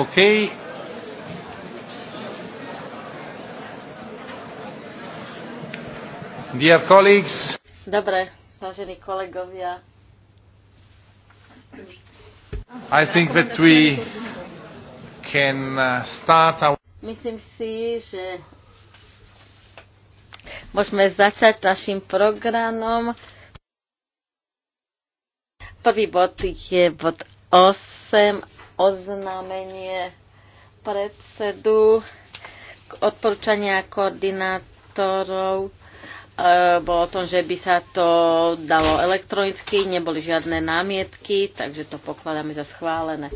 OK. Dear colleagues. Dobre, vážení kolegovia. I think that we can uh, start our... Myslím si, že môžeme začať našim programom. Prvý bod je bod 8 oznámenie predsedu odporúčania koordinátorov e, bolo o tom, že by sa to dalo elektronicky, neboli žiadne námietky, takže to pokladáme za schválené.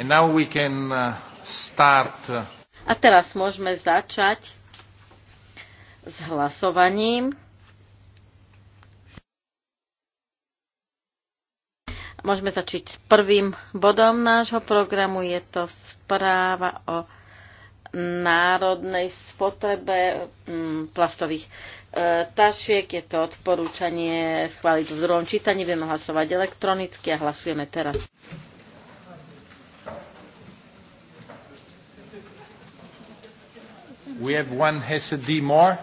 And now we can uh, start. Uh, A teraz môžeme začať s hlasovaním. Môžeme začať s prvým bodom nášho programu. Je to správa o národnej spotrebe mm, plastových e, tašiek. Je to odporúčanie schváliť v druhom čítaní. Vieme hlasovať elektronicky a hlasujeme teraz. We have one more.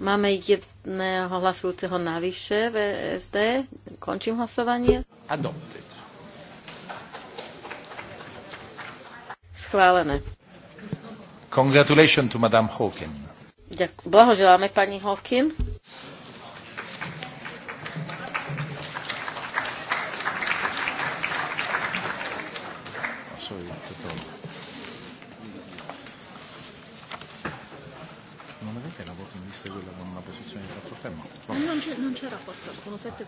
Máme jed- jedného hlasujúceho navyše v VSD. Končím hlasovanie. Adopted. Schválené. Congratulations to Madame Hawkin. Ďak- blahoželáme pani Hawking. vista quella con una posizione di troppo ferma. No, non c'è, non c'è rapporto, sono sette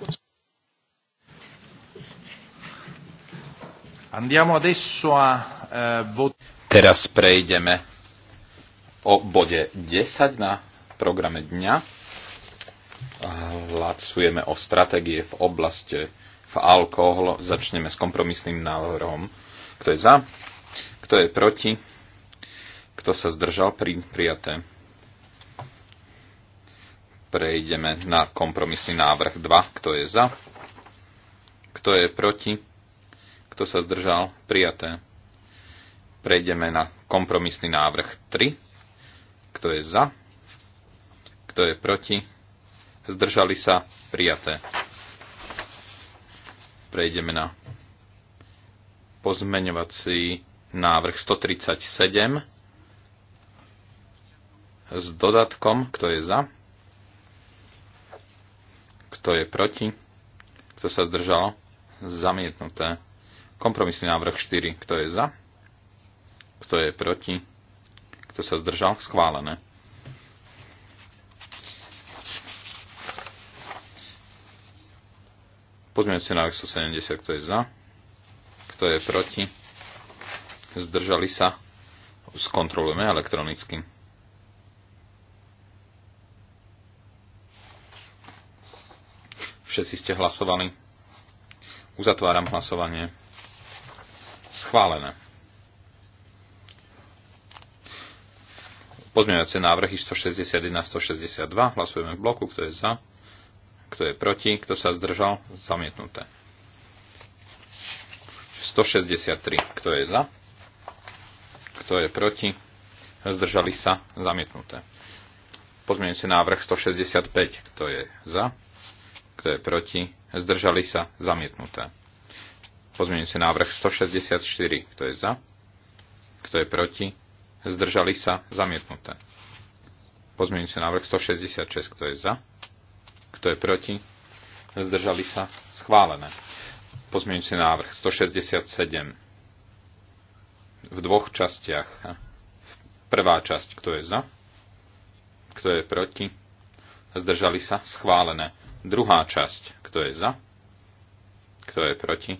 Andiamo adesso a eh, vot- Teraz prejdeme o bode 10 na programe dňa. Hlasujeme o stratégie v oblasti v alkohol. Začneme s kompromisným návrhom. Kto je za? Kto je proti? Kto sa zdržal pri prijaté? Prejdeme na kompromisný návrh 2. Kto je za? Kto je proti? Kto sa zdržal? Prijaté. Prejdeme na kompromisný návrh 3. Kto je za? Kto je proti? Zdržali sa? Prijaté. Prejdeme na pozmeňovací návrh 137 s dodatkom, kto je za, kto je proti? Kto sa zdržal? Zamietnuté. Kompromisný návrh 4. Kto je za? Kto je proti? Kto sa zdržal? Schválené. Pozmeňujúci návrh 170. Kto je za? Kto je proti? Zdržali sa? Skontrolujeme elektronicky. Všetci ste hlasovali. Uzatváram hlasovanie. Schválené. Pozmeňujúce návrhy 161 162. Hlasujeme v bloku. Kto je za? Kto je proti? Kto sa zdržal? Zamietnuté. 163. Kto je za? Kto je proti? Zdržali sa? Zamietnuté. Pozmeňujúci návrh 165. Kto je za? Kto je proti? Zdržali sa? Zamietnuté. si návrh 164. Kto je za? Kto je proti? Zdržali sa? Zamietnuté. si návrh 166. Kto je za? Kto je proti? Zdržali sa? Schválené. si návrh 167. V dvoch častiach. Prvá časť. Kto je za? Kto je proti? Zdržali sa? Schválené. Druhá časť. Kto je za? Kto je proti?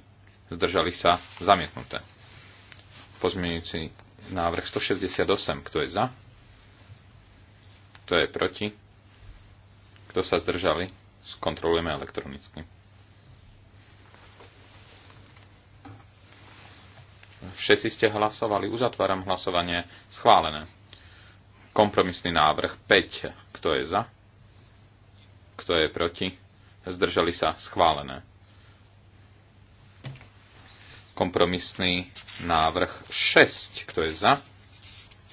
Zdržali sa zamietnuté. Pozmeňujúci návrh 168. Kto je za? Kto je proti? Kto sa zdržali? Skontrolujeme elektronicky. Všetci ste hlasovali. Uzatváram hlasovanie. Schválené. Kompromisný návrh 5. Kto je za? Kto je proti? Zdržali sa schválené. Kompromisný návrh 6. Kto je za?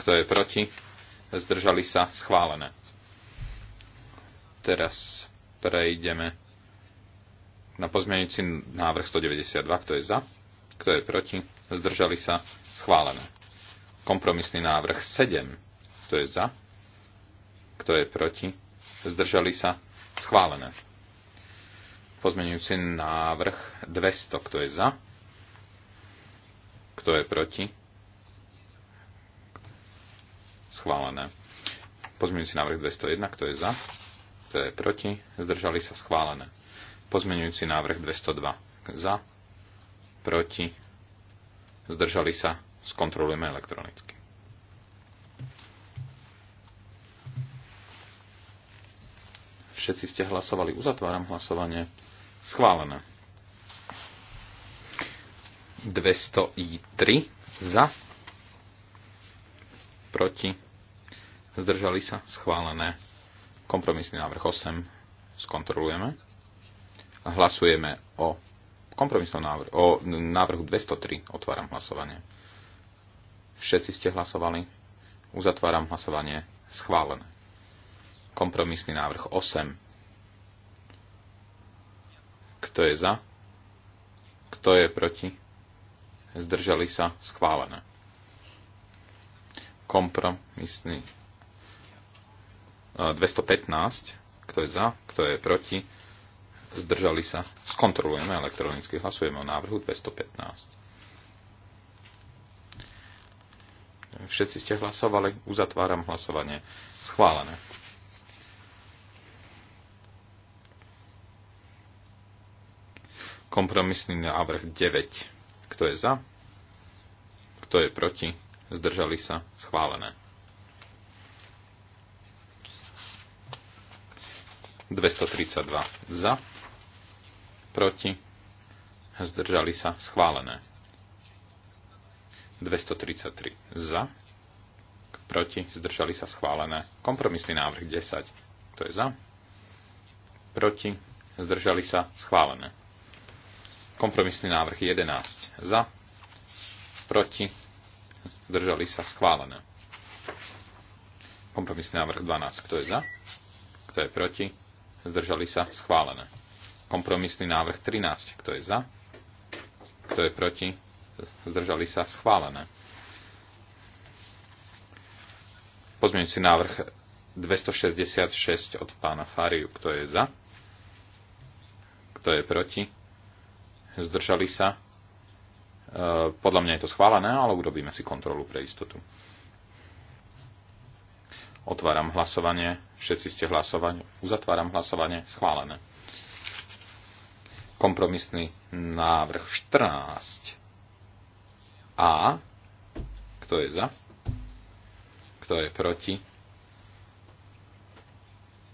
Kto je proti? Zdržali sa schválené. Teraz prejdeme na pozmeňujúci návrh 192. Kto je za? Kto je proti? Zdržali sa schválené. Kompromisný návrh 7. Kto je za? Kto je proti? Zdržali sa Schválené. Pozmeňujúci návrh 200. Kto je za? Kto je proti? Schválené. Pozmeňujúci návrh 201. Kto je za? Kto je proti? Zdržali sa schválené. Pozmeňujúci návrh 202. Za? Proti? Zdržali sa? Skontrolujeme elektronicky. Všetci ste hlasovali. Uzatváram hlasovanie. Schválené. 203 za. Proti. Zdržali sa. Schválené. Kompromisný návrh 8. Skontrolujeme. Hlasujeme o kompromisnom návrhu, o návrhu 203. Otváram hlasovanie. Všetci ste hlasovali. Uzatváram hlasovanie. Schválené. Kompromisný návrh 8. Kto je za? Kto je proti? Zdržali sa? Schválené. Kompromisný 215. E, Kto je za? Kto je proti? Zdržali sa? Skontrolujeme elektronicky. Hlasujeme o návrhu 215. Všetci ste hlasovali. Uzatváram hlasovanie. Schválené. Kompromisný návrh 9. Kto je za? Kto je proti? Zdržali sa? Schválené. 232 za, proti, zdržali sa, schválené. 233 za, proti, zdržali sa, schválené. Kompromisný návrh 10, to je za, proti, zdržali sa, schválené. Kompromisný návrh 11 za, proti, zdržali sa schválené. Kompromisný návrh 12, kto je za, kto je proti, zdržali sa schválené. Kompromisný návrh 13, kto je za, kto je proti, zdržali sa schválené. Pozmeňujúci návrh 266 od pána Fáriu, kto je za, kto je proti, zdržali sa. E, podľa mňa je to schválené, ale urobíme si kontrolu pre istotu. Otváram hlasovanie. Všetci ste hlasovali. Uzatváram hlasovanie. Schválené. Kompromisný návrh 14. A. Kto je za? Kto je proti?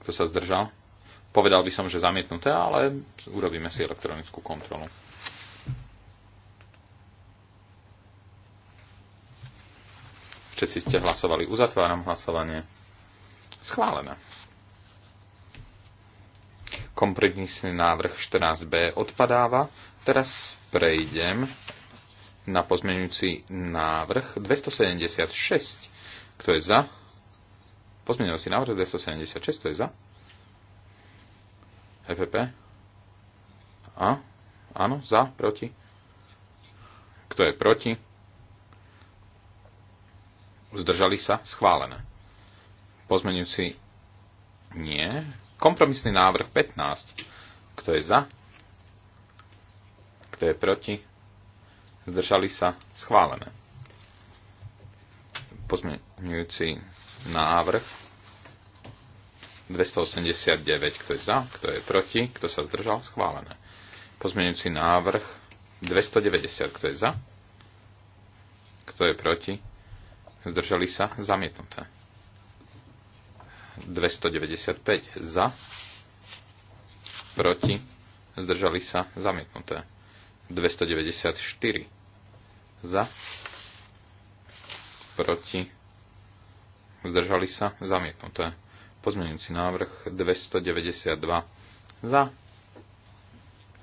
Kto sa zdržal? Povedal by som, že zamietnuté, ale urobíme si elektronickú kontrolu. Všetci ste hlasovali. Uzatváram hlasovanie. Schválené. Kompromisný návrh 14b odpadáva. Teraz prejdem na pozmeňujúci návrh 276. Kto je za? si návrh 276, to je za? EPP? A? Áno, za, proti? Kto je proti? Zdržali sa? Schválené. Pozmeňujúci nie. Kompromisný návrh 15. Kto je za? Kto je proti? Zdržali sa? Schválené. Pozmeňujúci návrh 289. Kto je za? Kto je proti? Kto sa zdržal? Schválené. Pozmeňujúci návrh 290. Kto je za? Kto je proti? zdržali sa, zamietnuté. 295 za, proti, zdržali sa, zamietnuté. 294 za, proti, zdržali sa, zamietnuté. Pozmeňujúci návrh 292 za,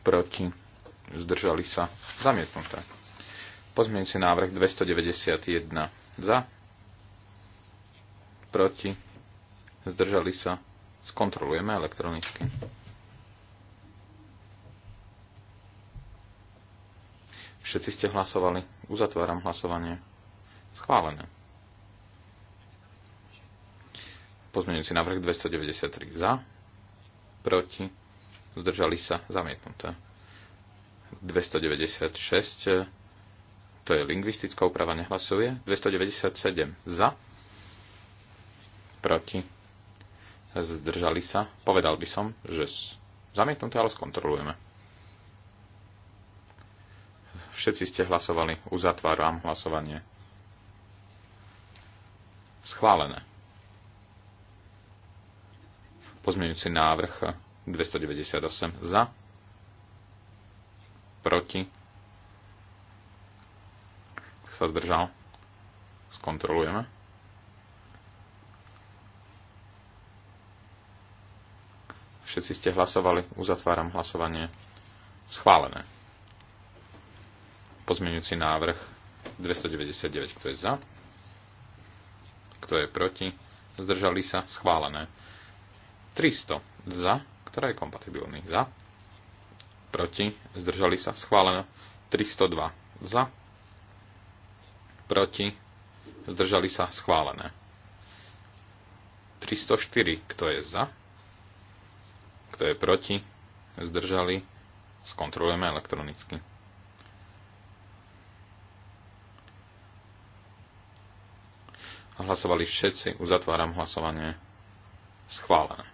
proti, zdržali sa, zamietnuté. Pozmeňujúci návrh 291 za. Proti. Zdržali sa. Skontrolujeme elektronicky. Všetci ste hlasovali. Uzatváram hlasovanie. Schválené. Pozmeňujúci návrh 293 za, proti, zdržali sa, zamietnuté. 296 to je lingvistická úprava, nehlasuje. 297 za, proti, zdržali sa. Povedal by som, že zamietnuté, ale skontrolujeme. Všetci ste hlasovali, uzatváram hlasovanie. Schválené. Pozmeňujúci návrh 298 za, proti, sa zdržal. Skontrolujeme. Všetci ste hlasovali. Uzatváram hlasovanie. Schválené. Pozmeňujúci návrh 299. Kto je za? Kto je proti? Zdržali sa? Schválené. 300. Za? Ktorá je kompatibilný? Za? Proti? Zdržali sa? Schválené. 302. Za? proti, zdržali sa schválené. 304, kto je za, kto je proti, zdržali, skontrolujeme elektronicky. Hlasovali všetci, uzatváram hlasovanie. Schválené.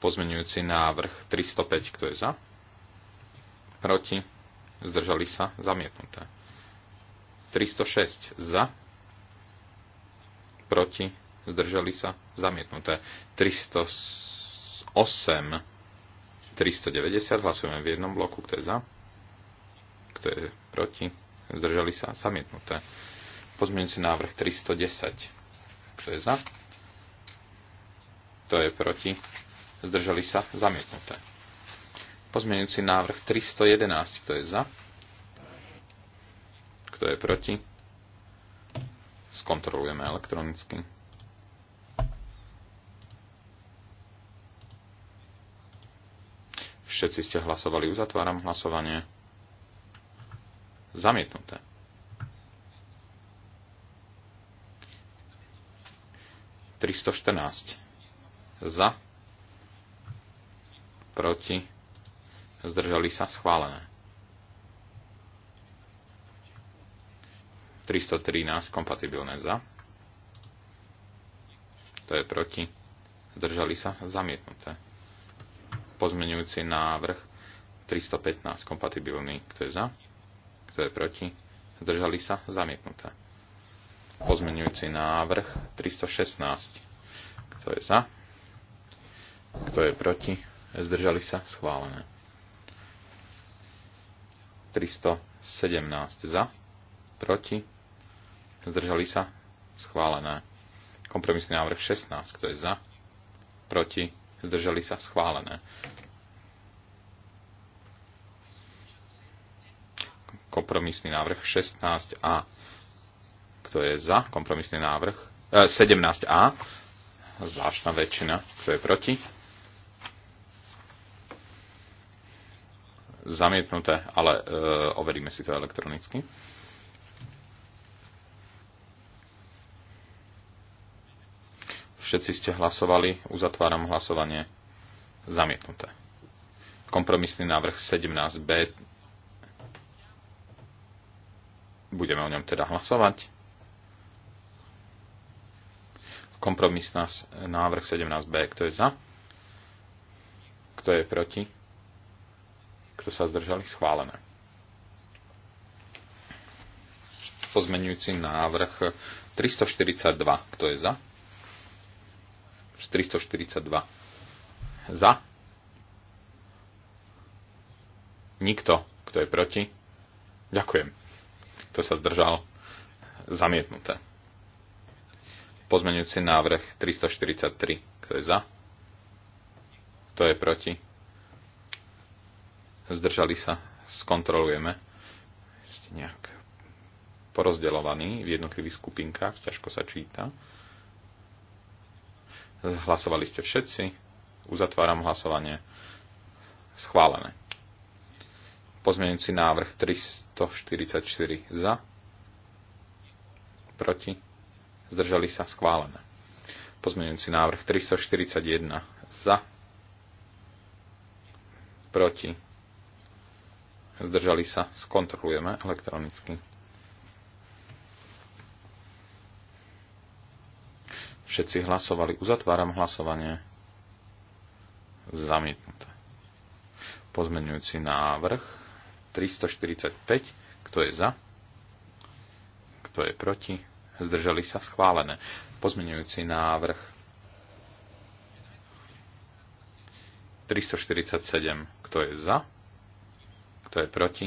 Pozmenujúci návrh 305, kto je za? Proti? Zdržali sa? Zamietnuté. 306 za, proti, zdržali sa, zamietnuté. 308, 390, hlasujeme v jednom bloku, kto je za, kto je proti, zdržali sa, zamietnuté. Pozmeňujúci návrh 310, kto je za, kto je proti, zdržali sa, zamietnuté. Pozmeňujúci návrh 311, kto je za, kto je proti. Skontrolujeme elektronicky. Všetci ste hlasovali, uzatváram hlasovanie. Zamietnuté. Tristo štrnáct. Za. Proti. Zdržali sa. Schválené. 313 kompatibilné za. To je proti. Zdržali sa zamietnuté. Pozmenujúci návrh 315 kompatibilný. Kto je za? Kto je proti? Zdržali sa zamietnuté. Pozmenujúci návrh 316. Kto je za? Kto je proti? Zdržali sa schválené. 317 za, proti, Zdržali sa? Schválené. Kompromisný návrh 16. Kto je za? Proti? Zdržali sa? Schválené. Kompromisný návrh 16a. Kto je za? Kompromisný návrh e, eh, 17a. Zvláštna väčšina. Kto je proti? Zamietnuté, ale e, overíme si to elektronicky. Všetci ste hlasovali. Uzatváram hlasovanie. Zamietnuté. Kompromisný návrh 17b. Budeme o ňom teda hlasovať. Kompromisný návrh 17b. Kto je za? Kto je proti? Kto sa zdržali? Schválené. Pozmenujúci návrh 342. Kto je za? 342. Za. Nikto, kto je proti. Ďakujem. Kto sa zdržal? Zamietnuté. Pozmeňujúci návrh 343. Kto je za? Kto je proti? Zdržali sa? Skontrolujeme. Ste nejak porozdeľovaní v jednotlivých skupinkách. Ťažko sa číta. Hlasovali ste všetci. Uzatváram hlasovanie. Schválené. Pozmeňujúci návrh 344 za. Proti. Zdržali sa. Schválené. Pozmeňujúci návrh 341 za. Proti. Zdržali sa. Skontrolujeme elektronicky. Všetci hlasovali. Uzatváram hlasovanie. Zamietnuté. Pozmenujúci návrh 345. Kto je za? Kto je proti? Zdržali sa schválené. Pozmenujúci návrh 347. Kto je za? Kto je proti?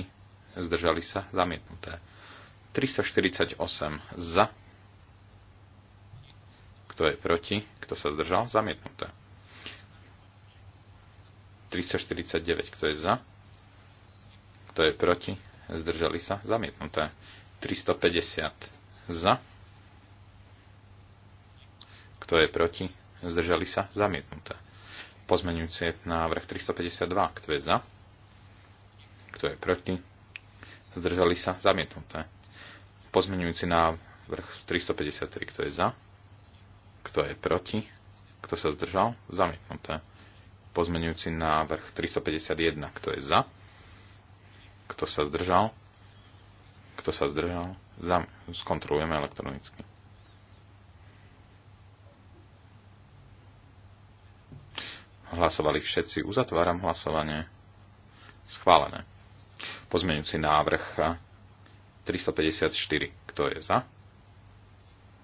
Zdržali sa zamietnuté. 348 za kto je proti? Kto sa zdržal? Zamietnuté. 349. Kto je za? Kto je proti? Zdržali sa? Zamietnuté. 350. Za? Kto je proti? Zdržali sa? Zamietnuté. Pozmenujúci návrh 352. Kto je za? Kto je proti? Zdržali sa? Zamietnuté. Pozmenujúci návrh 353. Kto je za? Kto je proti? Kto sa zdržal? Zamietnuté. Pozmenujúci návrh 351. Kto je za? Kto sa zdržal? Kto sa zdržal? Zam- skontrolujeme elektronicky. Hlasovali všetci. Uzatváram hlasovanie. Schválené. Pozmenujúci návrh 354. Kto je za?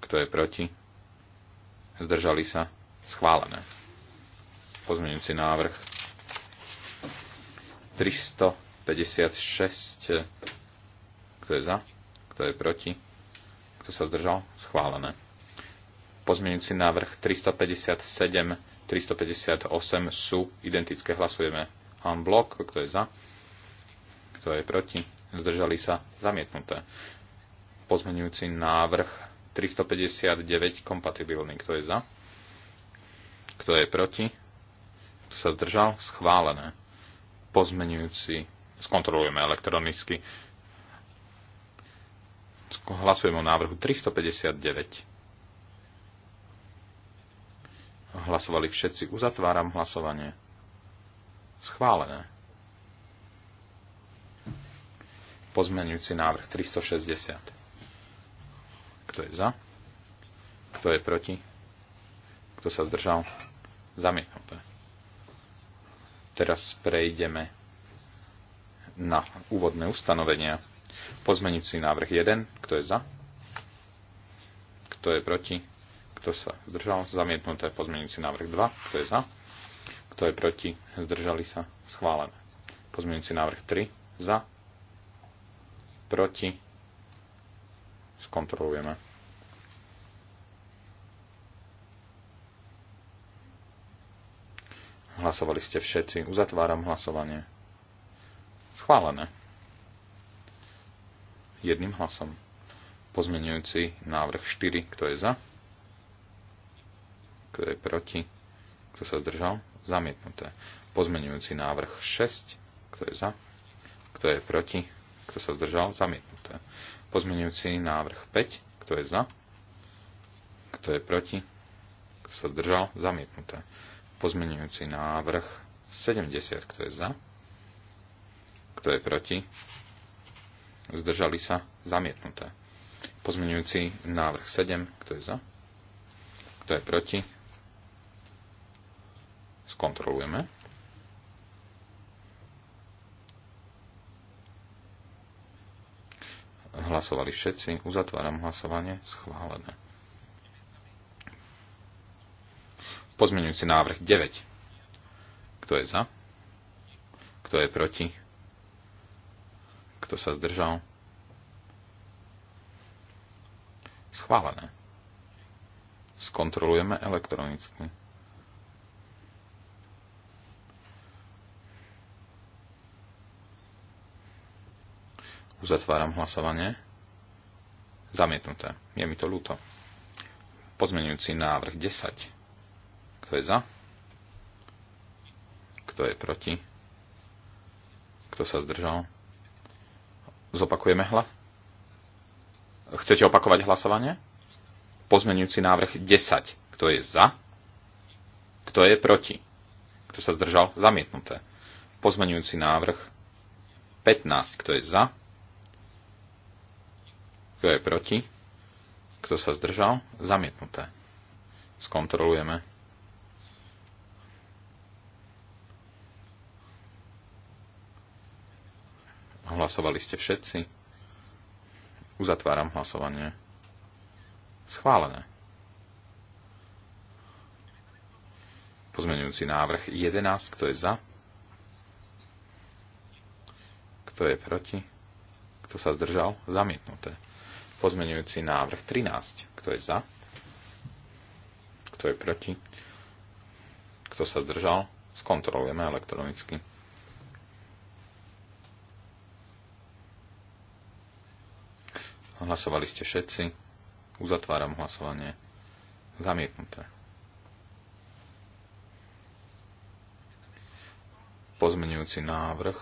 Kto je proti? zdržali sa, schválené. Pozmeňujúci návrh 356, kto je za, kto je proti, kto sa zdržal, schválené. Pozmeňujúci návrh 357, 358 sú identické, hlasujeme en blok, kto je za, kto je proti, zdržali sa, zamietnuté. Pozmeňujúci návrh 359 kompatibilný. Kto je za? Kto je proti? Kto sa zdržal? Schválené. Pozmenujúci. Skontrolujeme elektronicky. Hlasujeme o návrhu 359. Hlasovali všetci. Uzatváram hlasovanie. Schválené. Pozmenujúci návrh 360. Kto je za? Kto je proti? Kto sa zdržal? Zamietnuté. Teraz prejdeme na úvodné ustanovenia. Pozmenujúci návrh 1. Kto je za? Kto je proti? Kto sa zdržal? Zamietnuté. Pozmenujúci návrh 2. Kto je za? Kto je proti? Zdržali sa? Schválené. Pozmenujúci návrh 3. Za? Proti? skontrolujeme. Hlasovali ste všetci. Uzatváram hlasovanie. Schválené. Jedným hlasom. Pozmenujúci návrh 4. Kto je za? Kto je proti? Kto sa zdržal? Zamietnuté. Pozmenujúci návrh 6. Kto je za? Kto je proti? Kto sa zdržal? Zamietnuté. Pozmenujúci návrh 5. Kto je za? Kto je proti? Kto sa zdržal? Zamietnuté. Pozmenujúci návrh 70. Kto je za? Kto je proti? Zdržali sa? Zamietnuté. Pozmenujúci návrh 7. Kto je za? Kto je proti? Skontrolujeme. Hlasovali všetci. Uzatváram hlasovanie. Schválené. Pozmeňujúci návrh 9. Kto je za? Kto je proti? Kto sa zdržal? Schválené. Skontrolujeme elektronicky. Uzatváram hlasovanie. Zamietnuté. Je mi to ľúto. Pozmenujúci návrh 10. Kto je za? Kto je proti? Kto sa zdržal? Zopakujeme hla. Chcete opakovať hlasovanie? Pozmenujúci návrh 10. Kto je za? Kto je proti? Kto sa zdržal? Zamietnuté. Pozmenujúci návrh 15. Kto je za? Kto je proti? Kto sa zdržal? Zamietnuté. Skontrolujeme. Hlasovali ste všetci? Uzatváram hlasovanie. Schválené. Pozmeňujúci návrh 11. Kto je za? Kto je proti? Kto sa zdržal? Zamietnuté. Pozmenujúci návrh 13. Kto je za? Kto je proti? Kto sa zdržal? Skontrolujeme elektronicky. Hlasovali ste všetci. Uzatváram hlasovanie. Zamietnuté. Pozmenujúci návrh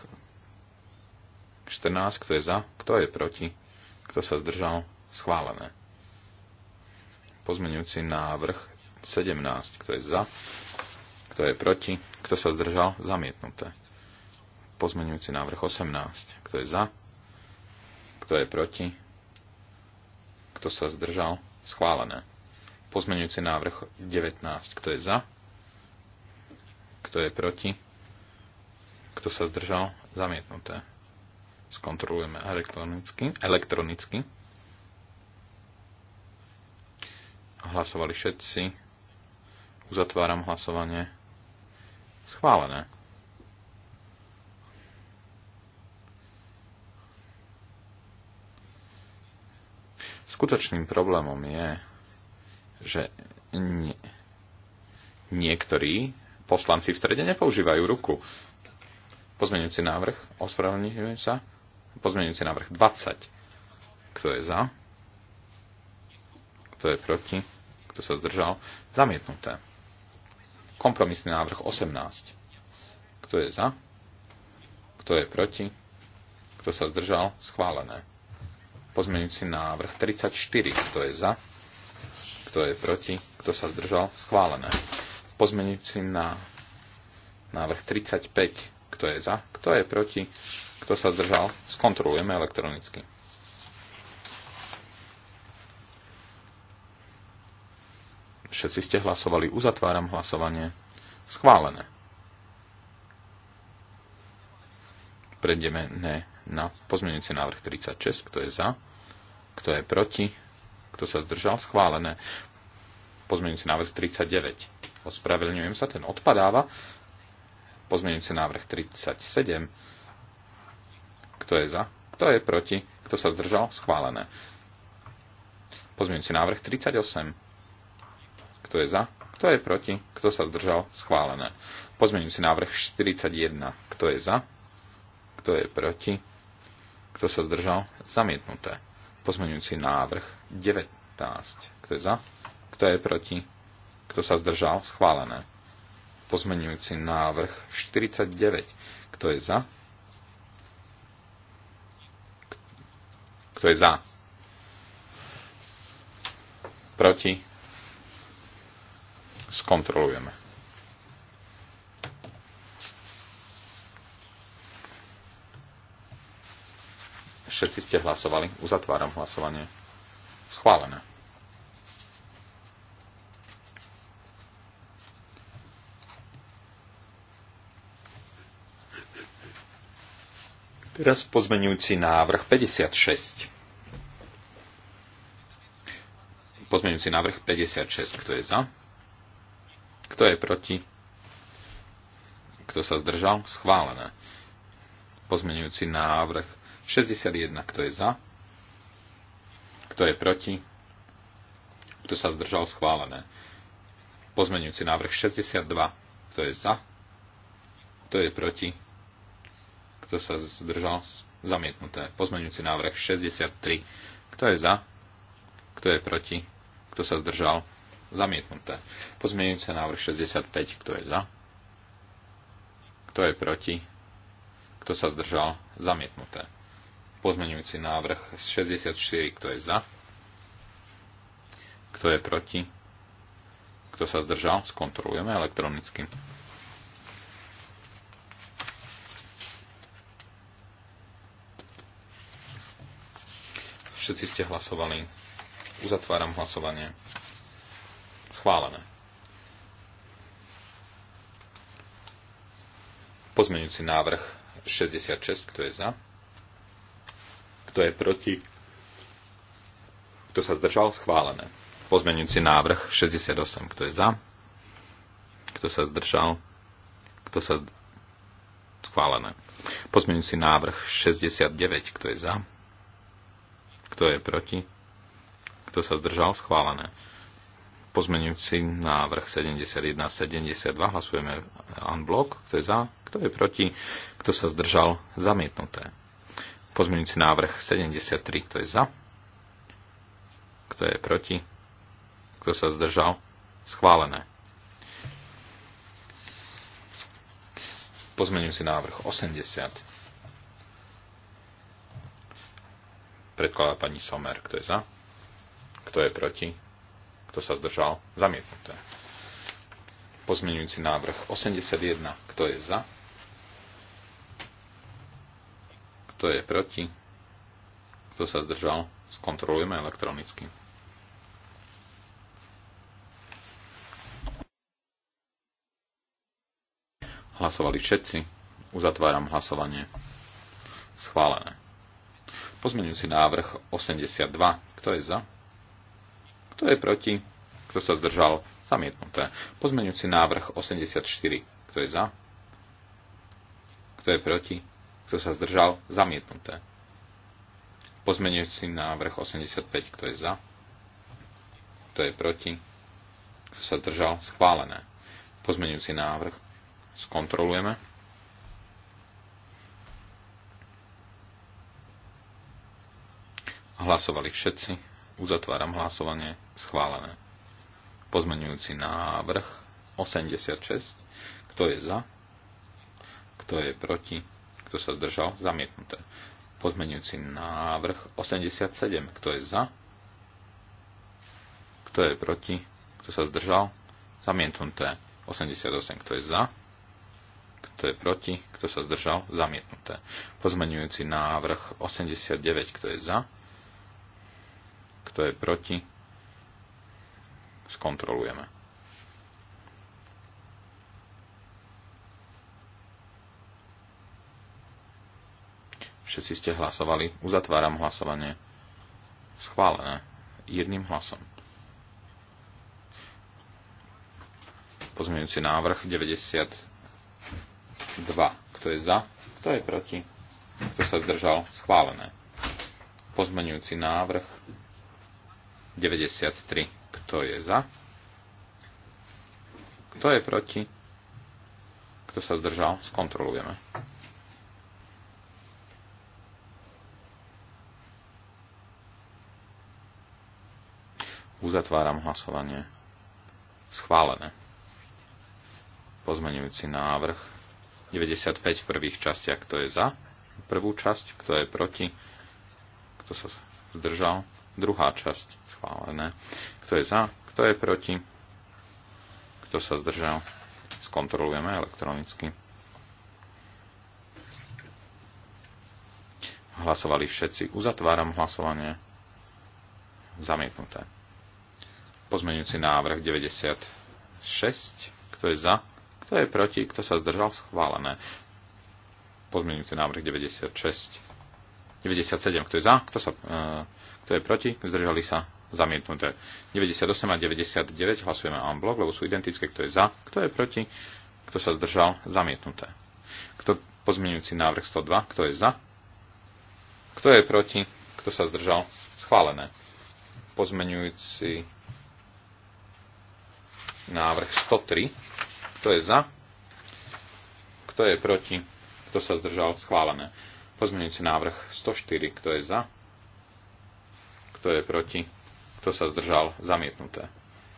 14. Kto je za? Kto je proti? Kto sa zdržal? Schválené. Pozmenujúci návrh 17. Kto je za? Kto je proti? Kto sa zdržal? Zamietnuté. Pozmenujúci návrh 18. Kto je za? Kto je proti? Kto sa zdržal? Schválené. Pozmenujúci návrh 19. Kto je za? Kto je proti? Kto sa zdržal? Zamietnuté Skontrolujeme elektronicky. elektronicky. Hlasovali všetci. Uzatváram hlasovanie. Schválené. Skutočným problémom je, že nie, niektorí poslanci v strede nepoužívajú ruku. Pozmeňujúci návrh, ospravedlňujem sa, Pozmeňujúci návrh 20. Kto je za? Kto je proti? Kto sa zdržal? Zamietnuté. Kompromisný návrh 18. Kto je za? Kto je proti? Kto sa zdržal? Schválené. Pozmeňujúci návrh 34. Kto je za? Kto je proti? Kto sa zdržal? Schválené. Pozmeňujúci na návrh 35 kto je za? Kto je proti? Kto sa zdržal? Skontrolujeme elektronicky. Všetci ste hlasovali. Uzatváram hlasovanie. Schválené. Prejdeme ne, na pozmeňujúci návrh 36. Kto je za? Kto je proti? Kto sa zdržal? Schválené. Pozmeňujúci návrh 39. Ospravedlňujem sa, ten odpadáva, Pozmeňujúci návrh 37. Kto je za? Kto je proti? Kto sa zdržal? Schválené. Pozmeňujúci návrh 38. Kto je za? Kto je proti? Kto sa zdržal? Schválené. Pozmeňujúci návrh 41. Kto je za? Kto je proti? Kto sa zdržal? Zamietnuté. Pozmeňujúci návrh 19. Kto je za? Kto je proti? Kto sa zdržal? Schválené pozmeňujúci návrh 49. Kto je za? Kto je za? Proti? Skontrolujeme. Všetci ste hlasovali. Uzatváram hlasovanie. Schválené. Teraz pozmeňujúci návrh 56. Pozmeňujúci návrh 56. Kto je za? Kto je proti? Kto sa zdržal? Schválené. Pozmeňujúci návrh 61. Kto je za? Kto je proti? Kto sa zdržal? Schválené. Pozmeňujúci návrh 62. Kto je za? Kto je proti? Kto sa zdržal? Zamietnuté. Pozmeňujúci návrh 63. Kto je za? Kto je proti? Kto sa zdržal? Zamietnuté. Pozmeňujúci návrh 65. Kto je za? Kto je proti? Kto sa zdržal? Zamietnuté. Pozmeňujúci návrh 64. Kto je za? Kto je proti? Kto sa zdržal? Skontrolujeme elektronicky. Všetci ste hlasovali. Uzatváram hlasovanie. Schválené. Pozmeňujúci návrh 66, kto je za? Kto je proti? Kto sa zdržal? Schválené. Pozmeňujúci návrh 68, kto je za? Kto sa zdržal? Kto sa zdržal? Schválené. Pozmeňujúci návrh 69, kto je za? Kto je proti? Kto sa zdržal? Schválené. Pozmenujúci návrh 71-72 hlasujeme unblock. Kto je za? Kto je proti? Kto sa zdržal? Zamietnuté. Pozmenujúci návrh 73. Kto je za? Kto je proti? Kto sa zdržal? Schválené. si návrh 80 Predkladá pani Somer. Kto je za? Kto je proti? Kto sa zdržal? Zamietnuté. Pozmeňujúci návrh 81. Kto je za? Kto je proti? Kto sa zdržal? Skontrolujeme elektronicky. Hlasovali všetci. Uzatváram hlasovanie. Schválené. Pozmeňujúci návrh 82. Kto je za? Kto je proti? Kto sa zdržal? Zamietnuté. Pozmeňujúci návrh 84. Kto je za? Kto je proti? Kto sa zdržal? Zamietnuté. Pozmeňujúci návrh 85. Kto je za? Kto je proti? Kto sa zdržal? Schválené. Pozmeňujúci návrh. Skontrolujeme. Hlasovali všetci. Uzatváram hlasovanie. Schválené. Pozmenujúci návrh 86. Kto je za? Kto je proti? Kto sa zdržal? Zamietnuté. Pozmenujúci návrh 87. Kto je za? Kto je proti? Kto sa zdržal? Zamietnuté. 88. Kto je za? Kto je proti? Kto sa zdržal? Zamietnuté. Pozmenujúci návrh 89. Kto je za? kto je proti. Skontrolujeme. Všetci ste hlasovali. Uzatváram hlasovanie. Schválené. Jedným hlasom. Pozmeňujúci návrh 92. Kto je za? Kto je proti? Kto sa zdržal? Schválené. Pozmeňujúci návrh 93. Kto je za? Kto je proti? Kto sa zdržal? Skontrolujeme. Uzatváram hlasovanie. Schválené. Pozmenujúci návrh 95 v prvých častiach. Kto je za? Prvú časť. Kto je proti? Kto sa zdržal? Druhá časť schválené. Kto je za, kto je proti, kto sa zdržal, skontrolujeme elektronicky. Hlasovali všetci. Uzatváram hlasovanie. Zamietnuté. Pozmeňujúci návrh 96. Kto je za? Kto je proti? Kto sa zdržal? Schválené. Pozmeňujúci návrh 96. 97. Kto je za? Kto, sa, e, kto je proti? Zdržali sa? zamietnuté. 98 a 99 hlasujeme en blok, lebo sú identické, kto je za, kto je proti, kto sa zdržal, zamietnuté. Kto pozmeňujúci návrh 102, kto je za, kto je proti, kto sa zdržal, schválené. Pozmeňujúci návrh 103, kto je za, kto je proti, kto sa zdržal, schválené. Pozmeňujúci návrh 104, kto je za, kto je proti, kto sa zdržal? Zamietnuté.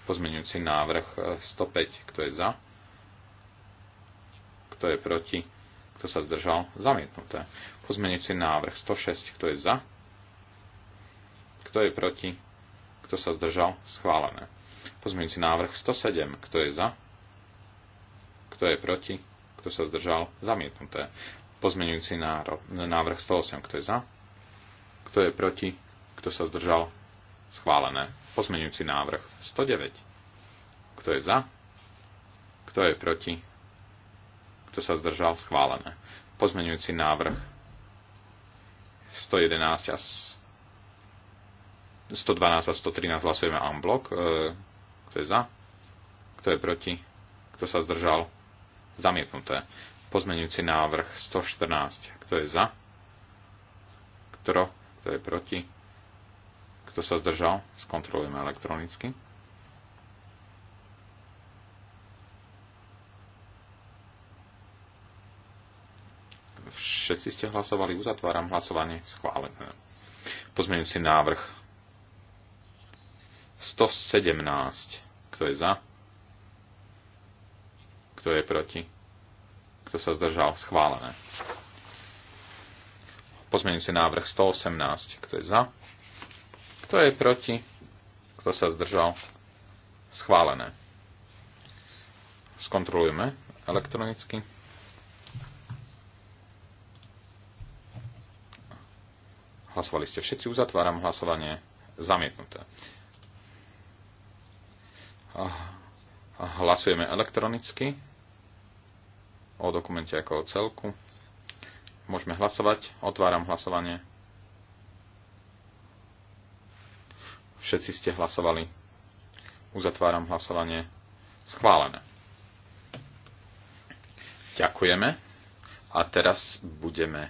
Pozmeňujúci návrh 105. E, Kto je za? Kto je proti? Kto sa zdržal? Zamietnuté. Pozmeňujúci návrh 106. Kto je za? Kto je proti? Kto sa zdržal? Schválené. Pozmeňujúci návrh 107. Kto je za? Kto je proti? Kto sa zdržal? Zamietnuté. Pozmeňujúci návrh 108. Kto je za? Kto je proti? Kto sa zdržal? Schválené. Pozmeňujúci návrh 109. Kto je za? Kto je proti? Kto sa zdržal? Schválené. Pozmeňujúci návrh 111 a 112 a 113 hlasujeme en blok. E, kto je za? Kto je proti? Kto sa zdržal? Zamietnuté. Pozmeňujúci návrh 114. Kto je za? Kto? Kto je proti? Kto sa zdržal? Skontrolujeme elektronicky. Všetci ste hlasovali. Uzatváram hlasovanie. Schválené. Pozmeňujúci návrh 117. Kto je za? Kto je proti? Kto sa zdržal? Schválené. Pozmeňujúci návrh 118. Kto je za? Kto je proti? Kto sa zdržal? Schválené. Skontrolujeme elektronicky. Hlasovali ste všetci. Uzatváram hlasovanie. Zamietnuté. Hlasujeme elektronicky o dokumente ako o celku. Môžeme hlasovať. Otváram hlasovanie. Všetci ste hlasovali. Uzatváram hlasovanie. Schválené. Ďakujeme. A teraz budeme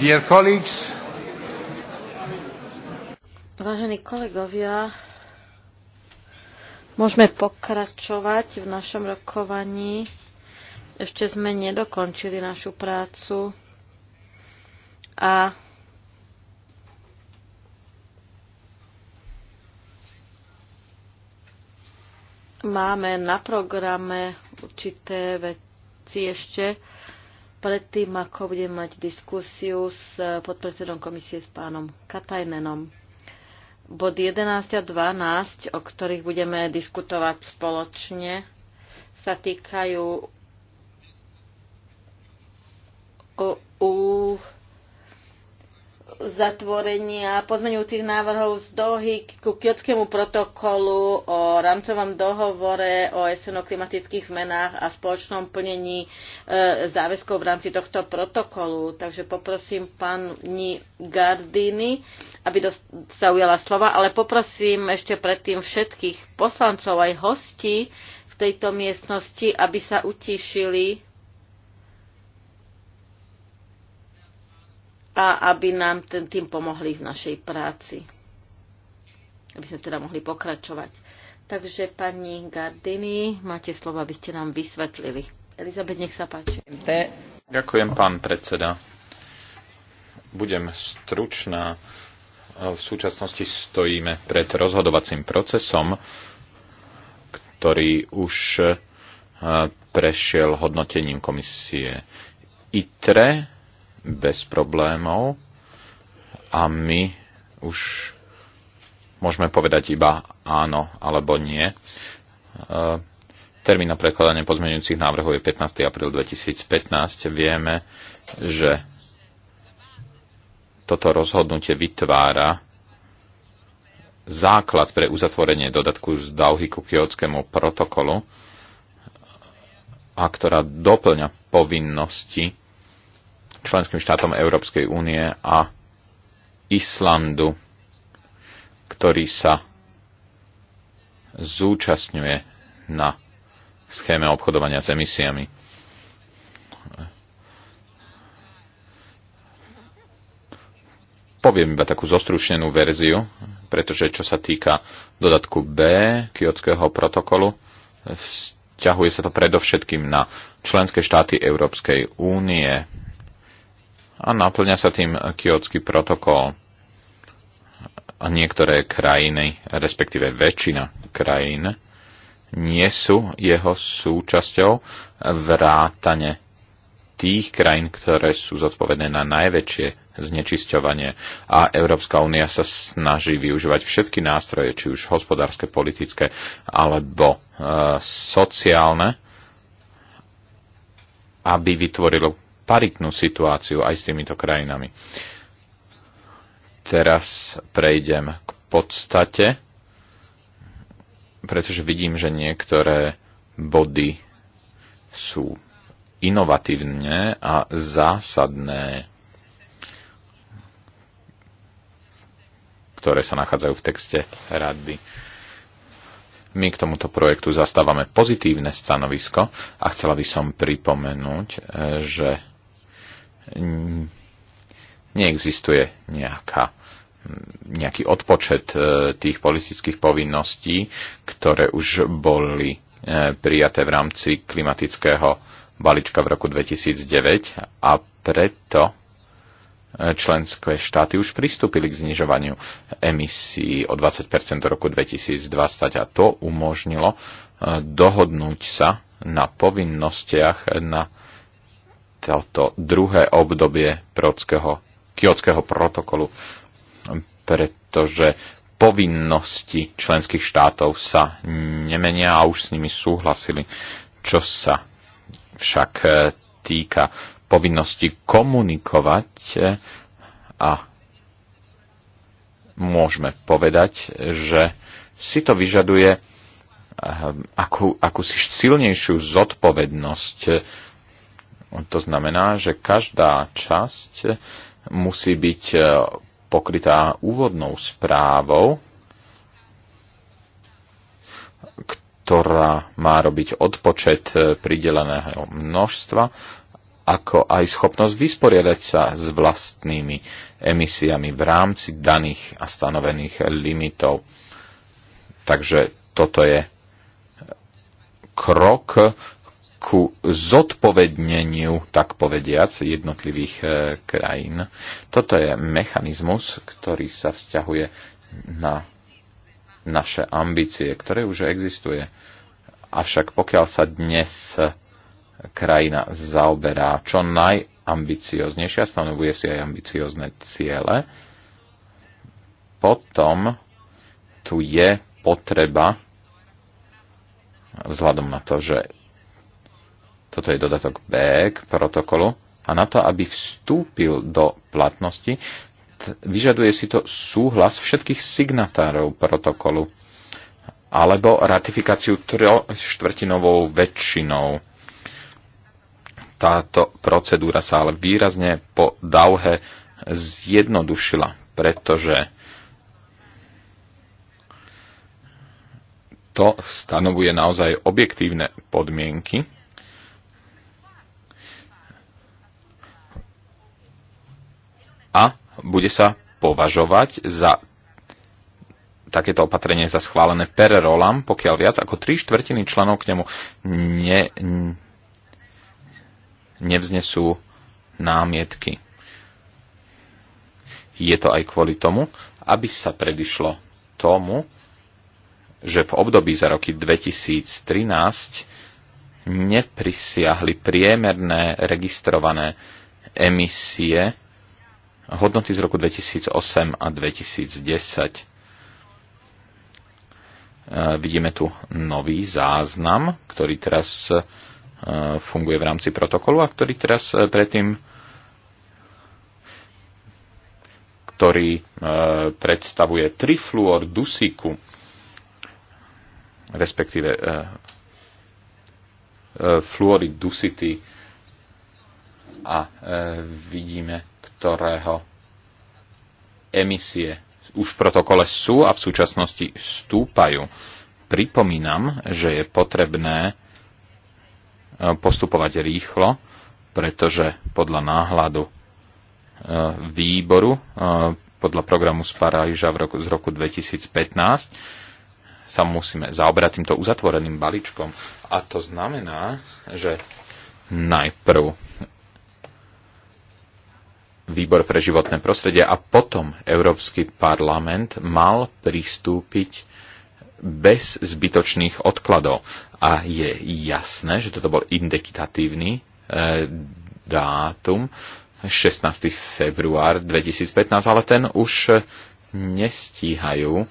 Dear colleagues, Vážení kolegovia, môžeme pokračovať v našom rokovaní. Ešte sme nedokončili našu prácu a máme na programe určité veci ešte predtým, ako budem mať diskusiu s podpredsedom komisie s pánom Katajnenom. Bod 11 a 12, o ktorých budeme diskutovať spoločne, sa týkajú zatvorenia pozmeňujúcich návrhov z dohy ku kiotskému protokolu o rámcovom dohovore o SN o klimatických zmenách a spoločnom plnení e, záväzkov v rámci tohto protokolu. Takže poprosím pani Gardini, aby sa ujala slova, ale poprosím ešte predtým všetkých poslancov aj hostí v tejto miestnosti, aby sa utišili a aby nám ten tým pomohli v našej práci. Aby sme teda mohli pokračovať. Takže pani Gardini, máte slovo, aby ste nám vysvetlili. Elizabet, nech sa páči. Ďakujem, pán predseda. Budem stručná. V súčasnosti stojíme pred rozhodovacím procesom, ktorý už eh, prešiel hodnotením komisie ITRE bez problémov a my už môžeme povedať iba áno alebo nie. E, termín na prekladanie pozmeňujúcich návrhov je 15. apríl 2015. Vieme, že toto rozhodnutie vytvára základ pre uzatvorenie dodatku z Dauhy ku kiotskému protokolu a ktorá doplňa povinnosti členským štátom Európskej únie a Islandu, ktorý sa zúčastňuje na schéme obchodovania s emisiami. Poviem iba takú zostručnenú verziu, pretože čo sa týka dodatku B kiotského protokolu, vzťahuje sa to predovšetkým na členské štáty Európskej únie a naplňa sa tým kiotský protokol. A niektoré krajiny, respektíve väčšina krajín, nie sú jeho súčasťou vrátane tých krajín, ktoré sú zodpovedné na najväčšie znečisťovanie. A Európska únia sa snaží využívať všetky nástroje, či už hospodárske, politické alebo e, sociálne, aby vytvorilo paritnú situáciu aj s týmito krajinami. Teraz prejdem k podstate, pretože vidím, že niektoré body sú inovatívne a zásadné, ktoré sa nachádzajú v texte rady. My k tomuto projektu zastávame pozitívne stanovisko a chcela by som pripomenúť, že neexistuje nejaká, nejaký odpočet e, tých politických povinností, ktoré už boli e, prijaté v rámci klimatického balíčka v roku 2009 a preto e, členské štáty už pristúpili k znižovaniu emisí o 20 do roku 2020 a to umožnilo dohodnúť sa na povinnostiach na toto druhé obdobie kiotského protokolu, pretože povinnosti členských štátov sa nemenia a už s nimi súhlasili. Čo sa však e, týka povinnosti komunikovať e, a môžeme povedať, že si to vyžaduje e, akú, akúsi silnejšiu zodpovednosť to znamená, že každá časť musí byť e, pokrytá úvodnou správou, ktorá má robiť odpočet e, prideleného množstva, ako aj schopnosť vysporiadať sa s vlastnými emisiami v rámci daných a stanovených limitov. Takže toto je krok ku zodpovedneniu, tak povediac, jednotlivých e, krajín. Toto je mechanizmus, ktorý sa vzťahuje na naše ambície, ktoré už existuje. Avšak pokiaľ sa dnes krajina zaoberá čo najambicioznejšia, stanovuje si aj ambiciozne ciele, potom tu je potreba, vzhľadom na to, že toto je dodatok B k protokolu. A na to, aby vstúpil do platnosti, vyžaduje si to súhlas všetkých signatárov protokolu alebo ratifikáciu štvrtinovou väčšinou. Táto procedúra sa ale výrazne po Dauhe zjednodušila, pretože to stanovuje naozaj objektívne podmienky a bude sa považovať za takéto opatrenie za schválené per rolam, pokiaľ viac ako 3 štvrtiny členov k nemu ne, nevznesú námietky. Je to aj kvôli tomu, aby sa predišlo tomu, že v období za roky 2013 neprisiahli priemerné registrované emisie hodnoty z roku 2008 a 2010. E, vidíme tu nový záznam, ktorý teraz e, funguje v rámci protokolu a ktorý teraz e, predtým ktorý predstavuje trifluor dusíku, respektíve fluorid dusity a vidíme ktorého emisie už v protokole sú a v súčasnosti stúpajú. Pripomínam, že je potrebné e, postupovať rýchlo, pretože podľa náhľadu e, výboru, e, podľa programu z roku, z roku 2015, sa musíme zaobrať týmto uzatvoreným balíčkom. A to znamená, že najprv výbor pre životné prostredie a potom Európsky parlament mal pristúpiť bez zbytočných odkladov. A je jasné, že toto bol indikatívny e, dátum 16. február 2015, ale ten už nestíhajú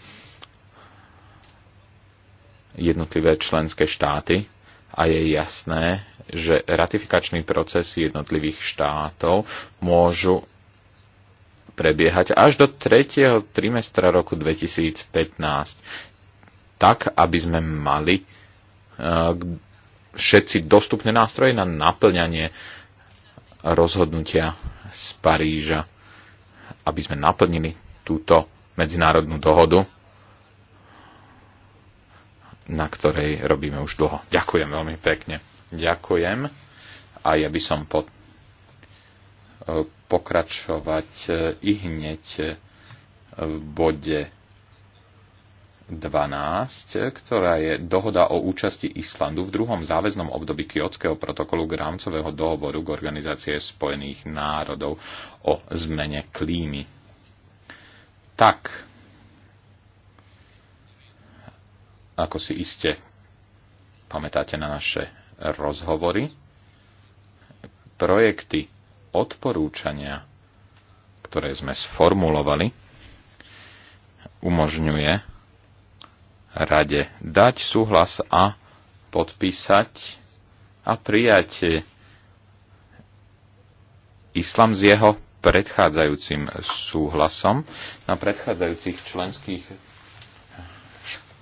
jednotlivé členské štáty a je jasné, že ratifikačný proces jednotlivých štátov môžu prebiehať až do 3. trimestra roku 2015, tak aby sme mali e, všetci dostupné nástroje na naplňanie rozhodnutia z Paríža, aby sme naplnili túto medzinárodnú dohodu na ktorej robíme už dlho. Ďakujem veľmi pekne. Ďakujem a ja by som po, pokračovať e, i hneď e, v bode 12, e, ktorá je dohoda o účasti Islandu v druhom záväznom období Kyotského protokolu k rámcového dohovoru k Organizácie spojených národov o zmene klímy. Tak, Ako si iste pamätáte na naše rozhovory, projekty odporúčania, ktoré sme sformulovali, umožňuje rade dať súhlas a podpísať a prijať islam s jeho predchádzajúcim súhlasom na predchádzajúcich členských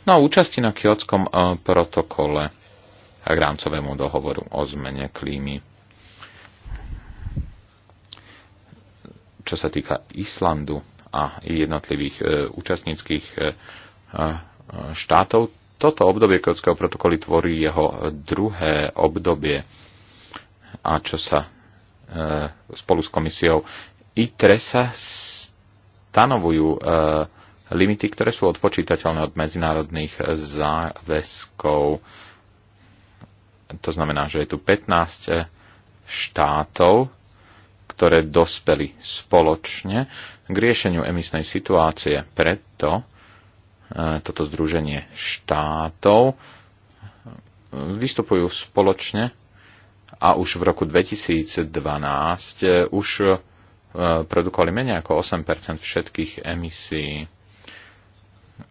No a účasti na kiotskom eh, protokole a k rámcovému dohovoru o zmene klímy. Čo sa týka Islandu a jednotlivých eh, účastníckých eh, štátov, toto obdobie kiotského protokoly tvorí jeho druhé obdobie. A čo sa spolu s komisiou ITRE sa stanovujú limity, ktoré sú odpočítateľné od medzinárodných záväzkov. To znamená, že je tu 15 eh, štátov, ktoré dospeli spoločne k riešeniu emisnej situácie. Preto eh, toto združenie štátov eh, vystupujú spoločne a už v roku 2012 už produkovali menej ako 8 všetkých emisí.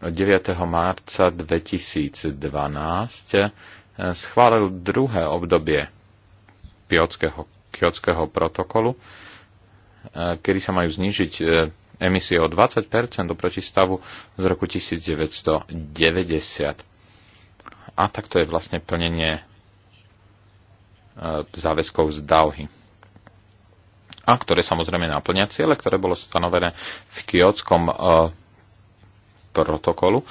9. marca 2012 eh, schválil druhé obdobie Piotského, Kiotského protokolu, eh, kedy sa majú znižiť eh, emisie o 20 oproti stavu z roku 1990. A takto je vlastne plnenie záväzkov z Dauhy. A ktoré samozrejme naplňa ciele, ktoré bolo stanovené v Kiotskom protokolu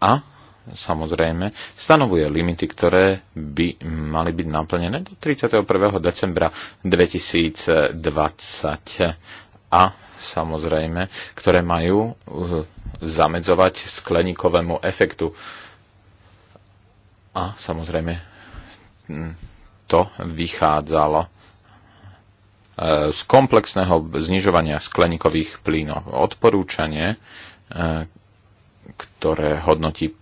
a samozrejme stanovuje limity, ktoré by mali byť naplnené do 31. decembra 2020 a samozrejme, ktoré majú uh, zamedzovať skleníkovému efektu. A samozrejme, mm, to vychádzalo uh, z komplexného znižovania skleníkových plynov. Odporúčanie uh, ktoré hodnotí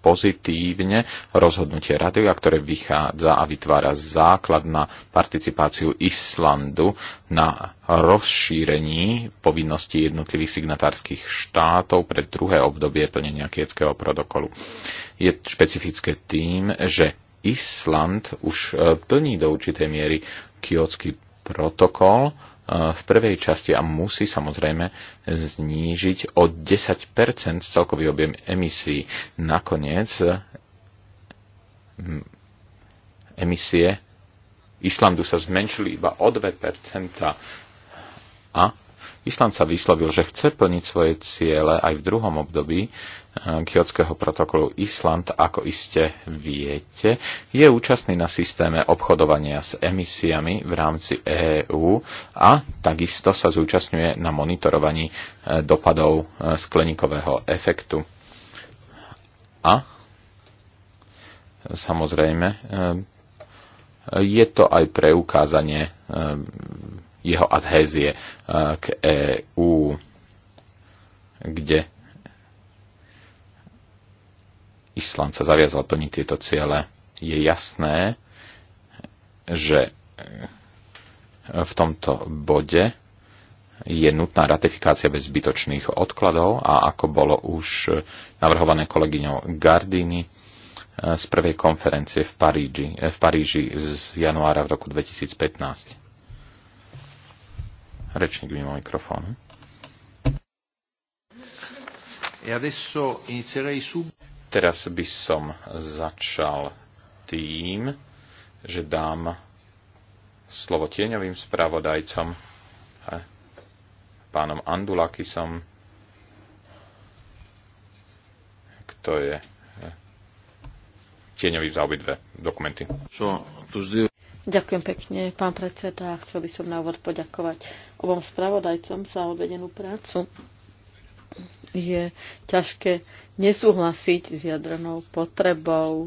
pozitívne rozhodnutie rady a ktoré vychádza a vytvára základ na participáciu Islandu na rozšírení povinností jednotlivých signatárskych štátov pre druhé obdobie plnenia kieckého protokolu. Je špecifické tým, že Island už e, plní do určitej miery kiotský protokol v prvej časti a musí samozrejme znížiť o 10 celkový objem emisí. Nakoniec emisie Islandu sa zmenšili iba o 2 a Island sa vyslovil, že chce plniť svoje ciele aj v druhom období eh, kiotského protokolu. Island, ako iste viete, je účastný na systéme obchodovania s emisiami v rámci EÚ a takisto sa zúčastňuje na monitorovaní eh, dopadov eh, skleníkového efektu. A samozrejme je to aj preukázanie jeho adhézie eh, k EÚ, kde Island sa zaviazal plniť tieto ciele. Je jasné, že eh, v tomto bode je nutná ratifikácia bez zbytočných odkladov a ako bolo už eh, navrhované kolegyňou Gardini z prvej konferencie v Paríži, v Paríži z januára v roku 2015. Rečník mimo mikrofón. E Teraz by som začal tým, že dám slovo tieňovým spravodajcom, e, pánom Andulakisom, kto je e, tieňový za obidve dokumenty. Čo, Ďakujem pekne, pán predseda. Chcel by som na úvod poďakovať obom spravodajcom za odvedenú prácu. Je ťažké nesúhlasiť s jadrnou potrebou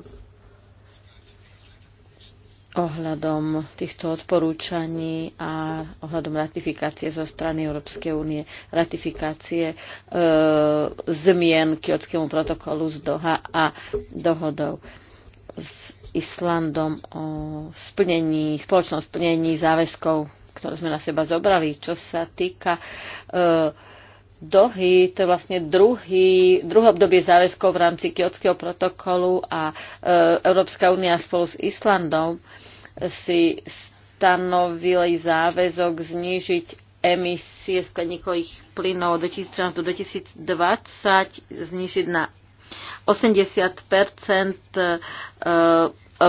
ohľadom týchto odporúčaní a ohľadom ratifikácie zo strany Európskej únie, ratifikácie e, zmien kiotskému protokolu z Doha a dohodou. Z, Islandom o splnení, spoločnom splnení záväzkov, ktoré sme na seba zobrali. Čo sa týka e, Dohy, to je vlastne druhý, druhé obdobie záväzkov v rámci Kyotského protokolu a e, Európska únia spolu s Islandom si stanovili záväzok znížiť emisie skleníkových plynov 2013 do 2020, znížiť na 80 e, e,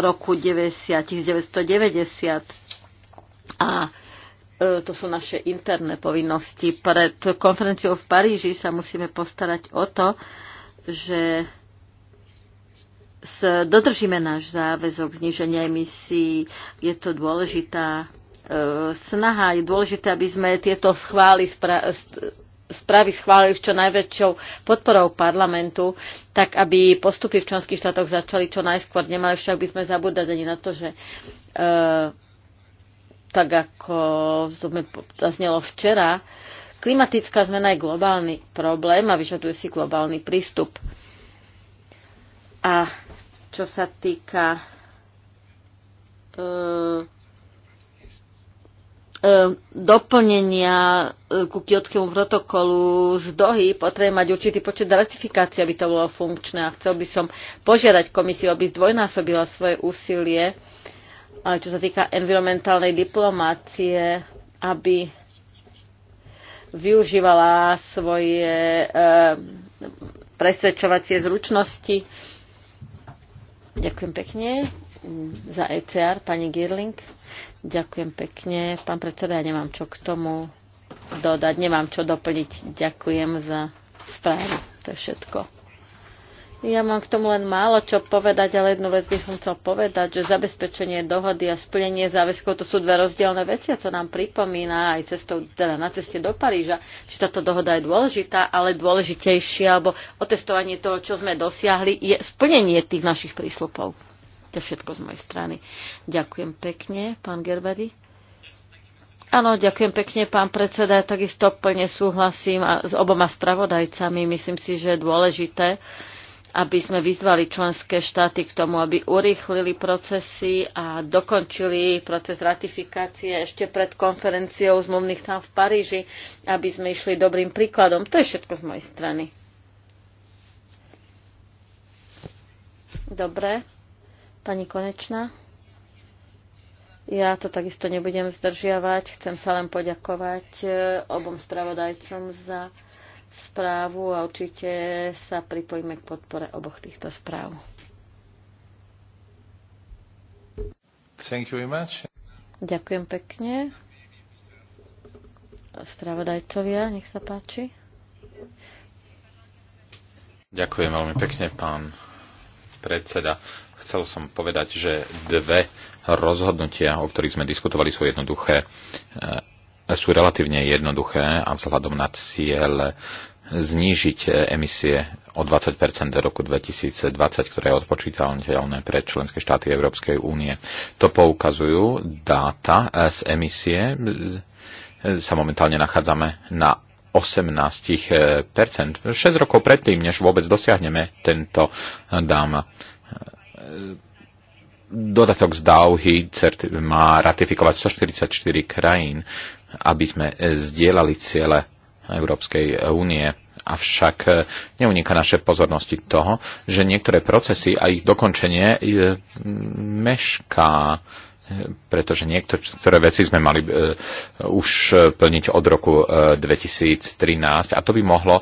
roku 90, 1990 a e, to sú naše interné povinnosti. Pred konferenciou v Paríži sa musíme postarať o to, že dodržíme náš záväzok zniženia emisí. Je to dôležitá snaha. Je dôležité, aby sme tieto schvály správy schválili s čo najväčšou podporou parlamentu, tak aby postupy v členských štátoch začali čo najskôr. Nemali však by sme zabúdať ani na to, že e, tak ako to mi zaznelo včera, klimatická zmena je globálny problém a vyžaduje si globálny prístup. A čo sa týka e, doplnenia e, ku kiotskému protokolu z Dohy potrebujem mať určitý počet ratifikácií, aby to bolo funkčné. A chcel by som požiadať komisiu, aby zdvojnásobila svoje úsilie, e, čo sa týka environmentálnej diplomácie, aby využívala svoje e, presvedčovacie zručnosti. Ďakujem pekne za ECR, pani Girling. Ďakujem pekne. Pán predseda, ja nemám čo k tomu dodať, nemám čo doplniť. Ďakujem za správu. To je všetko. Ja mám k tomu len málo čo povedať, ale jednu vec by som chcel povedať, že zabezpečenie dohody a splnenie záväzkov to sú dve rozdielne veci a to nám pripomína aj cestou, teda na ceste do Paríža, či táto dohoda je dôležitá, ale dôležitejšia, alebo otestovanie toho, čo sme dosiahli, je splnenie tých našich príslupov. To je všetko z mojej strany. Ďakujem pekne, pán Gerbery. Áno, ďakujem pekne, pán predseda. Ja takisto plne súhlasím a s oboma spravodajcami. Myslím si, že je dôležité, aby sme vyzvali členské štáty k tomu, aby urýchlili procesy a dokončili proces ratifikácie ešte pred konferenciou zmluvných tam v Paríži, aby sme išli dobrým príkladom. To je všetko z mojej strany. Dobre. Pani Konečná? Ja to takisto nebudem zdržiavať. Chcem sa len poďakovať e, obom spravodajcom za správu a určite sa pripojíme k podpore oboch týchto správ. Thank you very much. Ďakujem pekne. Spravodajcovia, nech sa páči. Ďakujem veľmi pekne, pán predseda. Chcel som povedať, že dve rozhodnutia, o ktorých sme diskutovali, sú jednoduché, e, sú relatívne jednoduché a vzhľadom na cieľ znížiť emisie o 20 do roku 2020, ktoré je odpočítateľné pre členské štáty Európskej únie. To poukazujú dáta z emisie. Sa momentálne nachádzame na 18 6 rokov predtým, než vôbec dosiahneme tento e, dám dodatok z Dauhy má ratifikovať 144 krajín, aby sme e, zdieľali ciele Európskej e, únie. Avšak e, neuniká naše pozornosti toho, že niektoré procesy a ich dokončenie mešká pretože niektoré veci sme mali už plniť od roku 2013 a to by mohlo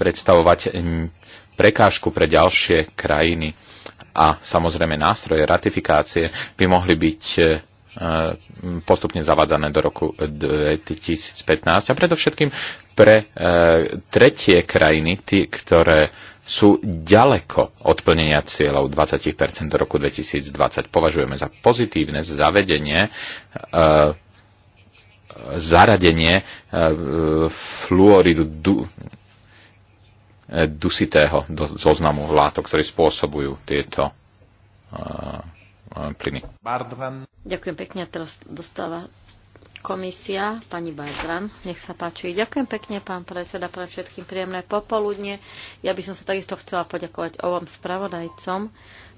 predstavovať prekážku pre ďalšie krajiny a samozrejme nástroje ratifikácie by mohli byť e, postupne zavádzané do roku 2015 a predovšetkým pre e, tretie krajiny, tí, ktoré sú ďaleko od plnenia cieľov 20% do roku 2020. Považujeme za pozitívne zavedenie e, zaradenie fluoridu dusitého do zoznamu látok, ktorí spôsobujú tieto eh, plyny. Ďakujem pekne, teraz dostáva komisia, pani Bardran, nech sa páči. Ďakujem pekne, pán predseda, pre všetkým príjemné popoludne. Ja by som sa takisto chcela poďakovať ovom spravodajcom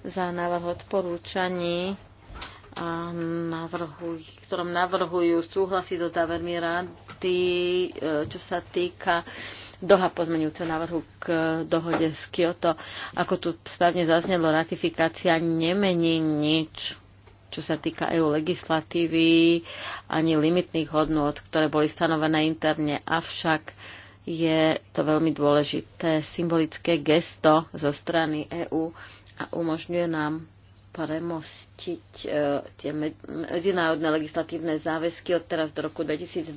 za návrh odporúčaní a navrhuj, ktorom navrhujú súhlasiť so závermi rady, eh, čo sa týka uh, Doha pozmenujúceho návrhu k dohode z Kyoto. Ako tu správne zaznelo, ratifikácia nemení nič čo sa týka EU legislatívy ani limitných hodnôt, ktoré boli stanovené interne. Avšak je to veľmi dôležité symbolické gesto zo strany EÚ a umožňuje nám premostiť e, tie medzinárodné legislatívne záväzky od teraz do roku 2020.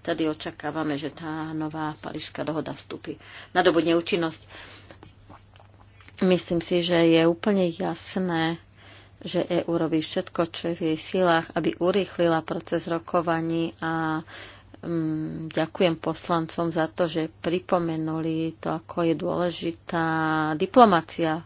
Tady očakávame, že tá nová Parížská dohoda vstúpi na dobu neúčinnosť. Myslím si, že je úplne jasné, že EU robí všetko, čo je v jej silách, aby urýchlila proces rokovaní a um, ďakujem poslancom za to, že pripomenuli to, ako je dôležitá diplomácia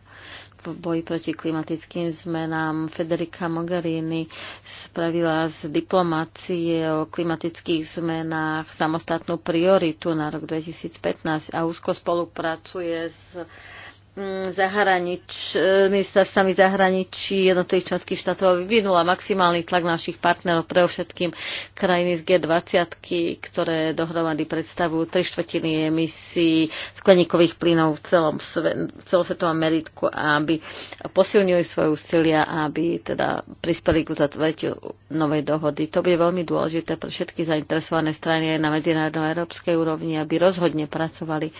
v boji proti klimatickým zmenám. Federica Mogherini spravila z diplomácie o klimatických zmenách samostatnú prioritu na rok 2015 a úzko spolupracuje s Mm, zahranič, e, ministerstvami zahraničí jednotlivých členských štátov vyvinula maximálny tlak našich partnerov, pre všetkým krajiny z G20, ktoré dohromady predstavujú tri štvrtiny emisí skleníkových plynov v celom sve, celosvetovom meritku, aby posilnili svoje úsilia, aby teda prispeli k uzatvoreniu novej dohody. To bude veľmi dôležité pre všetky zainteresované strany aj na medzinárodnej európskej úrovni, aby rozhodne pracovali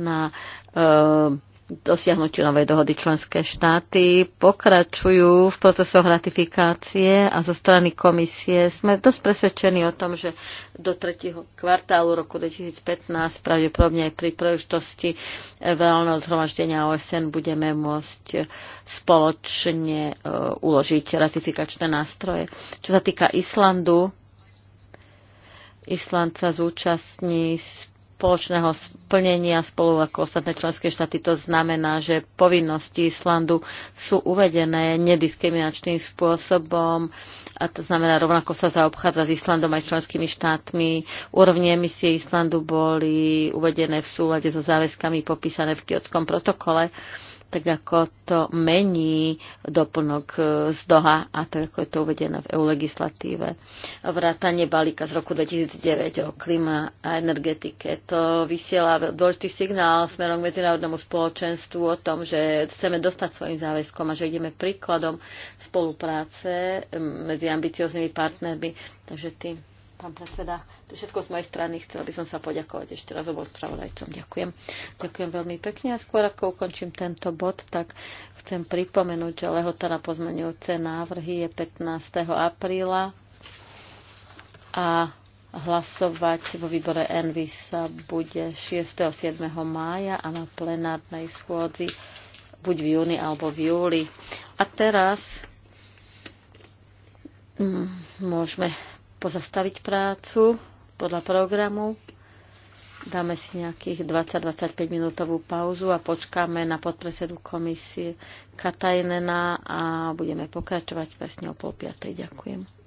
na uh, dosiahnutiu novej dohody členské štáty pokračujú v procesoch ratifikácie a zo strany komisie sme dosť presvedčení o tom, že do tretieho kvartálu roku 2015 pravdepodobne aj pri príležitosti veľného zhromaždenia OSN budeme môcť spoločne e, uložiť ratifikačné nástroje. Čo sa týka Islandu, Island sa zúčastní z spoločného splnenia spolu ako ostatné členské štáty. To znamená, že povinnosti Islandu sú uvedené nediskriminačným spôsobom a to znamená, rovnako sa zaobchádza s Islandom aj členskými štátmi. Úrovne emisie Islandu boli uvedené v súlade so záväzkami popísané v Kyotskom protokole. Uh, tak ako to mení doplnok e, z Doha a tak ako je to uvedené v EU legislatíve. Vrátanie balíka z roku 2009 o klima a energetike. To vysiela dôležitý signál smerom k medzinárodnému spoločenstvu o tom, že chceme dostať svojim záväzkom a že ideme príkladom spolupráce medzi ambicioznými partnermi. Takže tým pán predseda. To všetko z mojej strany. Chcela by som sa poďakovať ešte raz obom spravodajcom. Ďakujem. Ďakujem veľmi pekne a skôr ako ukončím tento bod, tak chcem pripomenúť, že lehota na pozmenujúce návrhy je 15. apríla a hlasovať vo výbore Envy sa bude 6. a 7. mája a na plenárnej schôdzi buď v júni alebo v júli. A teraz mm, môžeme pozastaviť prácu podľa programu. Dáme si nejakých 20-25 minútovú pauzu a počkáme na podpredsedu komisie Katajnena a budeme pokračovať presne o pol piatej. Ďakujem.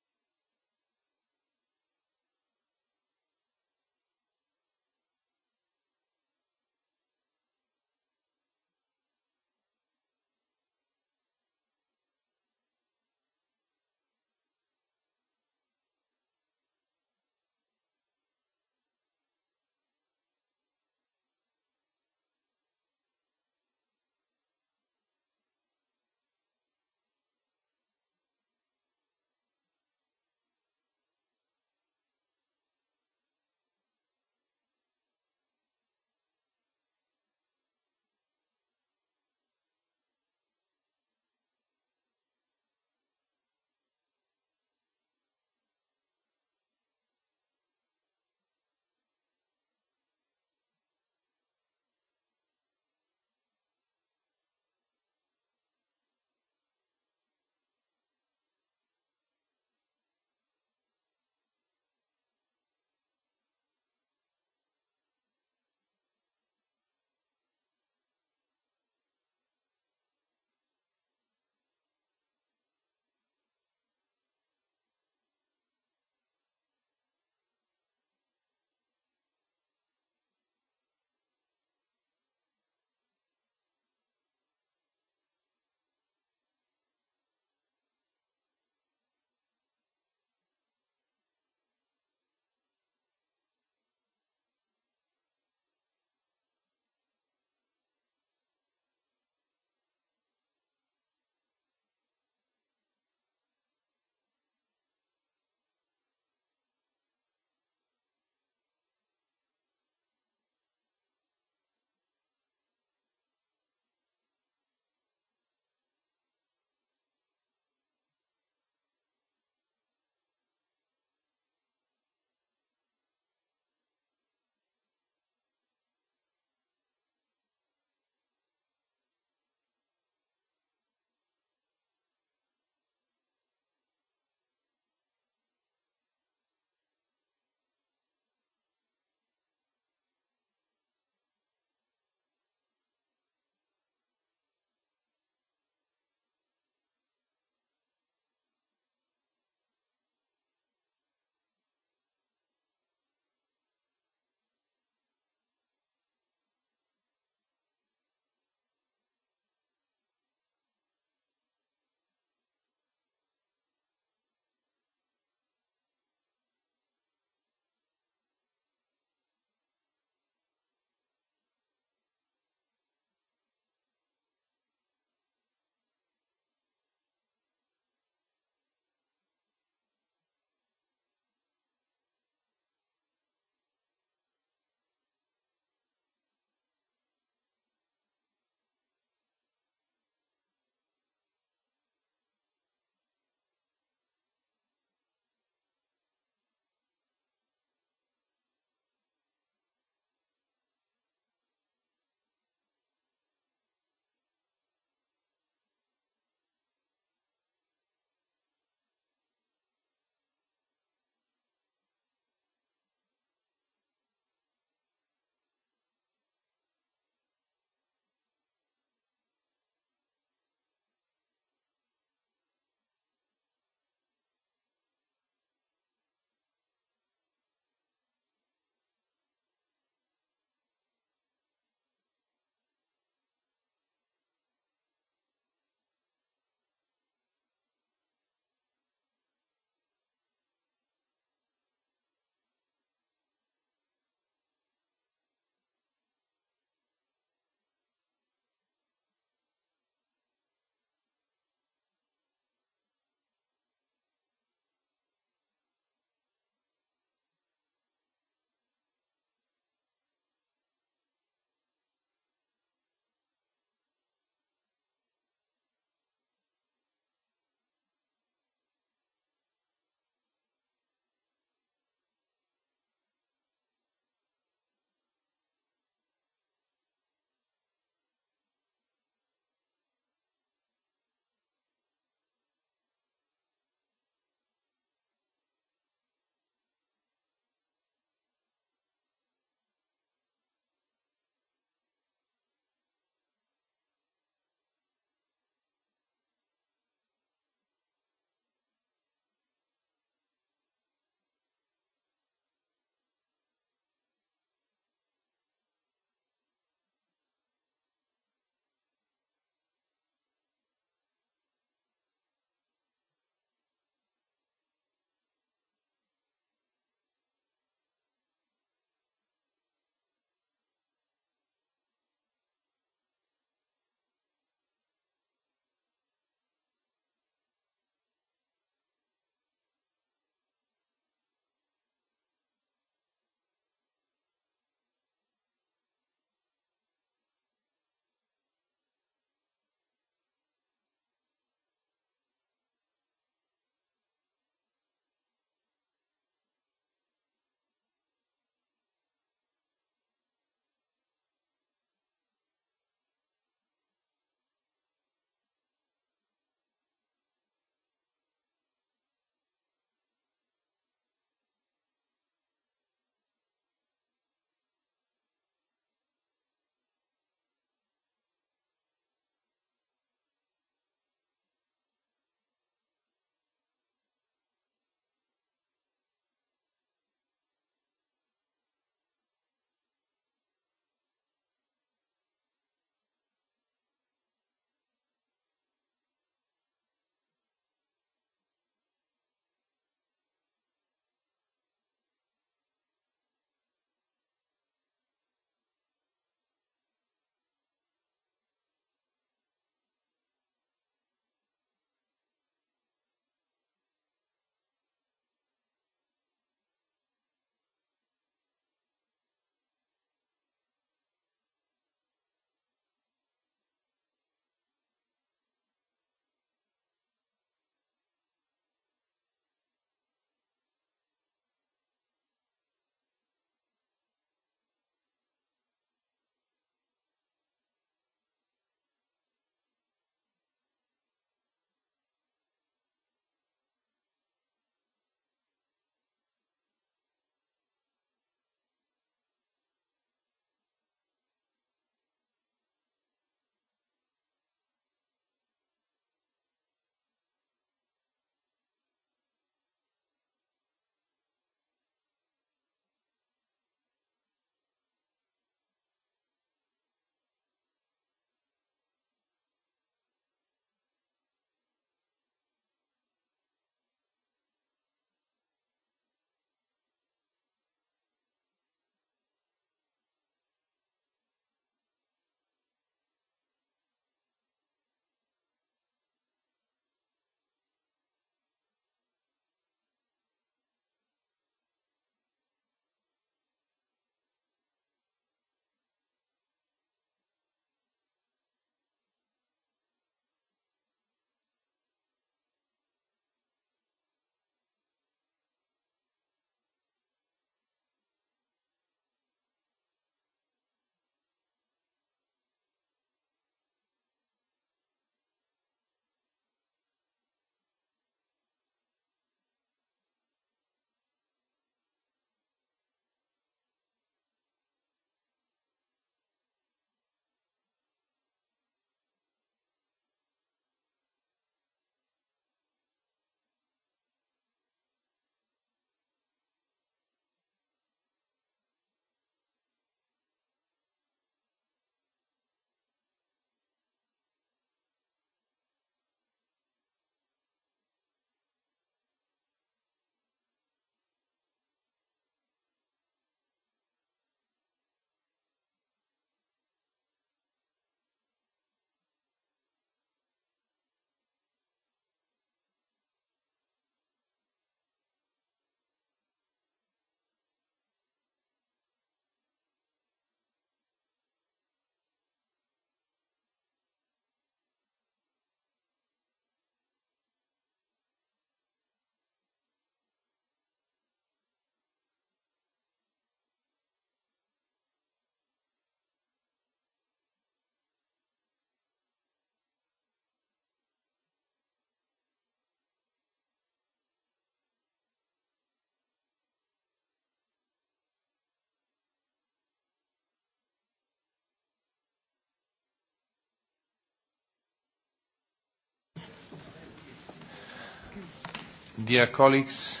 Dear colleagues,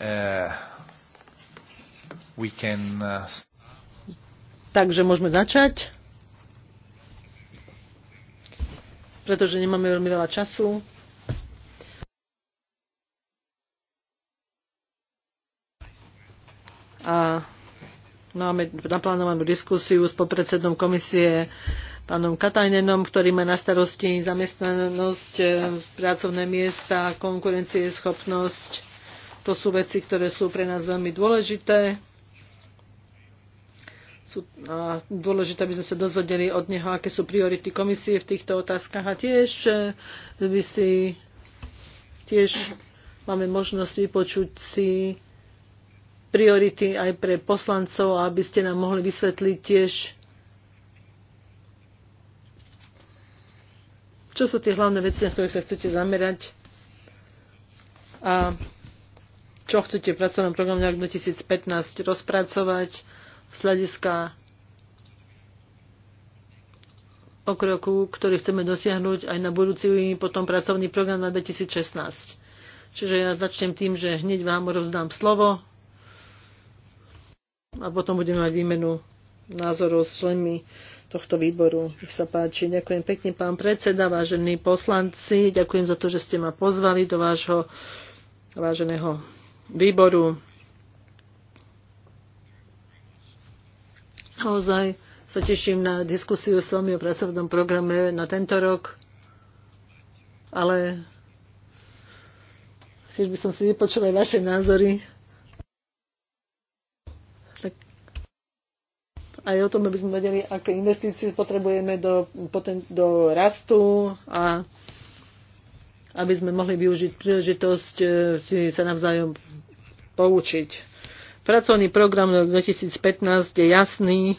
uh, we can... Uh... Takže môžeme začať, pretože nemáme veľmi veľa času. A máme naplánovanú diskusiu s podpredsedom komisie pánom Katajnenom, ktorý má na starosti zamestnanosť, e, pracovné miesta, schopnosť. To sú veci, ktoré sú pre nás veľmi dôležité. Sú, dôležité, aby sme sa dozvedeli od neho, aké sú priority komisie v týchto otázkach. A tiež by e, si tiež máme možnosť vypočuť si priority aj pre poslancov, aby ste nám mohli vysvetliť tiež Čo sú tie hlavné veci, na ktoré sa chcete zamerať? A čo chcete v pracovnom programe na 2015 rozpracovať z hľadiska okroku, ktorý chceme dosiahnuť aj na budúci potom pracovný program na 2016. Čiže ja začnem tým, že hneď vám rozdám slovo a potom budeme mať výmenu názorov s členmi tohto výboru. Nech sa páči. Ďakujem pekne, pán predseda, vážení poslanci. Ďakujem za to, že ste ma pozvali do vášho váženého výboru. Naozaj sa teším na diskusiu s vami o pracovnom programe na tento rok, ale tiež by som si vypočul aj vaše názory aj o tom, aby sme vedeli, aké investície potrebujeme do, do rastu a aby sme mohli využiť príležitosť e, si sa navzájom poučiť. Pracovný program 2015 je jasný,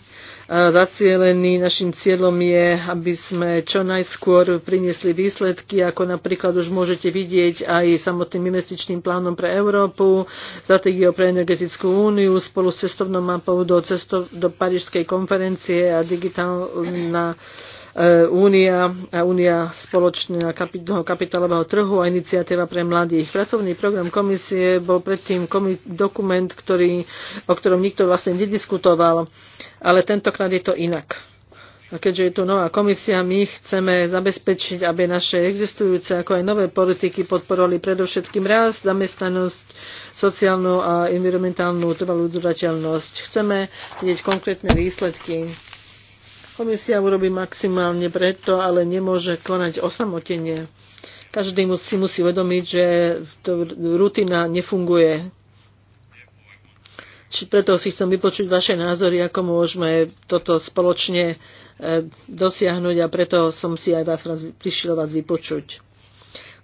zacielený. Našim cieľom je, aby sme čo najskôr priniesli výsledky, ako napríklad už môžete vidieť aj samotným investičným plánom pre Európu, stratégiou pre energetickú úniu spolu s cestovnou mapou do, do Parížskej konferencie a digitálna E, únia a únia spoločného kapitálového trhu a iniciatíva pre mladých. Pracovný program komisie bol predtým dokument, ktorý, o ktorom nikto vlastne nediskutoval, ale tentokrát je to inak. A keďže je tu nová komisia, my chceme zabezpečiť, aby naše existujúce ako aj nové politiky podporovali predovšetkým rast, zamestnanosť, sociálnu a environmentálnu trvalú dodateľnosť. Chceme vidieť konkrétne výsledky Komisia urobí maximálne preto, ale nemôže konať osamotenie. Každý si musí vedomiť, že to rutina nefunguje. Či preto si chcem vypočuť vaše názory, ako môžeme toto spoločne e, dosiahnuť a preto som si aj vás prišiel vás vypočuť.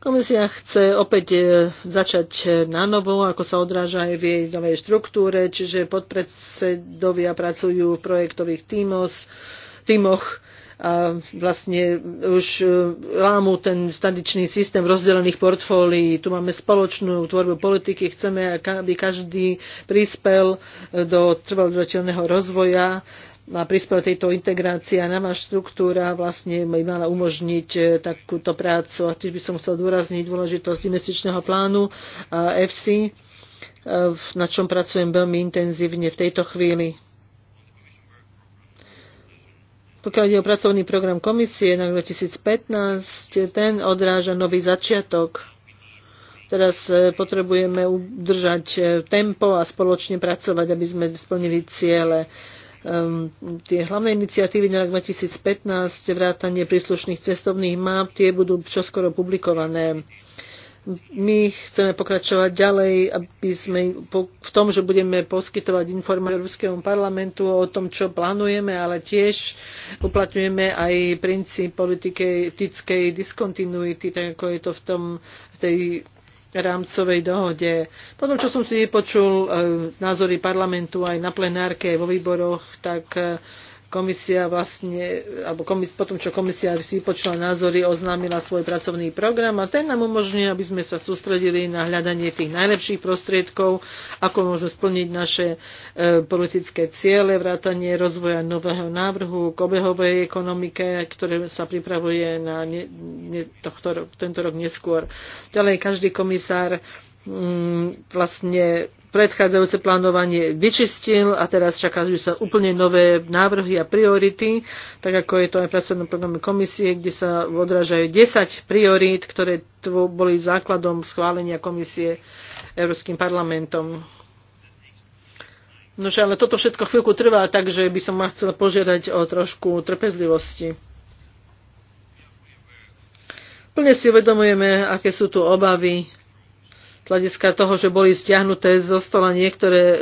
Komisia chce opäť e, začať e, na novo, ako sa odráža aj v jej novej štruktúre, čiže podpredsedovia pracujú v projektových tímoch, týmoch a vlastne už e, lámu ten stadičný systém rozdelených portfólií. Tu máme spoločnú tvorbu politiky, chceme, aby každý prispel e, do trvalodržateľného rozvoja a prispel tejto integrácie, a náma štruktúra vlastne by mala umožniť e, takúto prácu. A tiež by som chcel dôrazniť dôležitosť investičného plánu FC, na čom pracujem veľmi intenzívne v tejto chvíli. Pokiaľ ide o pracovný program komisie na 2015, ten odráža nový začiatok. Teraz e, potrebujeme udržať e, tempo a spoločne pracovať, aby sme splnili ciele um, tie hlavné iniciatívy na rok 2015, vrátanie príslušných cestovných map, tie budú čoskoro publikované my chceme pokračovať ďalej, aby sme v tom, že budeme poskytovať informácie Európskemu parlamentu o tom, čo plánujeme, ale tiež uplatňujeme aj princíp politickej diskontinuity, tak ako je to v tom, v tej rámcovej dohode. Potom, čo som si vypočul eh, názory parlamentu aj na plenárke, aj vo výboroch, tak eh, komisia vlastne, alebo komis, potom, čo komisia si počula názory, oznámila svoj pracovný program a ten nám umožňuje, aby sme sa sústredili na hľadanie tých najlepších prostriedkov, ako môžeme splniť naše e, politické ciele, vrátanie rozvoja nového návrhu k obehovej ekonomike, ktoré sa pripravuje na ne, ne, tohto, tento rok neskôr. Ďalej každý komisár mm, vlastne predchádzajúce plánovanie vyčistil a teraz čakajú sa úplne nové návrhy a priority, tak ako je to aj v pracovnom programe komisie, kde sa odrážajú 10 priorít, ktoré boli základom schválenia komisie Európskym parlamentom. No ale toto všetko chvíľku trvá, takže by som ma chcela požiadať o trošku trpezlivosti. Plne si uvedomujeme, aké sú tu obavy z hľadiska toho, že boli stiahnuté zo stola niektoré e,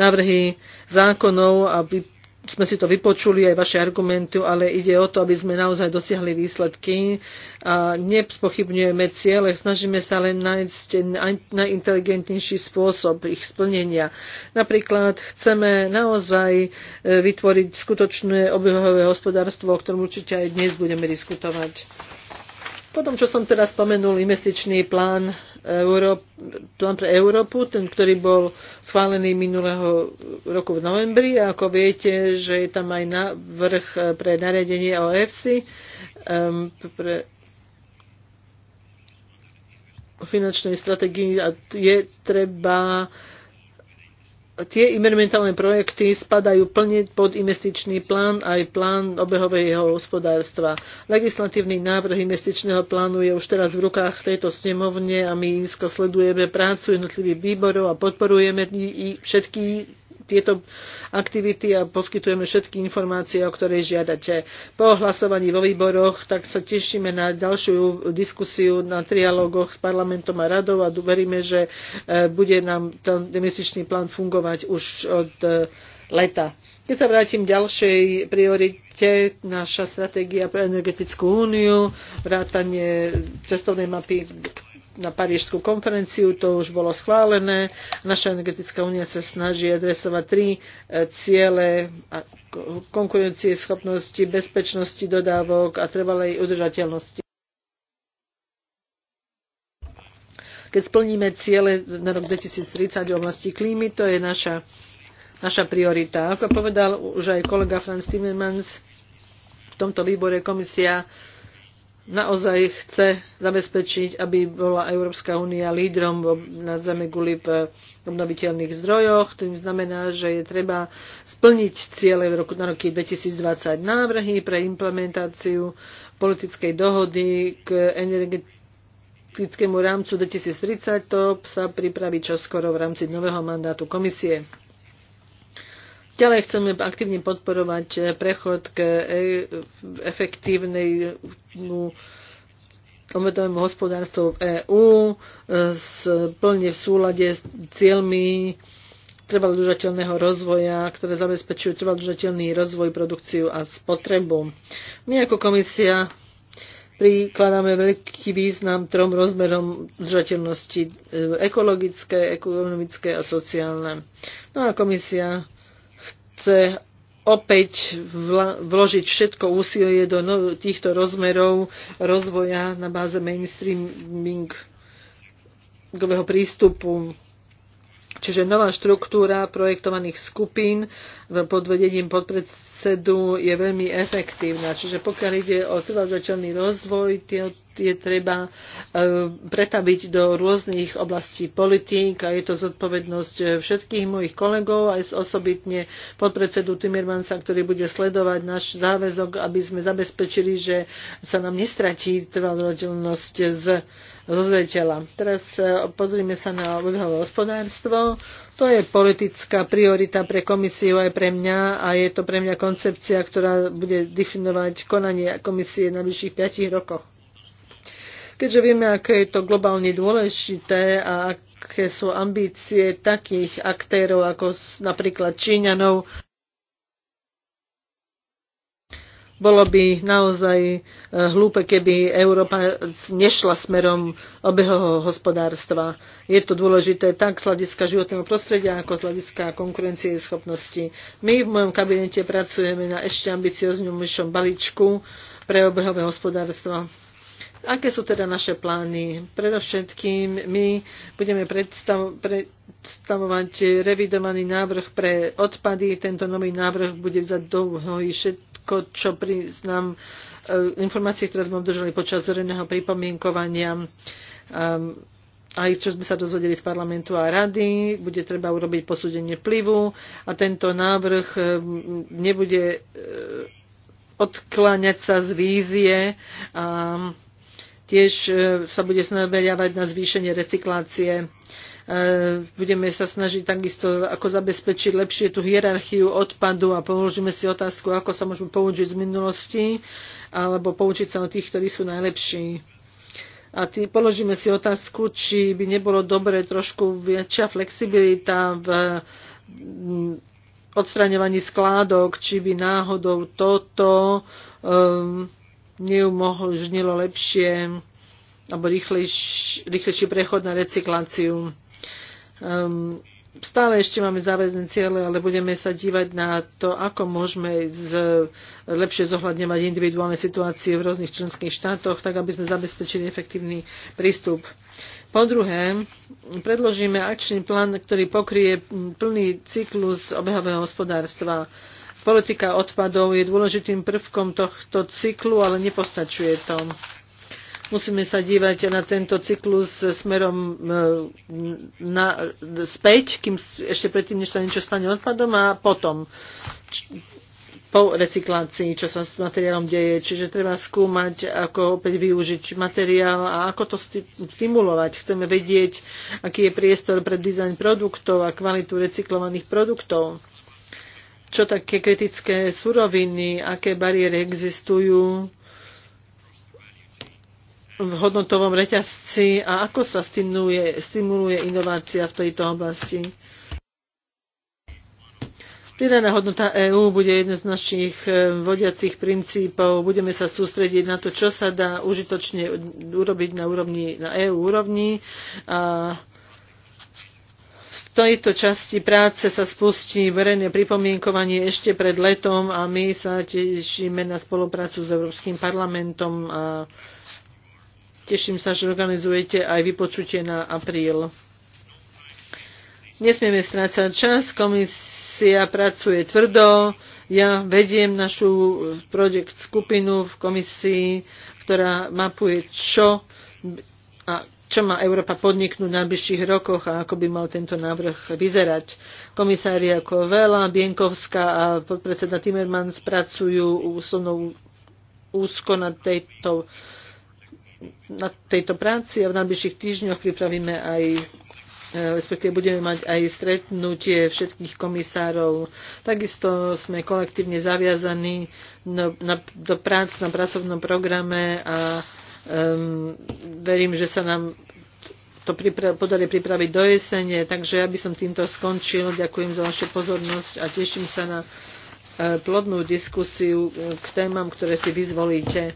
návrhy zákonov, aby sme si to vypočuli, aj vaše argumenty, ale ide o to, aby sme naozaj dosiahli výsledky. A nepochybňujeme cieľe, snažíme sa len nájsť najinteligentnejší spôsob ich splnenia. Napríklad chceme naozaj e, vytvoriť skutočné obehové hospodárstvo, o ktorom určite aj dnes budeme diskutovať. Potom, čo som teraz spomenul, investičný plán Európ, plán pre Európu, ten, ktorý bol schválený minulého roku v novembri. A ako viete, že je tam aj vrch eh, pre nariadenie o EFSI, um, pre finančnej strategii a je treba tie environmentálne projekty spadajú plne pod investičný plán aj plán obehového hospodárstva. Legislatívny návrh investičného plánu je už teraz v rukách tejto snemovne a my sledujeme prácu jednotlivých výborov a podporujeme všetky tieto aktivity a poskytujeme všetky informácie, o ktorej žiadate. Po hlasovaní vo výboroch tak sa tešíme na ďalšiu diskusiu na trialógoch s parlamentom a radou a veríme, že e, bude nám ten demisičný plán fungovať už od e, leta. Keď sa vrátim ďalšej priorite, naša stratégia pre energetickú úniu, vrátanie cestovnej mapy k na parížskú konferenciu, to už bolo schválené. Naša energetická únia sa snaží adresovať tri e, ciele konkurencie, schopnosti, bezpečnosti dodávok a trvalej udržateľnosti. Keď splníme ciele na rok 2030 v oblasti klímy, to je naša, naša priorita. Ako povedal už aj kolega Franz Timmermans, v tomto výbore komisia naozaj chce zabezpečiť, aby bola Európska únia lídrom na zemi guli v e, obnoviteľných zdrojoch. Tým znamená, že je treba splniť ciele v roku, na roky 2020 návrhy pre implementáciu politickej dohody k energetickému rámcu 2030. To sa pripraví čoskoro v rámci nového mandátu komisie. Ďalej chceme aktívne podporovať prechod k e, efektívnemu obetovému hospodárstvu v EÚ, e, plne v súlade s cieľmi trvalodržateľného rozvoja, ktoré zabezpečujú trvalodržateľný rozvoj, produkciu a spotrebu. My ako komisia prikladáme veľký význam trom rozmerom držateľnosti e, ekologické, ekonomické a sociálne. No a komisia chce opäť vložiť všetko úsilie do no, týchto rozmerov rozvoja na báze mainstreamingového prístupu. Čiže nová štruktúra projektovaných skupín pod vedením podpredsedu je veľmi efektívna. Čiže pokiaľ ide o trvadzateľný rozvoj, je treba e, pretaviť do rôznych oblastí politík a je to zodpovednosť e, všetkých mojich kolegov, aj osobitne podpredsedu Timirmansa, ktorý bude sledovať náš záväzok, aby sme zabezpečili, že sa nám nestratí trvalodilnosť z rozvetela. Teraz e, pozrime sa na obehové hospodárstvo. To je politická priorita pre komisiu aj pre mňa a je to pre mňa koncepcia, ktorá bude definovať konanie komisie na vyšších 5 rokoch. Keďže vieme, aké je to globálne dôležité a aké sú ambície takých aktérov ako napríklad Číňanov, bolo by naozaj eh, hlúpe, keby Európa nešla smerom obehového hospodárstva. Je to dôležité tak z hľadiska životného prostredia, ako z hľadiska konkurencie schopnosti. My v mojom kabinete pracujeme na ešte ambicioznejšom balíčku pre obehové hospodárstva. Aké sú teda naše plány? Predovšetkým my budeme predstav, predstavovať revidovaný návrh pre odpady. Tento nový návrh bude vzať dlho i všetko, čo priznám, eh, informácie, ktoré sme obdržali počas verejného pripomienkovania ehm, aj čo sme sa dozvedeli z parlamentu a rady, bude treba urobiť posúdenie vplyvu a tento návrh ehm, nebude eh, odkláňať sa z vízie a tiež e, sa bude snažiť na zvýšenie recyklácie. E, budeme sa snažiť takisto, ako zabezpečiť lepšie tú hierarchiu odpadu a položíme si otázku, ako sa môžeme poučiť z minulosti alebo poučiť sa o tých, ktorí sú najlepší. A tý, položíme si otázku, či by nebolo dobre trošku väčšia flexibilita v odstraňovaní skládok, či by náhodou toto um, neumožnilo lepšie alebo rýchlejš, rýchlejší prechod na recykláciu. Um, stále ešte máme záväzné ciele, ale budeme sa dívať na to, ako môžeme z, lepšie zohľadňovať individuálne situácie v rôznych členských štátoch, tak aby sme zabezpečili efektívny prístup. Po druhé, predložíme akčný plán, ktorý pokrie plný cyklus obehového hospodárstva Politika odpadov je dôležitým prvkom tohto cyklu, ale nepostačuje to. Musíme sa dívať na tento cyklus smerom e, na, späť, kým, ešte predtým, než sa niečo stane odpadom a potom po recyklácii, čo sa s materiálom deje. Čiže treba skúmať, ako opäť využiť materiál a ako to stimulovať. Chceme vedieť, aký je priestor pre dizajn produktov a kvalitu recyklovaných produktov čo také kritické suroviny, aké bariéry existujú v hodnotovom reťazci a ako sa stimuluje, stimuluje inovácia v tejto oblasti. Pridaná hodnota EÚ bude jedna z našich e, vodiacich princípov. Budeme sa sústrediť na to, čo sa dá užitočne urobiť na, úrovni, na EÚ úrovni a tejto časti práce sa spustí verejné pripomienkovanie ešte pred letom a my sa tešíme na spoluprácu s Európskym parlamentom a teším sa, že organizujete aj vypočutie na apríl. Nesmieme strácať čas, komisia pracuje tvrdo, ja vediem našu projekt skupinu v komisii, ktorá mapuje, čo a čo má Európa podniknúť v najbližších rokoch a ako by mal tento návrh vyzerať. Komisári ako Vela, Bienkovská a podpredseda Timmermans pracujú úsobnou úzko na tejto, na tejto práci a v najbližších týždňoch pripravíme aj e, respektíve budeme mať aj stretnutie všetkých komisárov. Takisto sme kolektívne zaviazaní no, do prác na pracovnom programe a um, verím, že sa nám to pripra- podarí pripraviť do jesene, takže ja by som týmto skončil. Ďakujem za vašu pozornosť a teším sa na e, plodnú diskusiu e, k témam, ktoré si vyzvolíte.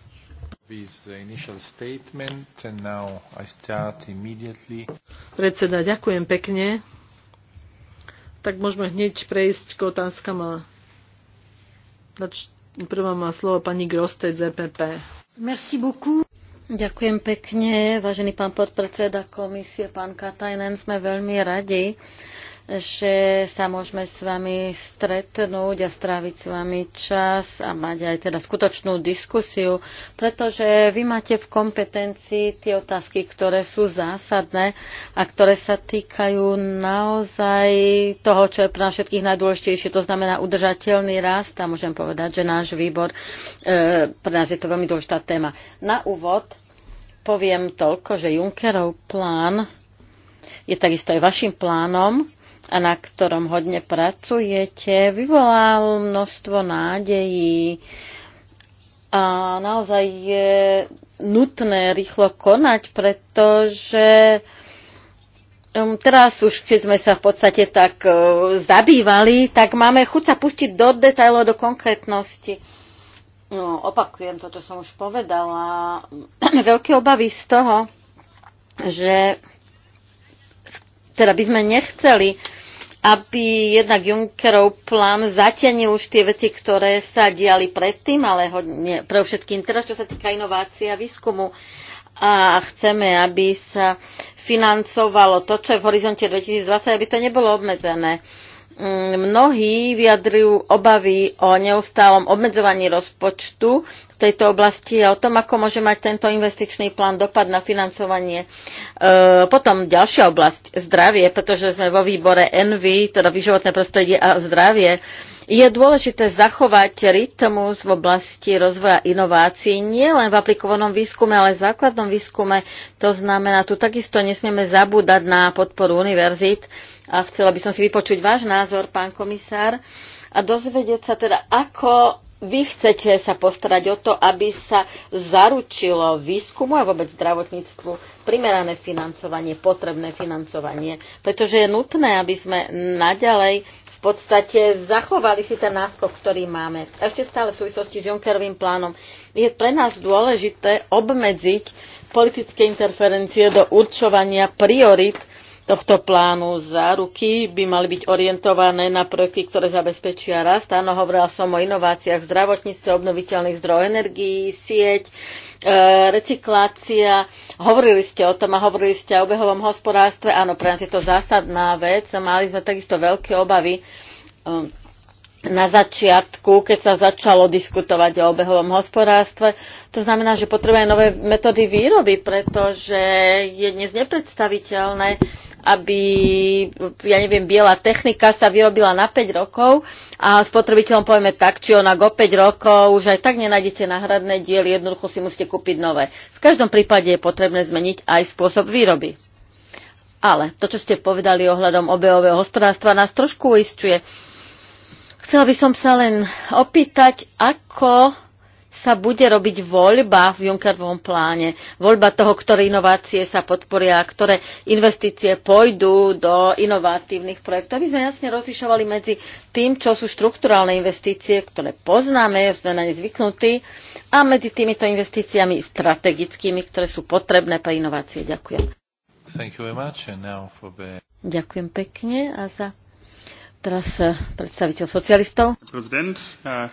Predseda, ďakujem pekne. Tak môžeme hneď prejsť k otázkam. Prvá má slovo pani Grosted z EPP. Merci beaucoup. Ďakujem pekne, vážený pán podpredseda komisie, pán Katajnen. Sme veľmi radi, že sa môžeme s vami stretnúť a stráviť s vami čas a mať aj teda skutočnú diskusiu, pretože vy máte v kompetencii tie otázky, ktoré sú zásadné a ktoré sa týkajú naozaj toho, čo je pre nás všetkých najdôležitejšie, to znamená udržateľný rast a môžem povedať, že náš výbor, e, pre nás je to veľmi dôležitá téma. Na úvod poviem toľko, že Junckerov plán je takisto aj vašim plánom a na ktorom hodne pracujete, vyvolal množstvo nádejí a naozaj je nutné rýchlo konať, pretože um, teraz už, keď sme sa v podstate tak uh, zabývali, tak máme chuť sa pustiť do detajlov, do konkrétnosti. No, opakujem to, čo som už povedala. Veľké obavy z toho, že teda by sme nechceli, aby jednak Junckerov plán zatenil už tie veci, ktoré sa diali predtým, ale hodne, pre všetkým teraz, čo sa týka inovácie a výskumu. A chceme, aby sa financovalo to, čo je v horizonte 2020, aby to nebolo obmedzené. Mm, mnohí vyjadrujú obavy o neustálom obmedzovaní rozpočtu v tejto oblasti a o tom, ako môže mať tento investičný plán dopad na financovanie. E, potom ďalšia oblasť, zdravie, pretože sme vo výbore ENVY, teda vyživotné prostredie a zdravie. E, je dôležité zachovať rytmus v oblasti rozvoja inovácií nielen v aplikovanom výskume, ale v základnom výskume. To znamená, tu takisto nesmieme zabúdať na podporu univerzít. A chcela by som si vypočuť váš názor, pán komisár, a dozvedieť sa teda, ako vy chcete sa postarať o to, aby sa zaručilo výskumu a vôbec zdravotníctvu primerané financovanie, potrebné financovanie, pretože je nutné, aby sme naďalej podstate zachovali si ten náskok, ktorý máme. Ešte stále v súvislosti s Junckerovým plánom. Je pre nás dôležité obmedziť politické interferencie do určovania priorit tohto plánu záruky by mali byť orientované na projekty, ktoré zabezpečia rast. Áno, hovorila som o inováciách v zdravotníctve, obnoviteľných zdrojov energií, sieť, E, recyklácia, hovorili ste o tom a hovorili ste o obehovom hospodárstve, áno, pre nás je to zásadná vec, mali sme takisto veľké obavy e, na začiatku, keď sa začalo diskutovať o obehovom hospodárstve. To znamená, že potrebujeme nové metódy výroby, pretože je dnes nepredstaviteľné, aby, ja neviem, biela technika sa vyrobila na 5 rokov a spotrebiteľom povieme tak, či onak o 5 rokov už aj tak nenájdete náhradné diely, jednoducho si musíte kúpiť nové. V každom prípade je potrebné zmeniť aj spôsob výroby. Ale to, čo ste povedali ohľadom obehového hospodárstva, nás trošku uistuje. Chcela by som sa len opýtať, ako sa bude robiť voľba v Junckerovom pláne. Voľba toho, ktoré inovácie sa podporia, ktoré investície pôjdu do inovatívnych projektov. My sme jasne rozlišovali medzi tým, čo sú štruktúrálne investície, ktoré poznáme, sme na ne zvyknutí, a medzi týmito investíciami strategickými, ktoré sú potrebné pre inovácie. Ďakujem. The... Ďakujem pekne a za teraz eh, predstaviteľ socialistov. Prezident, uh...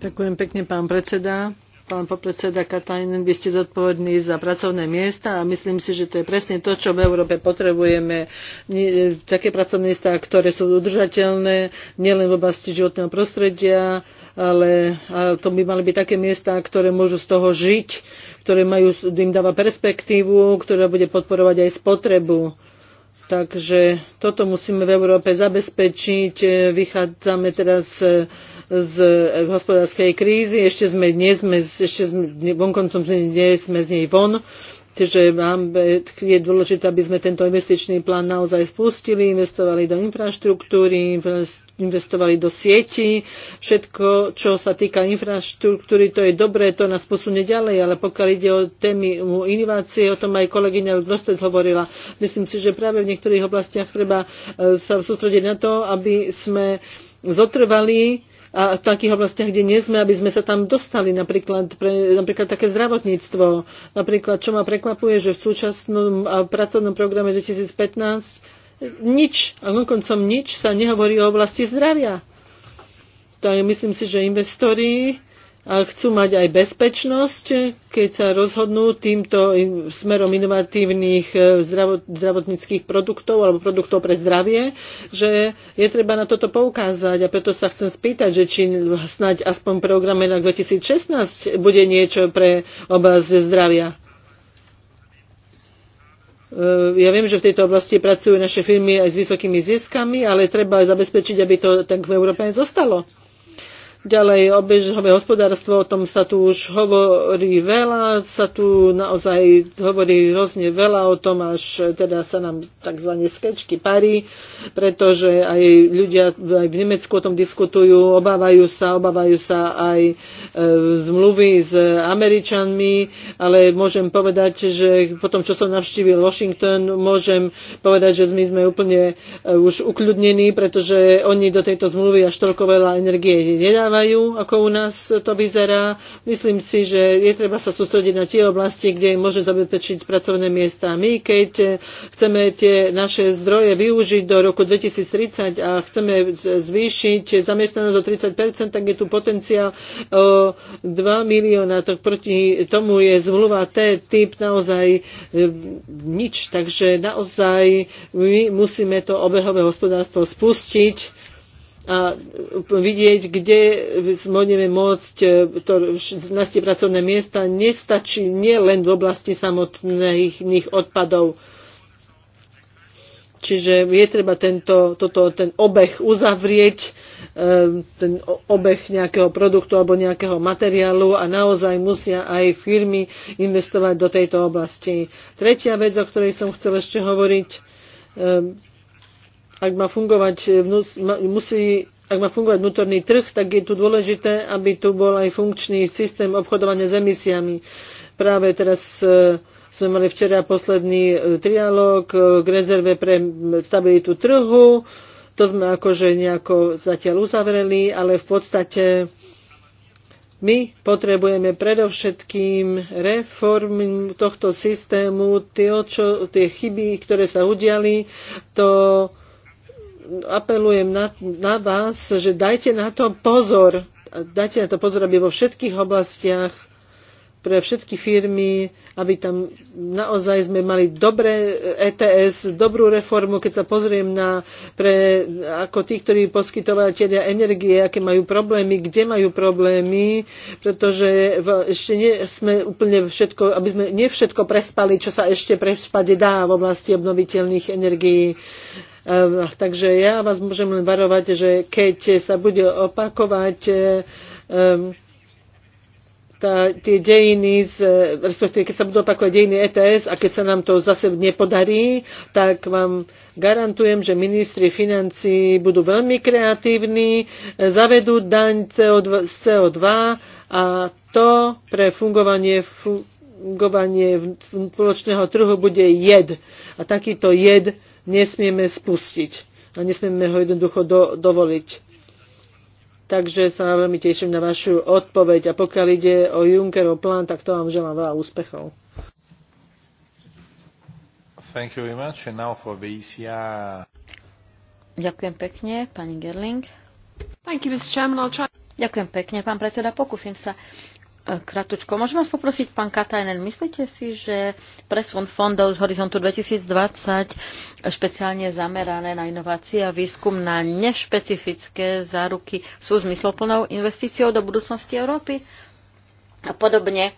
Ďakujem pekne, pán predseda. Pán podpredseda Katajnen, vy ste zodpovední za pracovné miesta a myslím si, že to je presne to, čo v Európe potrebujeme. Také pracovné miesta, ktoré sú udržateľné nielen v oblasti životného prostredia, ale to by mali byť také miesta, ktoré môžu z toho žiť, ktoré majú, im dáva perspektívu, ktorá bude podporovať aj spotrebu. Takže toto musíme v Európe zabezpečiť. Vychádzame teraz z e, hospodárskej krízy, ešte sme, nie sme, ešte sme, vonkoncom nie sme z nej von, Čiže e, je dôležité, aby sme tento investičný plán naozaj spustili, investovali do infraštruktúry, investovali do sieti. Všetko, čo sa týka infraštruktúry, to je dobré, to nás posunie ďalej, ale pokiaľ ide o témy inovácie, o tom aj kolegyňa Grosted hovorila. Myslím si, že práve v niektorých oblastiach treba e, sa sústrediť na to, aby sme zotrvali a v takých oblastiach, kde nie sme, aby sme sa tam dostali, napríklad, pre, napríklad také zdravotníctvo. Napríklad, čo ma prekvapuje, že v súčasnom pracovnom programe 2015 nič, a koncom nič sa nehovorí o oblasti zdravia. Tak myslím si, že investori a chcú mať aj bezpečnosť, keď sa rozhodnú týmto smerom inovatívnych e, zdravotníckých produktov alebo produktov pre zdravie, že je treba na toto poukázať. A preto sa chcem spýtať, že či snáď aspoň programe na 2016 bude niečo pre oblasť zdravia. E, ja viem, že v tejto oblasti pracujú naše firmy aj s vysokými ziskami, ale treba zabezpečiť, aby to tak v Európe aj zostalo. Ďalej obežové hospodárstvo, o tom sa tu už hovorí veľa, sa tu naozaj hovorí hrozne veľa o tom, až teda sa nám tzv. skečky parí, pretože aj ľudia aj v Nemecku o tom diskutujú, obávajú sa, obávajú sa aj e, zmluvy s Američanmi, ale môžem povedať, že po tom, čo som navštívil Washington, môžem povedať, že my sme úplne e, už ukľudnení, pretože oni do tejto zmluvy až toľko veľa energie nedávajú vzdelávajú, ako u nás to vyzerá. Myslím si, že je treba sa sústrediť na tie oblasti, kde môže zabezpečiť pracovné miesta. My, keď chceme tie naše zdroje využiť do roku 2030 a chceme zvýšiť zamestnanosť o 30 tak je tu potenciál o 2 milióna. Tak proti tomu je zmluva T typ naozaj e, nič. Takže naozaj my musíme to obehové hospodárstvo spustiť a e, vidieť, kde budeme môcť e, to 16 pracovné miesta nestačí nie len v oblasti samotných odpadov. Čiže je treba tento, toto, ten obeh uzavrieť, e, ten obeh nejakého produktu alebo nejakého materiálu a naozaj musia aj firmy investovať do tejto oblasti. Tretia vec, o ktorej som chcel ešte hovoriť, ak má fungovať, eh, musí, ak má fungovať vnútorný trh, tak je tu dôležité, aby tu bol aj funkčný systém obchodovania s emisiami. Práve teraz eh, sme mali včera posledný eh, trialóg k rezerve pre stabilitu trhu. To sme akože nejako zatiaľ uzavreli, ale v podstate my potrebujeme predovšetkým reform tohto systému, tie, čo, tie chyby, ktoré sa udiali, to apelujem na, na vás, že dajte na to pozor. Dajte na to pozor, aby vo všetkých oblastiach pre všetky firmy, aby tam naozaj sme mali dobré ETS, dobrú reformu, keď sa pozriem na pre, ako tí, ktorí poskytovateľia energie, aké majú problémy, kde majú problémy, pretože v, ešte nie sme úplne všetko, aby sme nevšetko prespali, čo sa ešte prespade dá v oblasti obnoviteľných energií. Ehm, takže ja vás môžem len varovať, že keď sa bude opakovať ehm, tá, tie dejiny, z, respektíve keď sa budú opakovať dejiny ETS a keď sa nám to zase nepodarí, tak vám garantujem, že ministri financí budú veľmi kreatívni, zavedú daň CO2, z CO2 a to pre fungovanie, fungovanie spoločného trhu bude jed. A takýto jed nesmieme spustiť a nesmieme ho jednoducho do, dovoliť. Takže sa veľmi teším na vašu odpoveď a pokiaľ ide o Junckerov plán, tak to vám želám veľa úspechov. Thank you very much. And now for the e Ďakujem pekne, pani Gerling. Thank you, Mr. Chairman. I'll try... Ďakujem pekne, pán predseda. Pokúsim sa Kratučko, môžem vás poprosiť, pán Katajnen, myslíte si, že presun fondov z Horizontu 2020 špeciálne zamerané na inovácie a výskum na nešpecifické záruky sú zmysloplnou investíciou do budúcnosti Európy? A podobne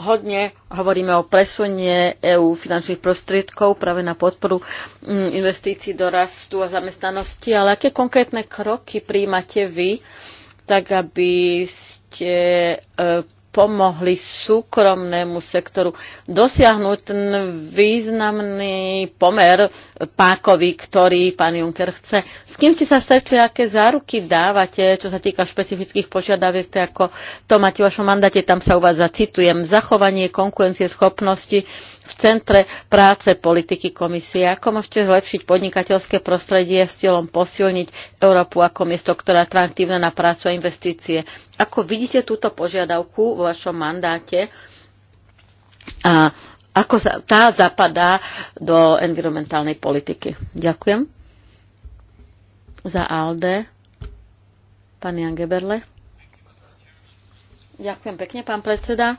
hodne hovoríme o presunie EÚ finančných prostriedkov práve na podporu mm, investícií do rastu a zamestnanosti, ale aké konkrétne kroky príjmate vy, tak aby ste e, pomohli súkromnému sektoru dosiahnuť ten významný pomer pákový, ktorý pán Juncker chce. S kým ste sa stretli, aké záruky dávate, čo sa týka špecifických požiadaviek, to ako to máte v vašom mandáte, tam sa uvádza, citujem, zachovanie konkurencie schopnosti v Centre práce politiky komisie. Ako môžete zlepšiť podnikateľské prostredie s cieľom posilniť Európu ako miesto, ktoré je atraktívne na prácu a investície? Ako vidíte túto požiadavku vo vašom mandáte a ako sa, tá zapadá do environmentálnej politiky? Ďakujem. Za ALDE. Pani Angeberle. Ďakujem pekne, pán predseda.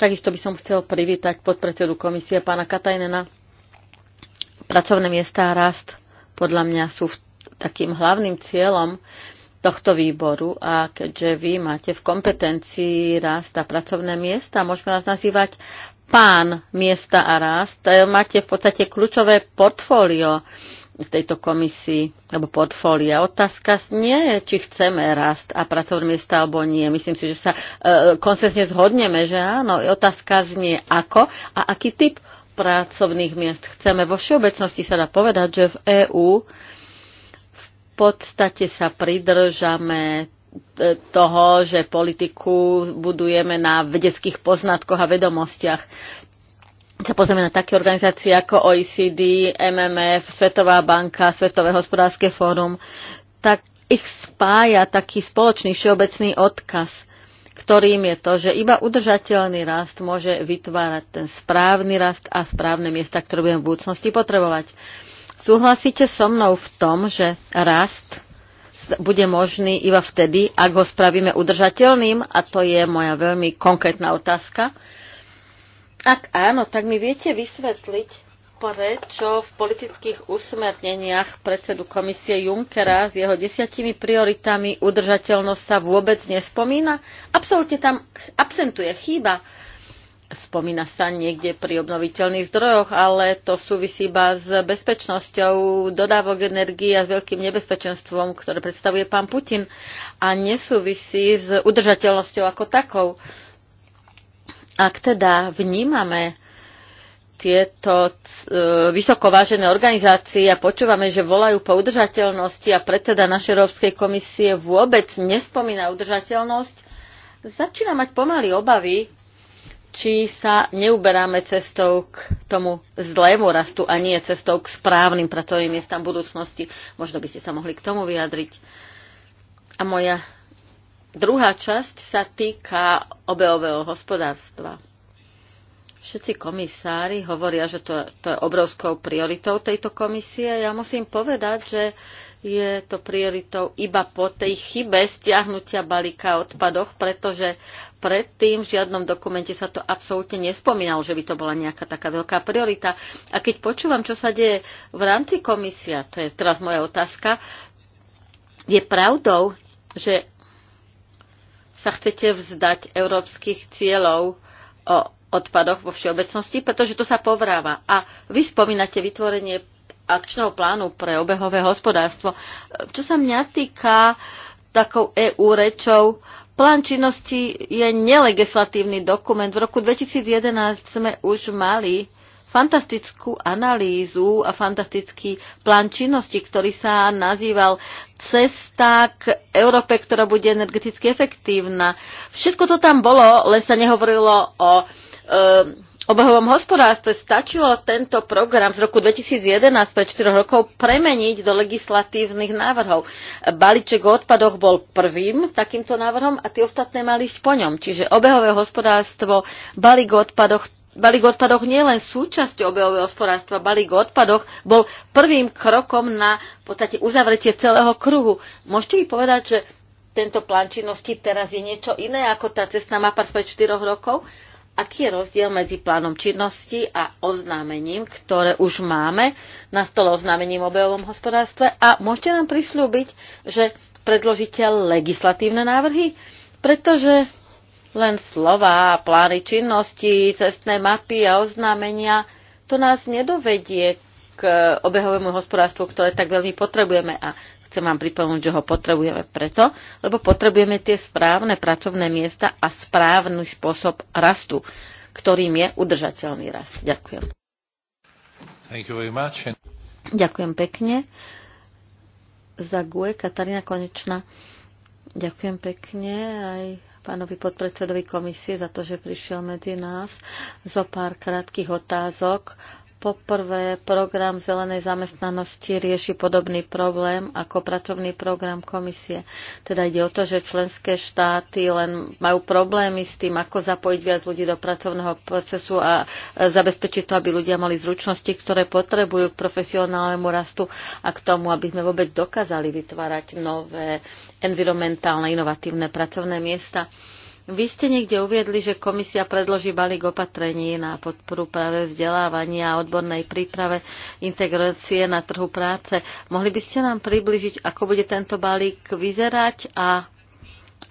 Takisto by som chcel privítať podpredsedu komisie pána Katajnena. Pracovné miesta a rast podľa mňa sú takým hlavným cieľom tohto výboru a keďže vy máte v kompetencii rast a pracovné miesta, môžeme vás nazývať pán miesta a rast. E, máte v podstate kľúčové portfólio tejto komisii alebo portfólia. Otázka nie je, či chceme rast a pracovné miesta alebo nie. Myslím si, že sa e, konsensne zhodneme, že áno. Otázka znie ako a aký typ pracovných miest chceme. Vo všeobecnosti sa dá povedať, že v EÚ v podstate sa pridržame e, toho, že politiku budujeme na vedeckých poznatkoch a vedomostiach sa pozrieme na také organizácie ako OECD, MMF, Svetová banka, Svetové hospodárske fórum, tak ich spája taký spoločný všeobecný odkaz, ktorým je to, že iba udržateľný rast môže vytvárať ten správny rast a správne miesta, ktoré budeme v budúcnosti potrebovať. Súhlasíte so mnou v tom, že rast bude možný iba vtedy, ak ho spravíme udržateľným? A to je moja veľmi konkrétna otázka ak áno, tak mi viete vysvetliť, prečo v politických usmerneniach predsedu komisie Junckera s jeho desiatimi prioritami udržateľnosť sa vôbec nespomína? Absolutne tam absentuje chyba. Spomína sa niekde pri obnoviteľných zdrojoch, ale to súvisí iba s bezpečnosťou dodávok energie a s veľkým nebezpečenstvom, ktoré predstavuje pán Putin a nesúvisí s udržateľnosťou ako takou. Ak teda vnímame tieto e, vysoko organizácie a počúvame, že volajú po udržateľnosti a predseda našej Európskej komisie vôbec nespomína udržateľnosť, začína mať pomaly obavy, či sa neuberáme cestou k tomu zlému rastu a nie cestou k správnym pracovným miestam budúcnosti. Možno by ste sa mohli k tomu vyjadriť. A moja Druhá časť sa týka obeového hospodárstva. Všetci komisári hovoria, že to, to je obrovskou prioritou tejto komisie. Ja musím povedať, že je to prioritou iba po tej chybe stiahnutia balíka odpadoch, pretože predtým v žiadnom dokumente sa to absolútne nespomínalo, že by to bola nejaká taká veľká priorita. A keď počúvam, čo sa deje v rámci komisia, to je teraz moja otázka, je pravdou, že sa chcete vzdať európskych cieľov o odpadoch vo všeobecnosti, pretože to sa povráva. A vy spomínate vytvorenie akčného plánu pre obehové hospodárstvo. Čo sa mňa týka takou EU rečou, plán činnosti je nelegislatívny dokument. V roku 2011 sme už mali fantastickú analýzu a fantastický plán činnosti, ktorý sa nazýval cesta k Európe, ktorá bude energeticky efektívna. Všetko to tam bolo, len sa nehovorilo o e, obehovom hospodárstve. Stačilo tento program z roku 2011 pre 4 rokov premeniť do legislatívnych návrhov. Balíček o odpadoch bol prvým takýmto návrhom a tie ostatné mali ísť po ňom. Čiže obehové hospodárstvo, balík o odpadoch, balík odpadoch nie len súčasťou obehového hospodárstva, balík odpadoch bol prvým krokom na v podstate uzavretie celého kruhu. Môžete mi povedať, že tento plán činnosti teraz je niečo iné ako tá cestná mapa späť 4 rokov? Aký je rozdiel medzi plánom činnosti a oznámením, ktoré už máme na stole oznámením obehovom hospodárstve? A môžete nám prislúbiť, že predložíte legislatívne návrhy? Pretože len slova, plány činnosti, cestné mapy a oznámenia, to nás nedovedie k obehovému hospodárstvu, ktoré tak veľmi potrebujeme. A chcem vám pripomnúť, že ho potrebujeme preto, lebo potrebujeme tie správne pracovné miesta a správny spôsob rastu, ktorým je udržateľný rast. Ďakujem. Thank you very much. Ďakujem pekne. Za GUE Katarína Konečná. Ďakujem pekne aj pánovi podpredsedovi komisie za to, že prišiel medzi nás. Zo pár krátkých otázok Poprvé, program zelenej zamestnanosti rieši podobný problém ako pracovný program komisie. Teda ide o to, že členské štáty len majú problémy s tým, ako zapojiť viac ľudí do pracovného procesu a zabezpečiť to, aby ľudia mali zručnosti, ktoré potrebujú k profesionálnemu rastu a k tomu, aby sme vôbec dokázali vytvárať nové environmentálne, inovatívne pracovné miesta. Vy ste niekde uviedli, že komisia predloží balík opatrení na podporu práve vzdelávania a odbornej príprave integrácie na trhu práce. Mohli by ste nám približiť, ako bude tento balík vyzerať a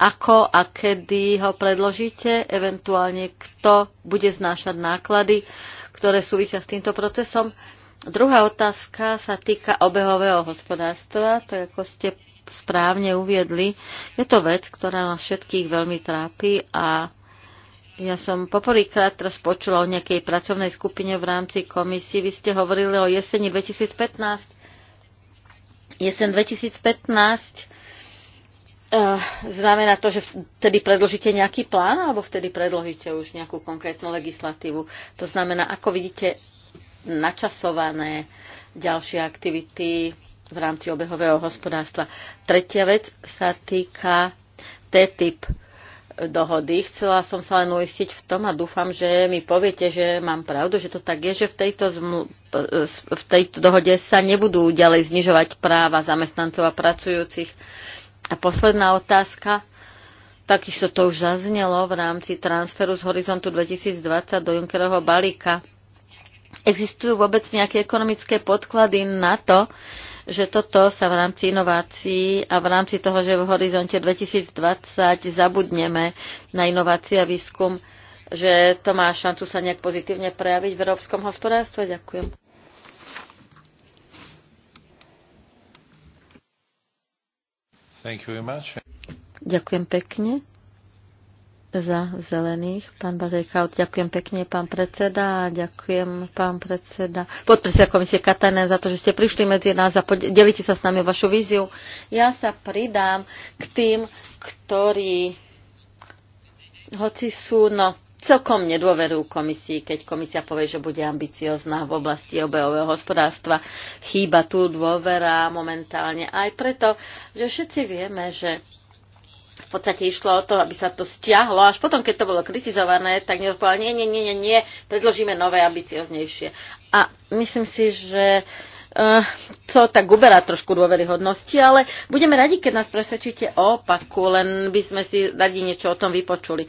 ako a kedy ho predložíte, eventuálne kto bude znášať náklady, ktoré súvisia s týmto procesom. Druhá otázka sa týka obehového hospodárstva, tak ako ste správne uviedli, je to vec, ktorá nás všetkých veľmi trápi a ja som poprvýkrát teraz počula o nejakej pracovnej skupine v rámci komisie. Vy ste hovorili o jeseni 2015. Jesen 2015 Uh, eh, znamená to, že vtedy predložíte nejaký plán alebo vtedy predložíte už nejakú konkrétnu legislatívu. To znamená, ako vidíte načasované ďalšie aktivity v rámci obehového hospodárstva. Tretia vec sa týka TTIP dohody. Chcela som sa len uistiť v tom a dúfam, že mi poviete, že mám pravdu, že to tak je, že v tejto, zmlu- v tejto dohode sa nebudú ďalej znižovať práva zamestnancov a pracujúcich. A posledná otázka. Takisto to už zaznelo v rámci transferu z Horizontu 2020 do Junckerovho balíka. Existujú vôbec nejaké ekonomické podklady na to, že toto sa v rámci inovácií a v rámci toho, že v horizonte 2020 zabudneme na inovácie a výskum, že to má šancu sa nejak pozitívne prejaviť v európskom hospodárstve. Ďakujem. Ďakujem pekne za zelených. Pán Bazejka, ďakujem pekne, pán predseda, a ďakujem pán predseda, podpredseda komisie Katajnen za to, že ste prišli medzi nás a delíte sa s nami vašu víziu. Ja sa pridám k tým, ktorí hoci sú, no, celkom nedôverujú komisii, keď komisia povie, že bude ambiciozná v oblasti obehového hospodárstva. Chýba tu dôvera momentálne aj preto, že všetci vieme, že v podstate išlo o to, aby sa to stiahlo. Až potom, keď to bolo kritizované, tak niekto povedal, nie, nie, nie, nie, nie, predložíme nové, ambicioznejšie. A myslím si, že uh, to tak uberá trošku dôveryhodnosti, ale budeme radi, keď nás presvedčíte o opaku, len by sme si radi niečo o tom vypočuli.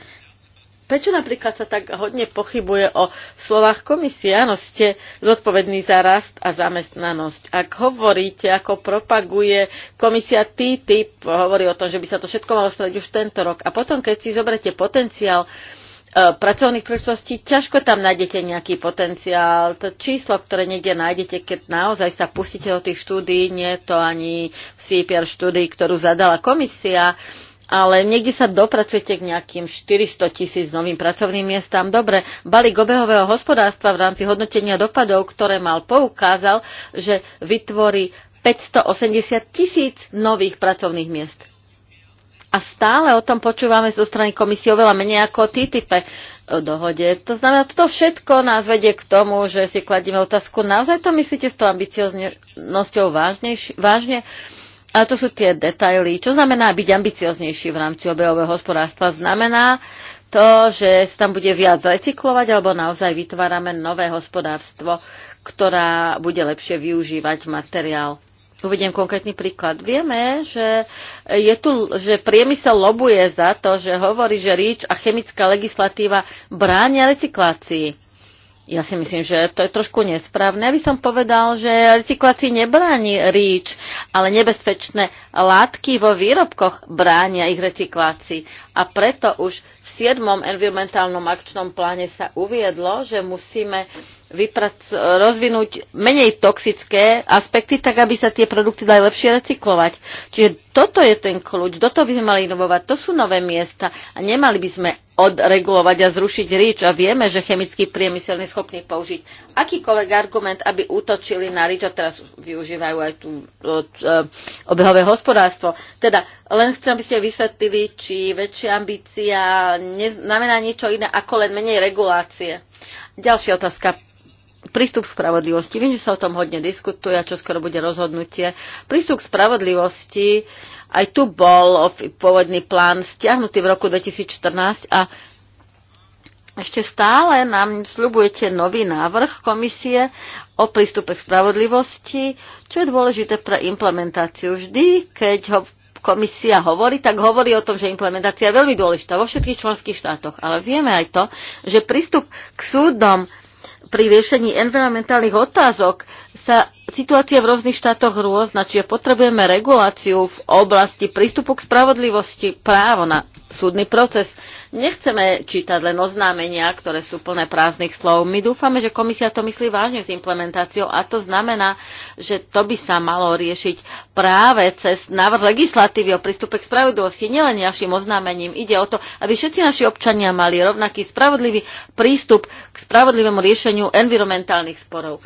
Prečo napríklad sa tak hodne pochybuje o slovách komisie? Áno, ste zodpovední za rast a zamestnanosť. Ak hovoríte, ako propaguje komisia TTIP, hovorí o tom, že by sa to všetko malo spraviť už tento rok. A potom, keď si zoberete potenciál e, pracovných príležitostí, ťažko tam nájdete nejaký potenciál. To číslo, ktoré niekde nájdete, keď naozaj sa pustíte do tých štúdií, nie je to ani v CPR štúdii, ktorú zadala komisia ale niekde sa dopracujete k nejakým 400 tisíc novým pracovným miestam. Dobre, balík obehového hospodárstva v rámci hodnotenia dopadov, ktoré mal, poukázal, že vytvorí 580 tisíc nových pracovných miest. A stále o tom počúvame zo strany komisie oveľa menej ako o TTIP eh, dohode. To znamená, toto všetko nás vedie k tomu, že si kladieme otázku, naozaj to myslíte s tou ambicioznosťou vážne? A to sú tie detaily. Čo znamená byť ambicioznejší v rámci obehového hospodárstva? Znamená to, že sa tam bude viac recyklovať, alebo naozaj vytvárame nové hospodárstvo, ktorá bude lepšie využívať materiál. Uvediem konkrétny príklad. Vieme, že, je tu, že priemysel lobuje za to, že hovorí, že ríč a chemická legislatíva bránia recyklácii ja si myslím, že to je trošku nesprávne. Ja by som povedal, že recyklácii nebráni ríč, ale nebezpečné látky vo výrobkoch bránia ich recyklácii. A preto už v 7. environmentálnom akčnom pláne sa uviedlo, že musíme rozvinúť menej toxické aspekty, tak aby sa tie produkty dali lepšie recyklovať. Čiže toto je ten kľúč, do toho by sme mali inovovať, to sú nové miesta a nemali by sme odregulovať a zrušiť rič a vieme, že chemický priemysel je schopný použiť akýkoľvek argument, aby útočili na rič a teraz využívajú aj tú, obehové hospodárstvo. Teda len chcem, aby ste vysvetlili, či väčšia ambícia neznamená niečo iné ako len menej regulácie. Ďalšia otázka prístup k spravodlivosti. Viem, že sa o tom hodne diskutuje a čo skoro bude rozhodnutie. Prístup k spravodlivosti aj tu bol pôvodný plán stiahnutý v roku 2014 a ešte stále nám slubujete nový návrh komisie o prístupe k spravodlivosti, čo je dôležité pre implementáciu. Vždy, keď ho komisia hovorí, tak hovorí o tom, že implementácia je veľmi dôležitá vo všetkých členských štátoch. Ale vieme aj to, že prístup k súdom pri riešení environmentálnych otázok sa situácia v rôznych štátoch rôzna, čiže potrebujeme reguláciu v oblasti prístupu k spravodlivosti, právo na súdny proces. Nechceme čítať len oznámenia, ktoré sú plné prázdnych slov. My dúfame, že komisia to myslí vážne s implementáciou a to znamená, že to by sa malo riešiť práve cez návrh legislatívy o prístupe k spravodlivosti, nielen našim oznámením. Ide o to, aby všetci naši občania mali rovnaký spravodlivý prístup k spravodlivému riešeniu environmentálnych sporov.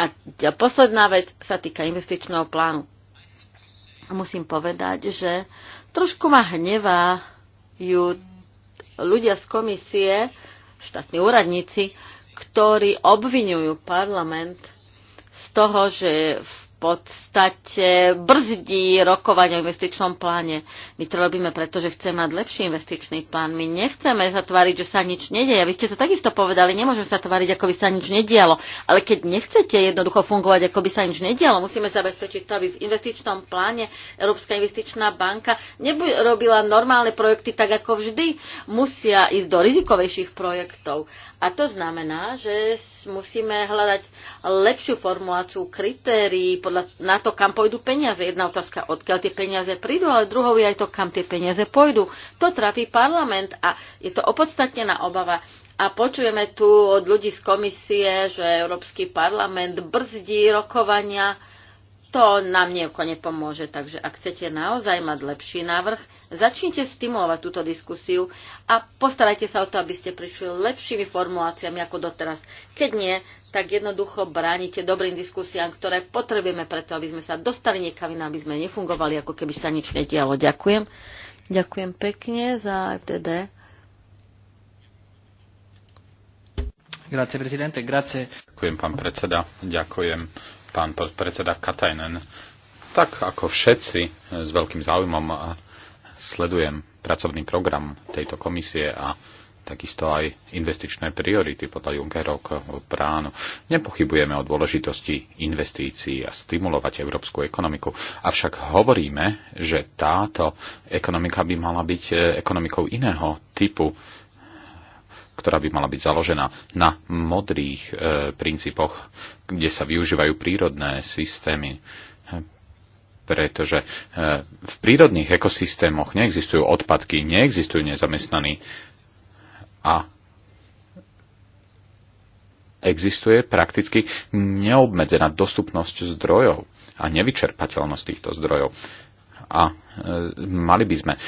A posledná vec sa týka investičného plánu. Musím povedať, že trošku ma hnevá ju ľudia z komisie, štátni úradníci, ktorí obvinujú parlament z toho, že v podstate brzdí rokovanie o investičnom pláne. My to robíme, pretože chceme mať lepší investičný plán. My nechceme sa že sa nič nedieje. Vy ste to takisto povedali, nemôžeme sa tváriť, ako by sa nič nedialo. Ale keď nechcete jednoducho fungovať, ako by sa nič nedialo, musíme zabezpečiť to, aby v investičnom pláne Európska investičná banka robila normálne projekty tak, ako vždy. Musia ísť do rizikovejších projektov. A to znamená, že musíme hľadať lepšiu formuláciu kritérií, podľa, na to, kam pôjdu peniaze. Jedna otázka, odkiaľ tie peniaze prídu, ale druhou je aj to, kam tie peniaze pôjdu. To trafí parlament a je to opodstatnená obava. A počujeme tu od ľudí z komisie, že Európsky parlament brzdí rokovania to nám nieko nepomôže. Takže ak chcete naozaj mať lepší návrh, začnite stimulovať túto diskusiu a postarajte sa o to, aby ste prišli lepšími formuláciami ako doteraz. Keď nie, tak jednoducho bránite dobrým diskusiám, ktoré potrebujeme preto, aby sme sa dostali niekam, aby sme nefungovali, ako keby sa nič nedialo. Ďakujem. Ďakujem pekne za FTD. E grazie, presidente, grazie. Ďakujem, pán predseda. Ďakujem pán predseda Katajnen. Tak ako všetci eh, s veľkým záujmom eh, sledujem pracovný program tejto komisie a takisto aj investičné priority podľa Junckerov pránu. Nepochybujeme o dôležitosti investícií a stimulovať európsku ekonomiku, avšak hovoríme, že táto ekonomika by mala byť eh, ekonomikou iného typu, ktorá by mala byť založená na modrých e, princípoch, kde sa využívajú prírodné systémy. Pretože e, v prírodných ekosystémoch neexistujú odpadky, neexistujú nezamestnaní a existuje prakticky neobmedzená dostupnosť zdrojov a nevyčerpateľnosť týchto zdrojov. A e, mali by sme e,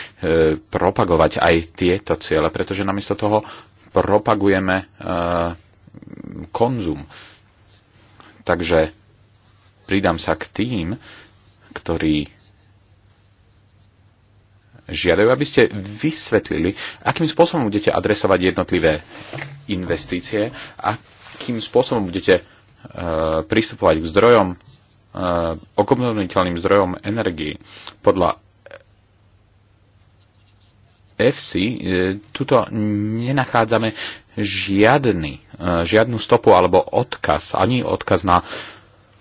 propagovať aj tieto ciele, pretože namiesto toho propagujeme eh, konzum. Takže pridám sa k tým, ktorí žiadajú, aby ste vysvetlili, akým spôsobom budete adresovať jednotlivé investície, akým spôsobom budete eh, pristupovať k zdrojom, eh, okomnovniteľným zdrojom energii podľa EFSI tuto nenachádzame žiadny, e, žiadnu stopu alebo odkaz, ani odkaz na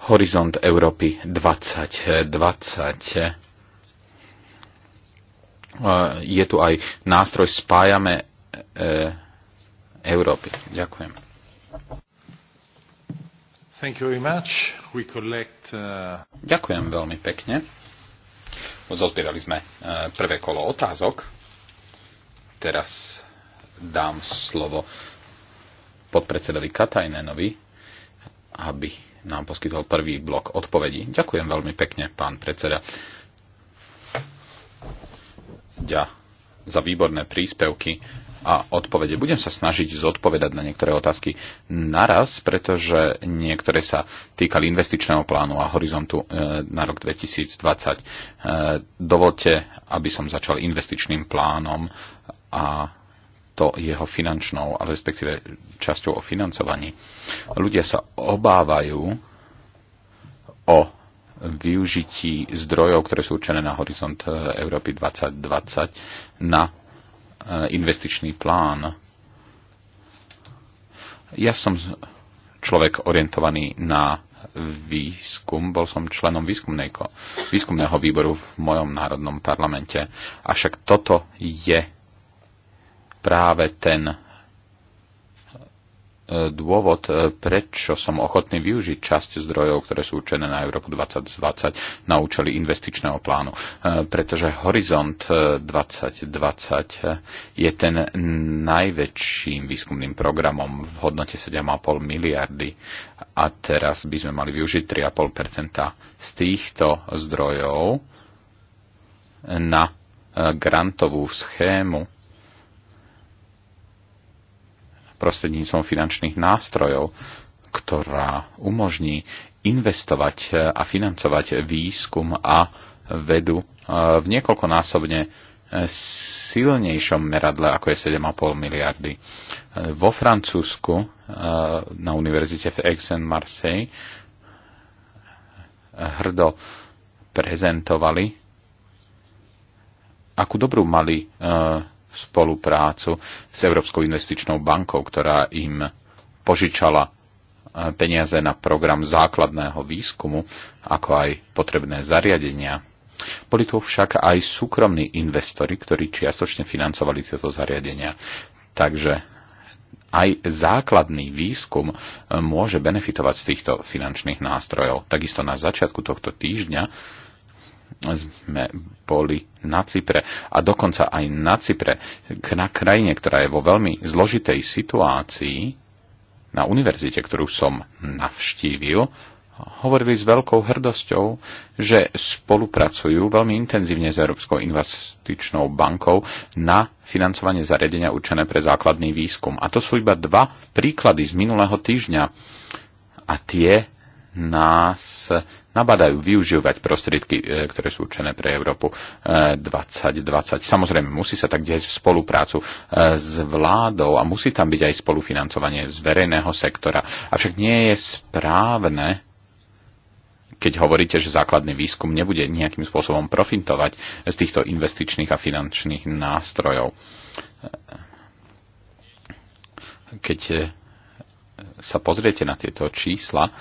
horizont Európy 2020. E, je tu aj nástroj Spájame e, Európy. Ďakujem. Thank you very much. We collect, uh... Ďakujem veľmi pekne. Zozbierali sme prvé kolo otázok teraz dám slovo podpredsedovi Katajnenovi, aby nám poskytol prvý blok odpovedí. Ďakujem veľmi pekne, pán predseda. Ďa za výborné príspevky a odpovede. Budem sa snažiť zodpovedať na niektoré otázky naraz, pretože niektoré sa týkali investičného plánu a horizontu e, na rok 2020. E, dovolte, aby som začal investičným plánom a to jeho finančnou, ale respektíve časťou o financovaní. Ľudia sa obávajú o využití zdrojov, ktoré sú určené na horizont e, Európy 2020 na e, investičný plán. Ja som človek orientovaný na výskum. Bol som členom výskumného výboru v mojom národnom parlamente. Avšak toto je práve ten e, dôvod, e, prečo som ochotný využiť časť zdrojov, ktoré sú určené na Európu 2020 na účely investičného plánu. E, pretože Horizont 2020 je ten najväčším výskumným programom v hodnote 7,5 miliardy a teraz by sme mali využiť 3,5 z týchto zdrojov na grantovú schému prostredníctvom finančných nástrojov, ktorá umožní investovať e, a financovať výskum a vedu e, v niekoľkonásobne e, silnejšom meradle, ako je 7,5 miliardy. Vo Francúzsku na univerzite v Aix-en-Marseille hrdo prezentovali, akú dobrú mali spoluprácu s Európskou investičnou bankou, ktorá im požičala e, peniaze na program základného výskumu, ako aj potrebné zariadenia. Boli tu však aj súkromní investori, ktorí čiastočne financovali tieto zariadenia. Takže aj základný výskum e, môže benefitovať z týchto finančných nástrojov. Takisto na začiatku tohto týždňa sme boli na Cypre a dokonca aj na Cypre, na krajine, ktorá je vo veľmi zložitej situácii, na univerzite, ktorú som navštívil, hovorili s veľkou hrdosťou, že spolupracujú veľmi intenzívne s Európskou investičnou bankou na financovanie zariadenia určené pre základný výskum. A to sú iba dva príklady z minulého týždňa. A tie nás nabadajú využívať prostriedky, e, ktoré sú určené pre Európu 2020. E, Samozrejme, musí sa tak diať v spoluprácu e, s vládou a musí tam byť aj spolufinancovanie z verejného sektora. Avšak nie je správne, keď hovoríte, že základný výskum nebude nejakým spôsobom profitovať z týchto investičných a finančných nástrojov. Keď sa pozriete na tieto čísla,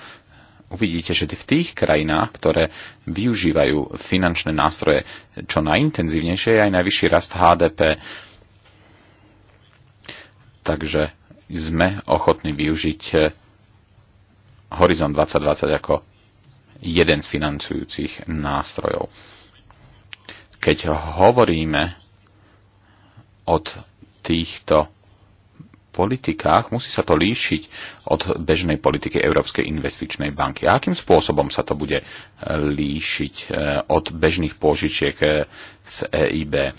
uvidíte, že v tých krajinách, ktoré využívajú finančné nástroje čo najintenzívnejšie, je aj najvyšší rast HDP. Takže sme ochotní využiť eh, Horizon 2020 ako jeden z financujúcich nástrojov. Keď hovoríme od týchto politikách, musí sa to líšiť od bežnej politiky Európskej investičnej banky. A akým spôsobom sa to bude e, líšiť e, od bežných pôžičiek e, z EIB?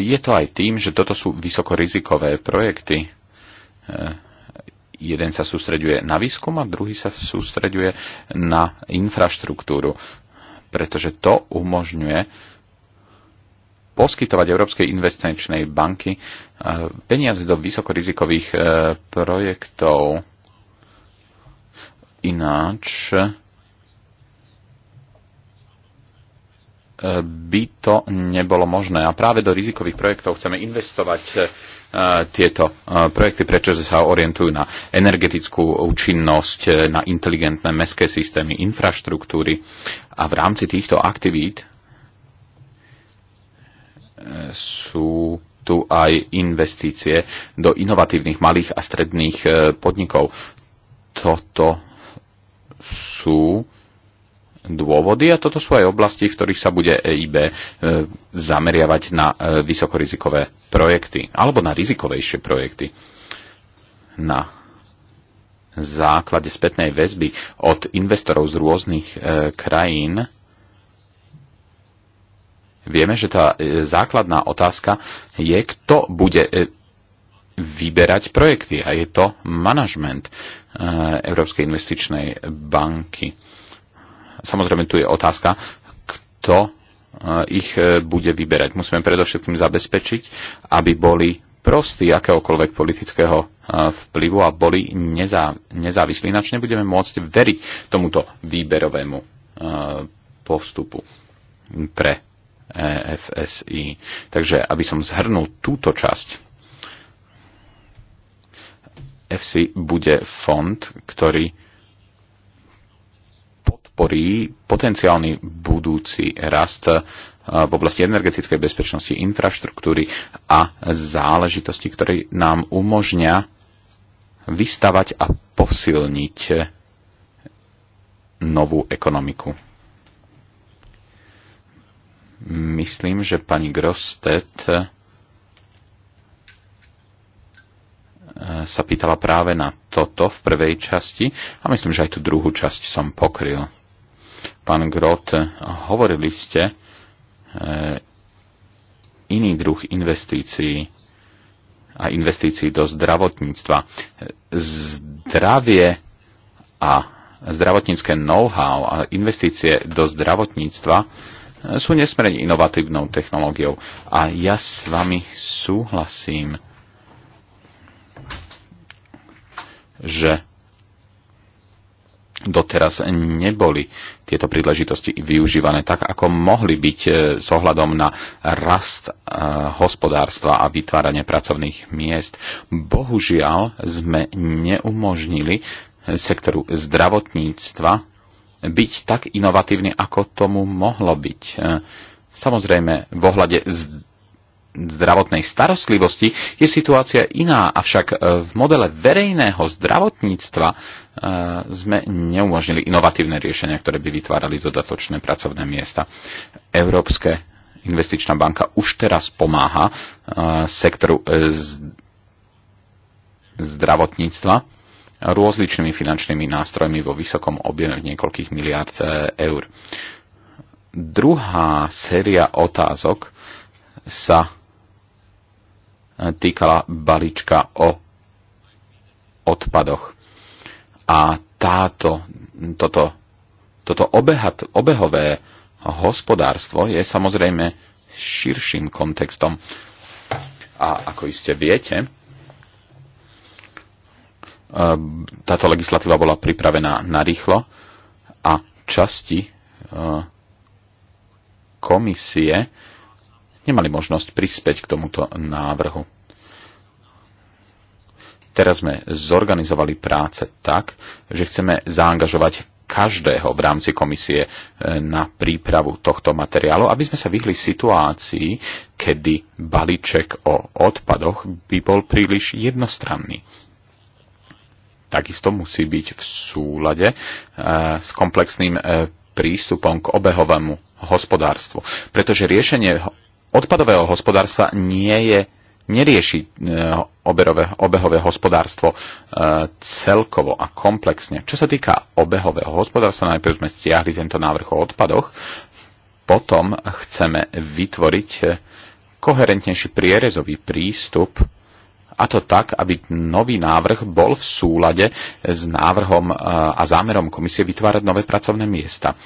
Je to aj tým, že toto sú vysokorizikové projekty. Jeden sa sústreďuje na výskum a druhý sa sústreďuje na infraštruktúru, pretože to umožňuje poskytovať Európskej investičnej banky eh, peniaze do vysokorizikových eh, projektov. Ináč eh, by to nebolo možné. A práve do rizikových projektov chceme investovať tieto projekty, pretože sa orientujú na energetickú účinnosť, na inteligentné mestské systémy, infraštruktúry. A v rámci týchto aktivít sú tu aj investície do inovatívnych malých a stredných e, podnikov. Toto sú dôvody a toto sú aj oblasti, v ktorých sa bude EIB e, zameriavať na e, vysokorizikové projekty alebo na rizikovejšie projekty. Na základe spätnej väzby od investorov z rôznych krajín Vieme, že tá e, základná otázka je, kto bude e, vyberať projekty a je to manažment e, Európskej investičnej banky. Samozrejme, tu je otázka, kto ich bude vyberať. Musíme predovšetkým zabezpečiť, aby boli prostí akéhokoľvek politického vplyvu a boli nezá, nezávislí. Ináč nebudeme môcť veriť tomuto výberovému postupu pre EFSI. Takže aby som zhrnul túto časť, EFSI bude fond, ktorý podporí potenciálny budúci rast e, v oblasti energetickej bezpečnosti, infraštruktúry a záležitosti, ktoré nám umožňa vystavať a posilniť novú ekonomiku. Myslím, že pani Grostet eh, sa pýtala práve na toto v prvej časti a myslím, že aj tú druhú časť som pokryl. Pán Grot, eh, hovorili ste eh, iný druh investícií a investícií do zdravotníctva. Zdravie a zdravotnícke know-how a investície do zdravotníctva sú nesmerne inovatívnou technológiou. A ja s vami súhlasím, že doteraz neboli tieto príležitosti využívané tak, ako mohli byť e, s ohľadom na rast e, hospodárstva a vytváranie pracovných miest. Bohužiaľ sme neumožnili sektoru zdravotníctva byť tak inovatívny, ako tomu mohlo byť. E, samozrejme, v ohľade zdravotnej starostlivosti je situácia iná, avšak e, v modele verejného zdravotníctva e, sme neumožnili inovatívne riešenia, ktoré by vytvárali dodatočné pracovné miesta. Európske investičná banka už teraz pomáha sektoru zdravotníctva rôzličnými finančnými nástrojmi vo vysokom objeme niekoľkých miliard e, eur. Druhá séria otázok sa e, týkala balíčka o odpadoch. A táto, toto, toto obehat, obehové hospodárstvo je samozrejme širším kontextom. A ako iste viete, Ehm, táto legislatíva bola pripravená narýchlo a časti ehm, komisie nemali možnosť prispäť k tomuto návrhu. Teraz sme zorganizovali práce tak, že chceme zaangažovať každého v rámci komisie ehm, na prípravu tohto materiálu, aby sme sa vyhli situácii, kedy balíček o odpadoch by bol príliš jednostranný takisto musí byť v súlade eh, s komplexným eh, prístupom k obehovému hospodárstvu. Pretože riešenie odpadového hospodárstva nie je nerieši eh, oberové, obehové hospodárstvo celkovo a komplexne. Čo sa týka obehového hospodárstva, najprv sme stiahli tento návrh o odpadoch, potom chceme vytvoriť koherentnejší prierezový prístup a to tak, aby nový návrh bol v súlade s návrhom e, a zámerom komisie vytvárať nové pracovné miesta.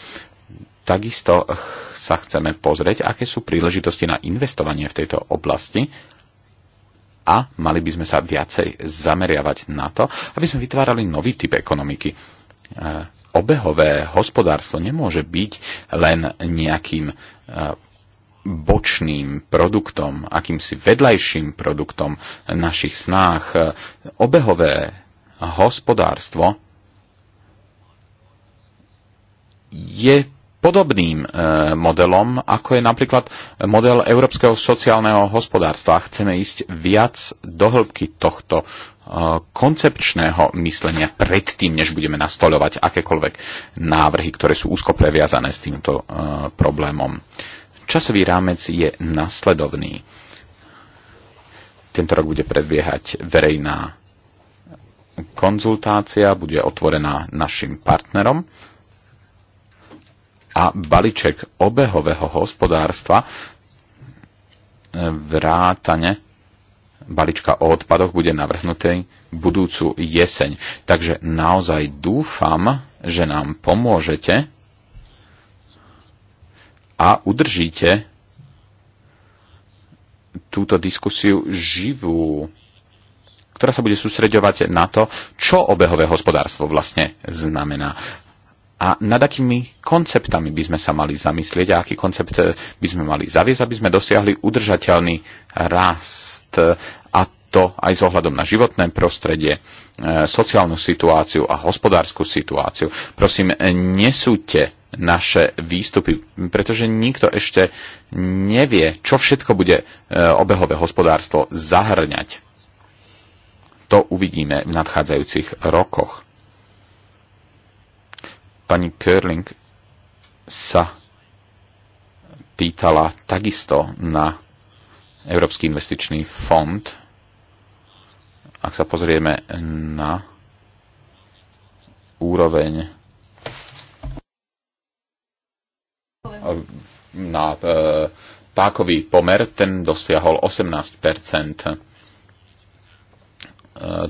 Takisto sa chceme pozrieť, aké sú príležitosti na investovanie v tejto oblasti a mali by sme sa viacej zameriavať na to, aby sme vytvárali nový typ ekonomiky. E, obehové hospodárstvo nemôže byť len nejakým e, bočným produktom, akýmsi vedľajším produktom našich snách. Obehové hospodárstvo je podobným e, modelom, ako je napríklad model európskeho sociálneho hospodárstva. Chceme ísť viac do hĺbky tohto e, koncepčného myslenia predtým, než budeme nastoľovať akékoľvek návrhy, ktoré sú úzko previazané s týmto e, problémom. Časový rámec je nasledovný. Tento rok bude predbiehať verejná konzultácia, bude otvorená našim partnerom a balíček obehového hospodárstva e, vrátane balíčka o odpadoch bude navrhnutý budúcu jeseň. Takže naozaj dúfam, že nám pomôžete a udržíte túto diskusiu živú, ktorá sa bude sústreďovať na to, čo obehové hospodárstvo vlastne znamená. A nad akými konceptami by sme sa mali zamyslieť a aký koncept eh, by sme mali zaviesť, aby sme dosiahli udržateľný rast a to aj s ohľadom na životné prostredie, eh, sociálnu situáciu a hospodárskú situáciu. Prosím, eh, nesúďte naše výstupy, pretože nikto ešte nevie, čo všetko bude e, obehové hospodárstvo zahrňať. To uvidíme v nadchádzajúcich rokoch. Pani Körling sa pýtala takisto na Európsky investičný fond. Ak sa pozrieme na úroveň na e, pákový pomer, ten dosiahol 18 e,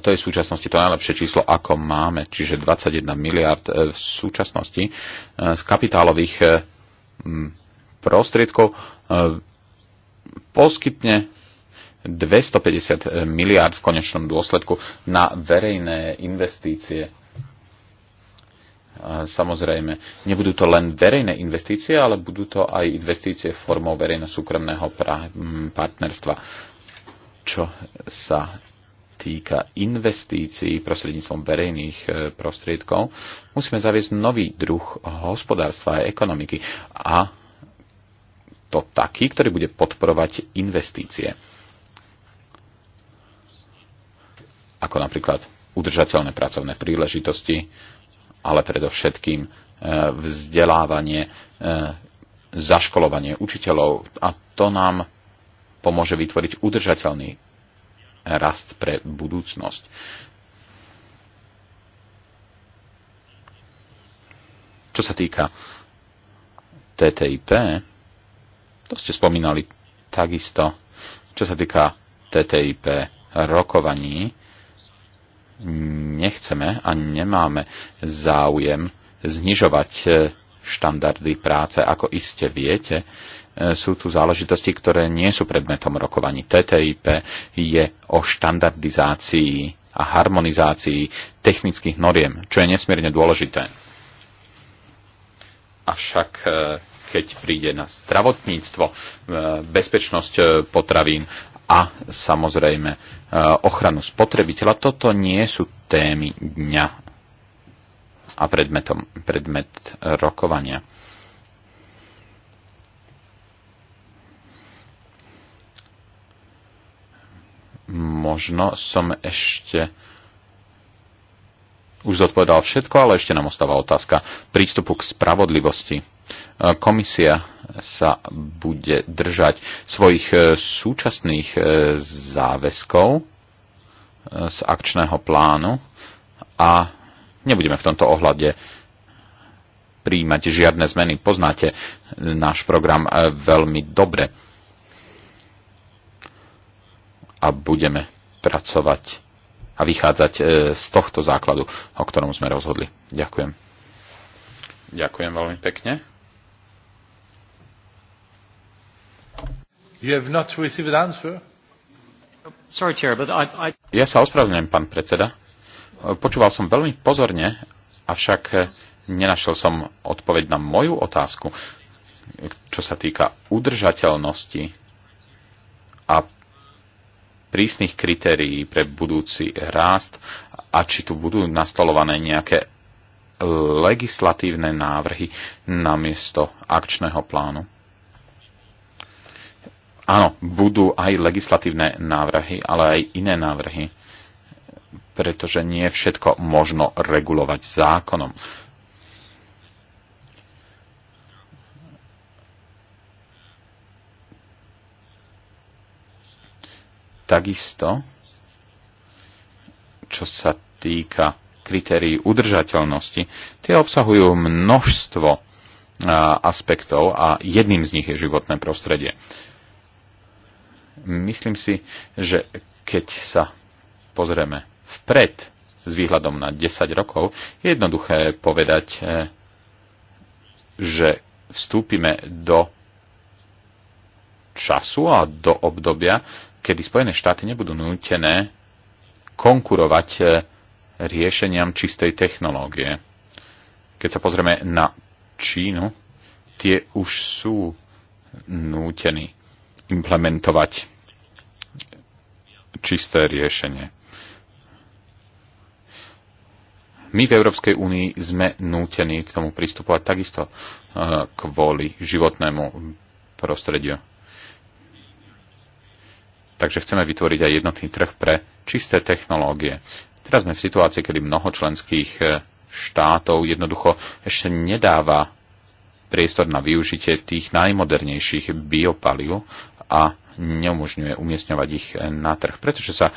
to je v súčasnosti to najlepšie číslo, ako máme, čiže 21 miliard e, v súčasnosti z kapitálových prostriedkov poskytne 250 miliard v konečnom dôsledku na verejné investície Samozrejme, nebudú to len verejné investície, ale budú to aj investície formou verejno-súkromného partnerstva, čo sa týka investícií prostredníctvom verejných e, prostriedkov, musíme zaviesť nový druh hospodárstva a ekonomiky. A to taký, ktorý bude podporovať investície. Ako napríklad udržateľné pracovné príležitosti, ale predovšetkým e, vzdelávanie, e, zaškolovanie učiteľov a to nám pomôže vytvoriť udržateľný rast pre budúcnosť. Čo sa týka TTIP, to ste spomínali takisto, čo sa týka TTIP rokovaní, nechceme a nemáme záujem znižovať e, štandardy práce. Ako iste viete, e, sú tu záležitosti, ktoré nie sú predmetom rokovaní. TTIP je o štandardizácii a harmonizácii technických noriem, čo je nesmierne dôležité. Avšak e, keď príde na zdravotníctvo, bezpečnosť potravín a samozrejme e, ochranu spotrebiteľa. Toto nie sú témy dňa a predmetom, predmet rokovania. Možno som ešte už zodpovedal všetko, ale ešte nám ostáva otázka prístupu k spravodlivosti. E, komisia sa bude držať svojich e, súčasných e, záväzkov z akčného plánu a nebudeme v tomto ohľade príjmať žiadne zmeny. Poznáte náš program veľmi dobre a budeme pracovať a vychádzať e, z tohto základu, o ktorom sme rozhodli. Ďakujem. Ďakujem veľmi pekne. You have not received an answer? Sorry, chair, but I, I... Ja sa ospravedlňujem, pán predseda. E, počúval som veľmi pozorne, avšak e, nenašiel som odpoveď na moju otázku, čo sa týka udržateľnosti a prísnych kritérií pre budúci rást a či tu budú nastolované nejaké e, legislatívne návrhy namiesto akčného plánu. Áno, budú aj legislatívne návrhy, ale aj iné návrhy, pretože nie všetko možno regulovať zákonom Takisto, čo sa týka kritérií udržateľnosti, tie obsahujú množstvo aspektov a jedným z nich je životné prostredie. Myslím si, že keď sa pozrieme vpred s výhľadom na 10 rokov, je jednoduché povedať, e, že vstúpime do času a do obdobia, kedy Spojené štáty nebudú nútené konkurovať e, riešeniam čistej technológie. Keď sa pozrieme na Čínu, tie už sú nútení implementovať čisté riešenie. My v Európskej únii sme nútení k tomu pristupovať takisto e, kvôli životnému prostrediu. Takže chceme vytvoriť aj jednotný trh pre čisté technológie. Teraz sme v situácii, kedy mnoho členských e, štátov jednoducho ešte nedáva priestor na využitie tých najmodernejších biopaliv a neumožňuje umiestňovať ich e, na trh, pretože sa e,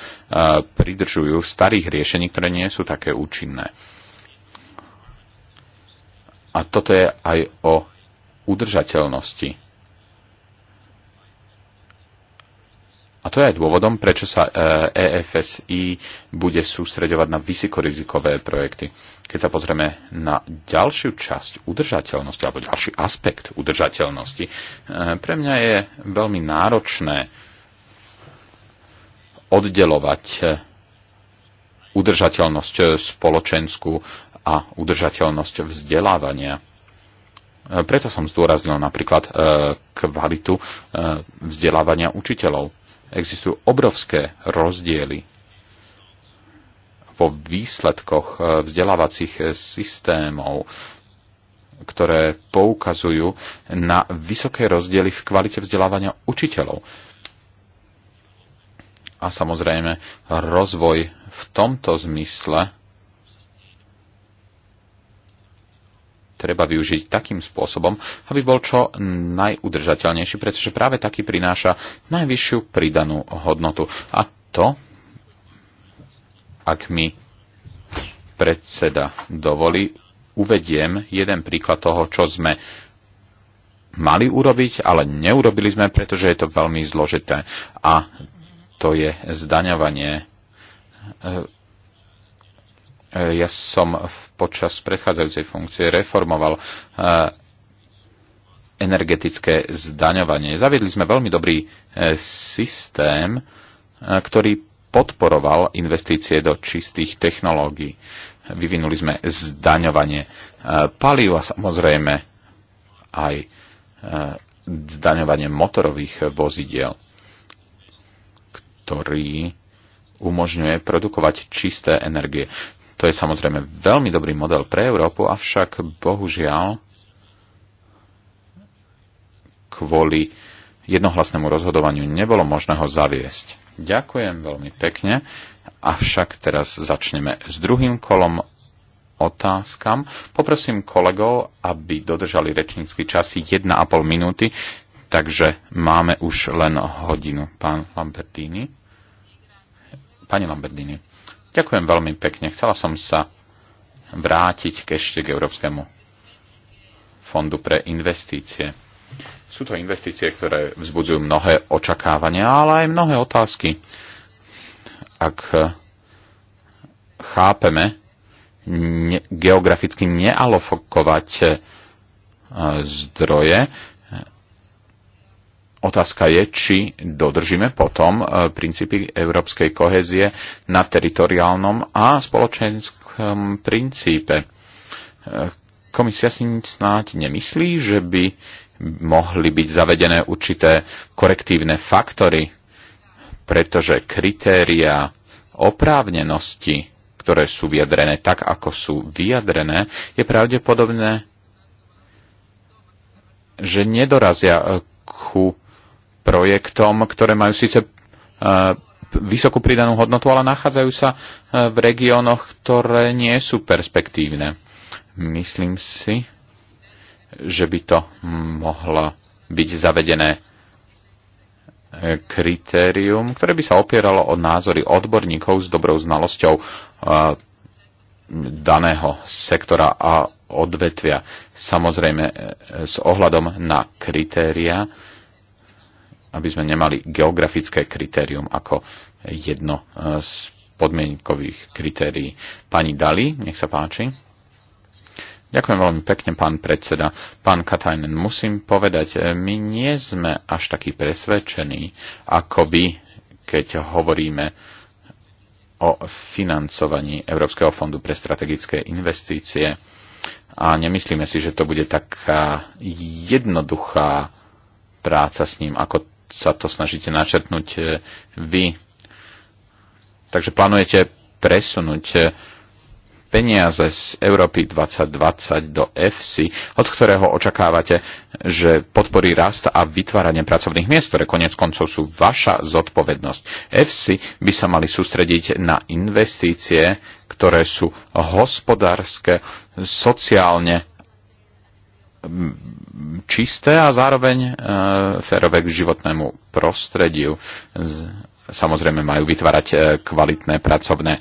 pridržujú starých riešení, ktoré nie sú také účinné. A toto je aj o udržateľnosti A to je aj dôvodom, prečo sa EFSI e bude sústreďovať na vysokorizikové projekty. Keď sa pozrieme na ďalšiu časť udržateľnosti alebo ďalší aspekt udržateľnosti, e, pre mňa je veľmi náročné oddelovať e, udržateľnosť spoločenskú a udržateľnosť vzdelávania. Preto som zdôraznil napríklad kvalitu vzdelávania učiteľov existujú obrovské rozdiely vo výsledkoch e, vzdelávacích e, systémov, ktoré poukazujú na vysoké rozdiely v kvalite vzdelávania učiteľov. A samozrejme, rozvoj v tomto zmysle treba využiť takým spôsobom, aby bol čo najudržateľnejší, pretože práve taký prináša najvyššiu pridanú hodnotu. A to, ak mi predseda dovolí, uvediem jeden príklad toho, čo sme mali urobiť, ale neurobili sme, pretože je to veľmi zložité. A to je zdaňovanie e, Eh, ja som počas predchádzajúcej funkcie reformoval eh, energetické zdaňovanie. Zaviedli sme veľmi dobrý eh, systém, ktorý podporoval investície do čistých technológií. Vyvinuli sme zdaňovanie palív a samozrejme aj zdaňovanie motorových vozidiel, ktorý umožňuje produkovať čisté energie. To je samozrejme veľmi dobrý model pre Európu, avšak bohužiaľ kvôli jednohlasnému rozhodovaniu nebolo možné ho zaviesť. Ďakujem veľmi pekne, avšak teraz začneme s druhým kolom otázkam. Poprosím kolegov, aby dodržali rečnícky časy 1,5 minúty, takže máme už len hodinu. Pán Lambertini. Pani Lambertini. Ďakujem veľmi pekne. Chcela som sa vrátiť k ešte k Európskemu fondu pre investície. Sú to investície, ktoré vzbudzujú mnohé očakávania, ale aj mnohé otázky. Ak chápeme ne, geograficky nealofokovať eh, zdroje, Otázka je, či dodržíme potom e, princípy európskej kohezie na teritoriálnom a spoločenskom princípe. E, komisia si snáď nemyslí, že by mohli byť zavedené určité korektívne faktory, pretože kritéria oprávnenosti, ktoré sú vyjadrené tak, ako sú vyjadrené, je pravdepodobné, že nedorazia ku projektom, ktoré majú síce e, vysokú pridanú hodnotu, ale nachádzajú sa e, v regiónoch, ktoré nie sú perspektívne. Myslím si, že by to mohlo byť zavedené e, kritérium, ktoré by sa opieralo o názory odborníkov s dobrou znalosťou daného sektora a odvetvia. Samozrejme s ohľadom na kritéria, aby sme nemali geografické kritérium ako jedno eh, z podmienkových kritérií. Pani Dali, nech sa páči. Ďakujem veľmi pekne, pán predseda. Pán Katajnen, musím povedať, eh, my nie sme až takí presvedčení, ako by, keď hovoríme o financovaní Európskeho fondu pre strategické investície. A nemyslíme si, že to bude taká jednoduchá práca s ním, ako sa to snažíte načrtnúť e, vy. Takže plánujete presunúť e, peniaze z Európy 2020 do EFSI, od ktorého očakávate, že podporí rast a vytváranie pracovných miest, ktoré konec koncov sú vaša zodpovednosť. EFSI by sa mali sústrediť na investície, ktoré sú hospodárske, sociálne Mm, čisté a zároveň e, férové k životnému prostrediu. Samozrejme majú vytvárať e, kvalitné pracovné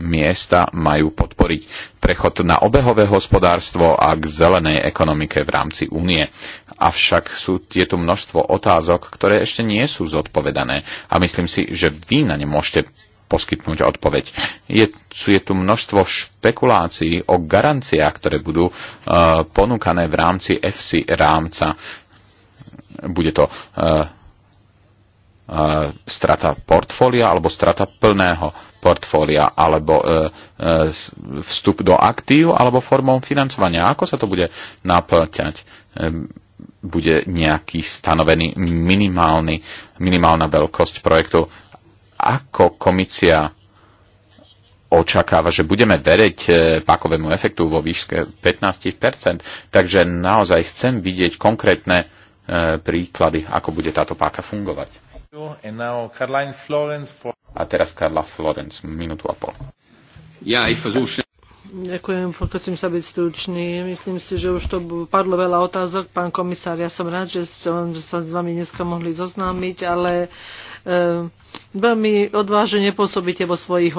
miesta, majú podporiť prechod na obehové hospodárstvo a k zelenej ekonomike v rámci únie. Avšak sú, tieto množstvo otázok, ktoré ešte nie sú zodpovedané a myslím si, že vy na ne môžete poskytnúť odpoveď. Je, je tu množstvo špekulácií o garanciách, ktoré budú uh, ponúkané v rámci FC rámca. Bude to uh, uh, strata portfólia alebo strata plného portfólia alebo e, e, vstup do aktív alebo formou financovania. Ako sa to bude naplťať? E, um, bude nejaký stanovený minimálny, minimálna veľkosť projektu ako komisia očakáva, že budeme veriť e, pakovému efektu vo výške 15%. Takže naozaj chcem vidieť konkrétne e, príklady, ako bude táto páka fungovať. A teraz Karla Florence, minútu a pol. Ja, ich versuche Ďakujem, pokúsim sa byť stručný. Myslím si, že už to padlo veľa otázok. Pán komisár, ja som rád, že som že sa s vami dneska mohli zoznámiť, ale e, veľmi odvážne pôsobíte vo svojich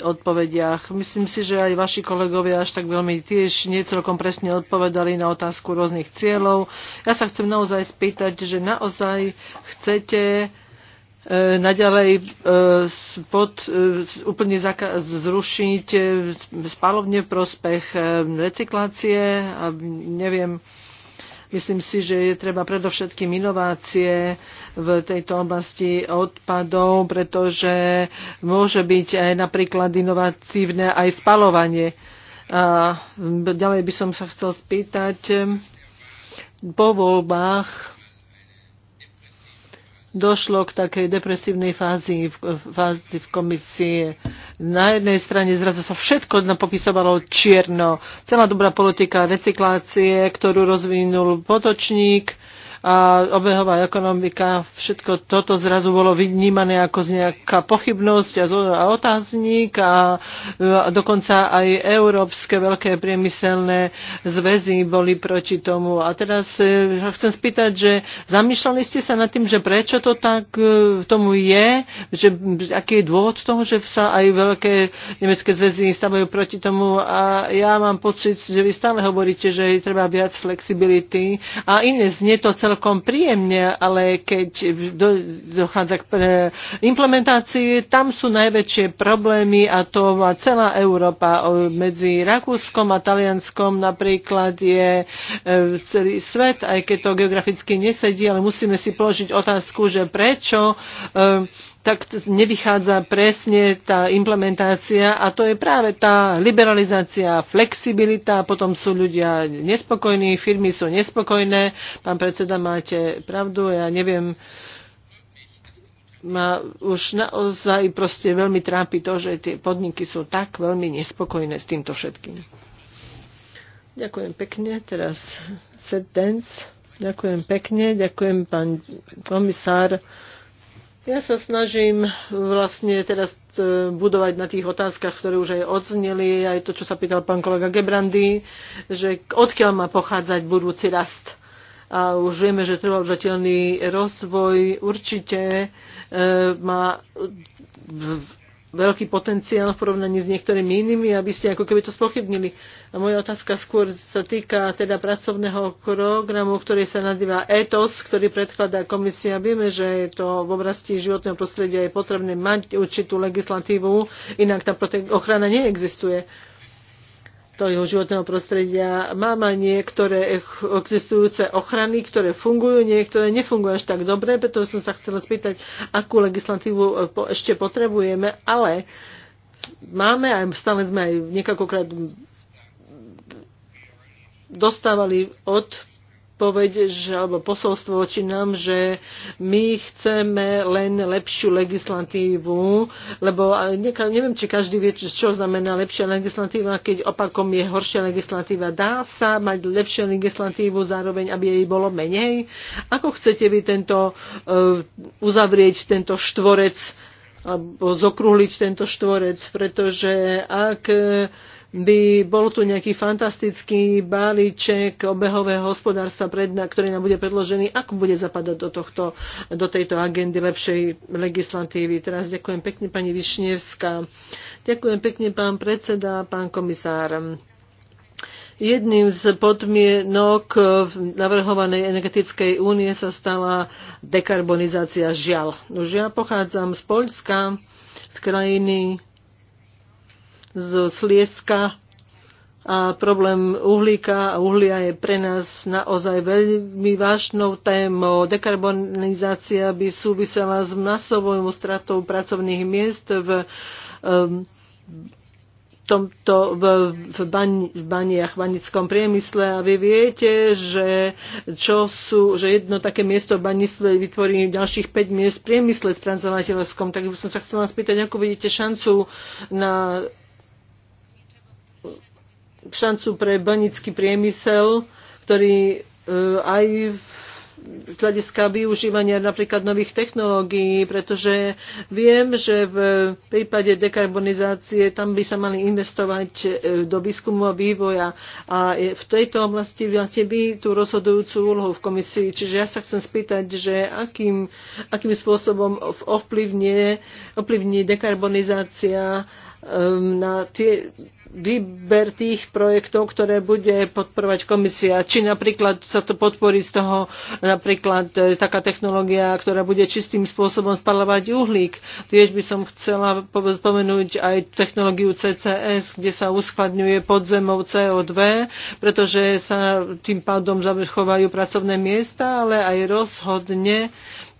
odpovediach. Myslím si, že aj vaši kolegovia až tak veľmi tiež niecelkom presne odpovedali na otázku rôznych cieľov. Ja sa chcem naozaj spýtať, že naozaj chcete E, naďalej e, spod, e, úplne zrušiť v prospech recyklácie a neviem, Myslím si, že je treba predovšetkým inovácie v tejto oblasti odpadov, pretože môže byť aj napríklad inovatívne aj spalovanie. A ďalej by som sa chcel spýtať po voľbách došlo k takej depresívnej fázi v, fázi v komisie. Na jednej strane zrazu sa všetko popisovalo čierno. Celá dobrá politika recyklácie, ktorú rozvinul potočník, a obehová ekonomika, všetko toto zrazu bolo vnímané ako nejaká pochybnosť a otáznik a dokonca aj európske veľké priemyselné zväzy boli proti tomu. A teraz e, chcem spýtať, že zamýšľali ste sa nad tým, že prečo to tak e, tomu je, že aký je dôvod toho, že sa aj veľké nemecké zväzy stavajú proti tomu a ja mám pocit, že vy stále hovoríte, že treba viac flexibility a iné znie to celé celkom príjemne, ale keď do, dochádza k e, implementácii, tam sú najväčšie problémy a to má celá Európa. Medzi Rakúskom a Talianskom napríklad je e, celý svet, aj keď to geograficky nesedí, ale musíme si položiť otázku, že prečo e, tak nevychádza presne tá implementácia a to je práve tá liberalizácia, flexibilita, potom sú ľudia nespokojní, firmy sú nespokojné. Pán predseda, máte pravdu, ja neviem, ma už naozaj proste veľmi trápi to, že tie podniky sú tak veľmi nespokojné s týmto všetkým. Ďakujem pekne. Teraz set dance. Ďakujem pekne. Ďakujem, pán komisár. Ja sa snažím e, vlastne teraz e, budovať na tých otázkach, ktoré už aj odzneli, aj to, čo sa pýtal pán kolega Gebrandy, že odkiaľ má pochádzať budúci rast. A už vieme, že trvalžateľný rozvoj určite e, má veľký potenciál v porovnaní s niektorými inými, aby ste ako keby to spochybnili. A moja otázka skôr sa týka teda pracovného programu, ktorý sa nazýva ETOS, ktorý predkladá komisia. Vieme, že je to v oblasti životného prostredia je potrebné mať určitú legislatívu, inak tá ochrana neexistuje toho životného prostredia. Máme niektoré existujúce ochrany, ktoré fungujú, niektoré nefungujú až tak dobre, preto som sa chcela spýtať, akú legislatívu eh, ešte potrebujeme, ale máme aj stále sme aj niekoľkokrát dostávali od odpoveď že, alebo posolstvo voči nám, že my chceme len lepšiu legislatívu, lebo neka, neviem, či každý vie, čo znamená lepšia legislatíva, keď opakom je horšia legislatíva. Dá sa mať lepšiu legislatívu zároveň, aby jej bolo menej? Ako chcete vy tento, e, uzavrieť tento štvorec alebo zokrúhliť tento štvorec, pretože ak by bol tu nejaký fantastický balíček obehového hospodárstva, predna, ktorý nám bude predložený, ako bude zapadať do, tohto, do tejto agendy lepšej legislatívy. Teraz ďakujem pekne pani Višnevská. Ďakujem pekne pán predseda, pán komisár. Jedným z podmienok v navrhovanej energetickej únie sa stala dekarbonizácia žiaľ. No, ja pochádzam z Poľska, z krajiny, z Slieska a problém uhlíka a uhlia je pre nás naozaj veľmi vážnou témou. Dekarbonizácia by súvisela s masovou stratou pracovných miest v um, tomto v, v, bani, v baniach, v banickom priemysle a vy viete, že, čo sú, že jedno také miesto v banictve vytvorí ďalších 5 miest v priemysle s transovateľskom. Tak by som sa chcela spýtať, ako vidíte šancu na šancu pre banický priemysel, ktorý e, aj v z hľadiska využívania napríklad nových technológií, pretože viem, že v prípade dekarbonizácie tam by sa mali investovať e, do výskumu a vývoja. A e, v tejto oblasti máte vy tú rozhodujúcu úlohu v komisii. Čiže ja sa chcem spýtať, že akým, akým spôsobom ovplyvní dekarbonizácia na tie výber tých projektov, ktoré bude podporovať komisia. Či napríklad sa to podporí z toho napríklad e, taká technológia, ktorá bude čistým spôsobom spalovať uhlík. Tiež by som chcela spomenúť aj technológiu CCS, kde sa uskladňuje podzemov CO2, pretože sa tým pádom zachovajú pracovné miesta, ale aj rozhodne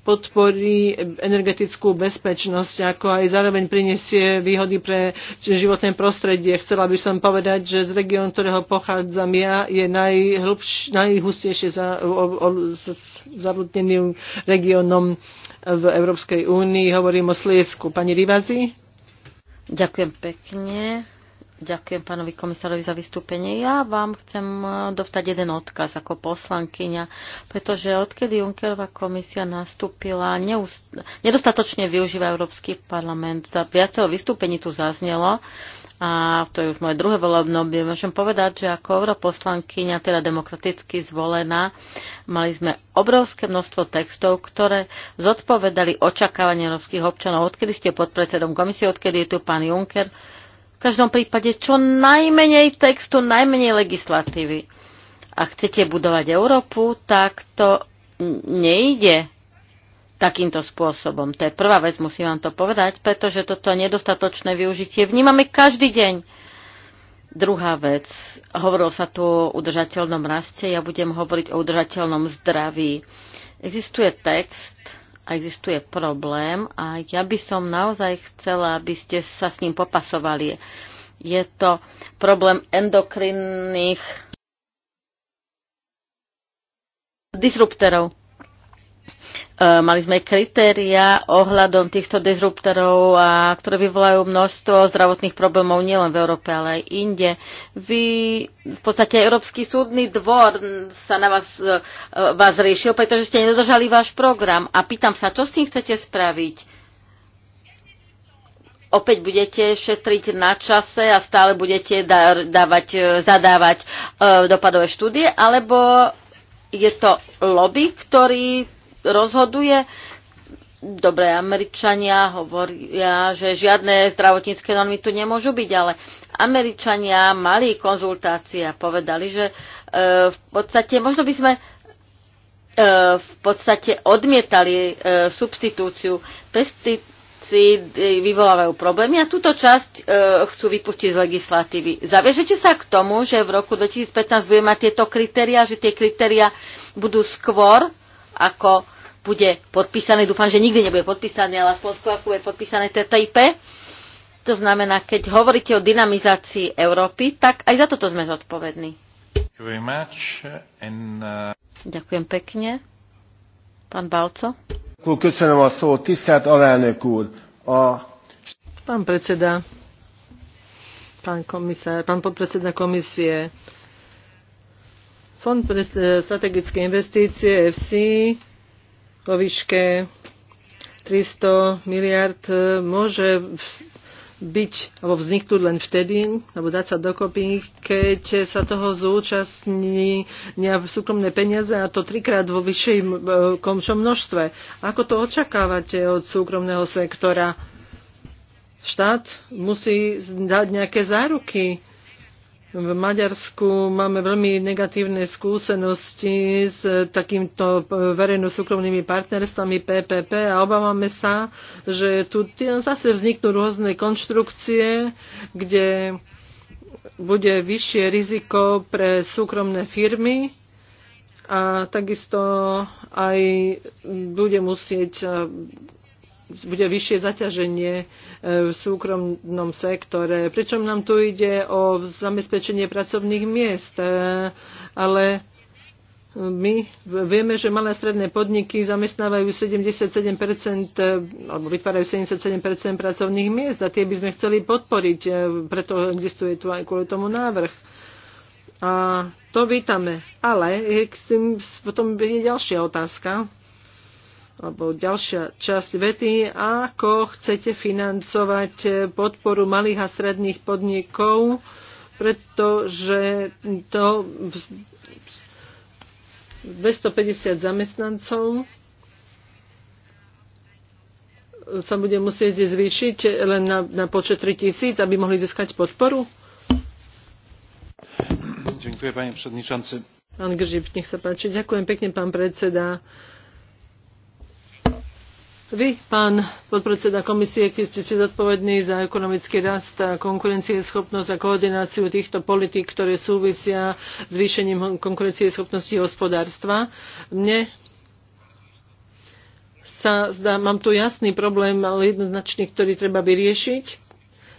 podporí energetickú bezpečnosť, ako aj zároveň prinesie výhody pre životné prostredie. Chcela by som povedať, že z regiónu, ktorého pochádzam ja, je najhustejšie za, o, regiónom v Európskej únii. Hovorím o Sliesku. Pani Rivazi? Ďakujem pekne. Ďakujem pánovi komisárovi za vystúpenie. Ja vám chcem eh, dostať jeden odkaz ako poslankyňa, pretože odkedy Junckerová komisia nastúpila, neust- nedostatočne využíva Európsky parlament. Za viacero vystúpení tu zaznelo a to je už moje druhé volebné obdobie. Môžem povedať, že ako europoslankyňa, teda demokraticky zvolená, mali sme obrovské množstvo textov, ktoré zodpovedali očakávania európskych občanov. Odkedy ste podpredsedom komisie, odkedy je tu pán Juncker, v každom prípade čo najmenej textu, najmenej legislatívy. Ak chcete budovať Európu, tak to nejde takýmto spôsobom. To je prvá vec, musím vám to povedať, pretože toto nedostatočné využitie vnímame každý deň. Druhá vec, hovorilo sa tu o udržateľnom raste, ja budem hovoriť o udržateľnom zdraví. Existuje text, existuje problém a ja by som naozaj chcela, aby ste sa s ním popasovali. Je to problém endokrinných disruptorov. E, mali sme kritéria ohľadom týchto disruptorov, a, ktoré vyvolajú množstvo zdravotných problémov nielen v Európe, ale aj inde. Vy, v podstate Európsky súdny dvor sa na vás, e, e, vás riešil, pretože ste nedodržali váš program. A pýtam sa, čo s tým chcete spraviť? opäť budete šetriť na čase a stále budete dávať, zadávať dopadové štúdie, alebo je to lobby, ktorý rozhoduje. Dobre, Američania hovoria, že žiadne zdravotnícke normy tu nemôžu byť, ale Američania mali konzultácie a povedali, že e, v podstate možno by sme e, v podstate odmietali e, substitúciu. Pesticídy vyvolávajú problémy a túto časť chcú vypustiť z legislatívy. Zaviežete sa k tomu, že v roku 2015 budeme mať tieto kritéria, že tie kritéria budú skôr ako bude podpísané, dúfam, že nikdy nebude podpísaný, ale aspoň skôr ako bude podpísané TTIP. To znamená, keď hovoríte o dynamizácii Európy, tak aj za toto sme zodpovední. Uh, Ďakujem pekne. Pán Balco. Köszönöm a szó, tisztelt alelnök úr. A... Pán predseda, pán komisár, pán podpredseda komisie, Fond pre e, strategické investície FC vo výške 300 miliard e, môže byť alebo vzniknúť len vtedy, alebo dať sa dokopy, keď sa toho zúčastní súkromné peniaze a to trikrát vo vyššej e, komšom množstve. Ako to očakávate od súkromného sektora? Štát musí dať nejaké záruky v Maďarsku máme veľmi negatívne skúsenosti s takýmto verejno-súkromnými partnerstvami PPP a obávame sa, že tu zase vzniknú rôzne konštrukcie, kde bude vyššie riziko pre súkromné firmy a takisto aj bude musieť bude vyššie zaťaženie e, v súkromnom sektore. Pričom nám tu ide o zabezpečenie pracovných miest, e, ale my vieme, že malé a stredné podniky zamestnávajú 77 e, alebo vytvárajú 77 pracovných miest a tie by sme chceli podporiť, preto existuje tu aj kvôli tomu návrh. A to vítame. Ale potom je ďalšia otázka alebo ďalšia časť vety, ako chcete financovať podporu malých a stredných podnikov, pretože to 250 zamestnancov sa bude musieť zvýšiť len na, na počet 3000, aby mohli získať podporu? Ďakujem, pán predsedníčanci. Pán Gržip, nech sa páči. Ďakujem pekne, pán predseda. Vy, pán podpredseda komisie, keď ste si zodpovední za ekonomický rast a konkurencieschopnosť a koordináciu týchto politik, ktoré súvisia s zvýšením konkurencieschopnosti hospodárstva, mne sa zdá, mám tu jasný problém, ale jednoznačný, ktorý treba vyriešiť.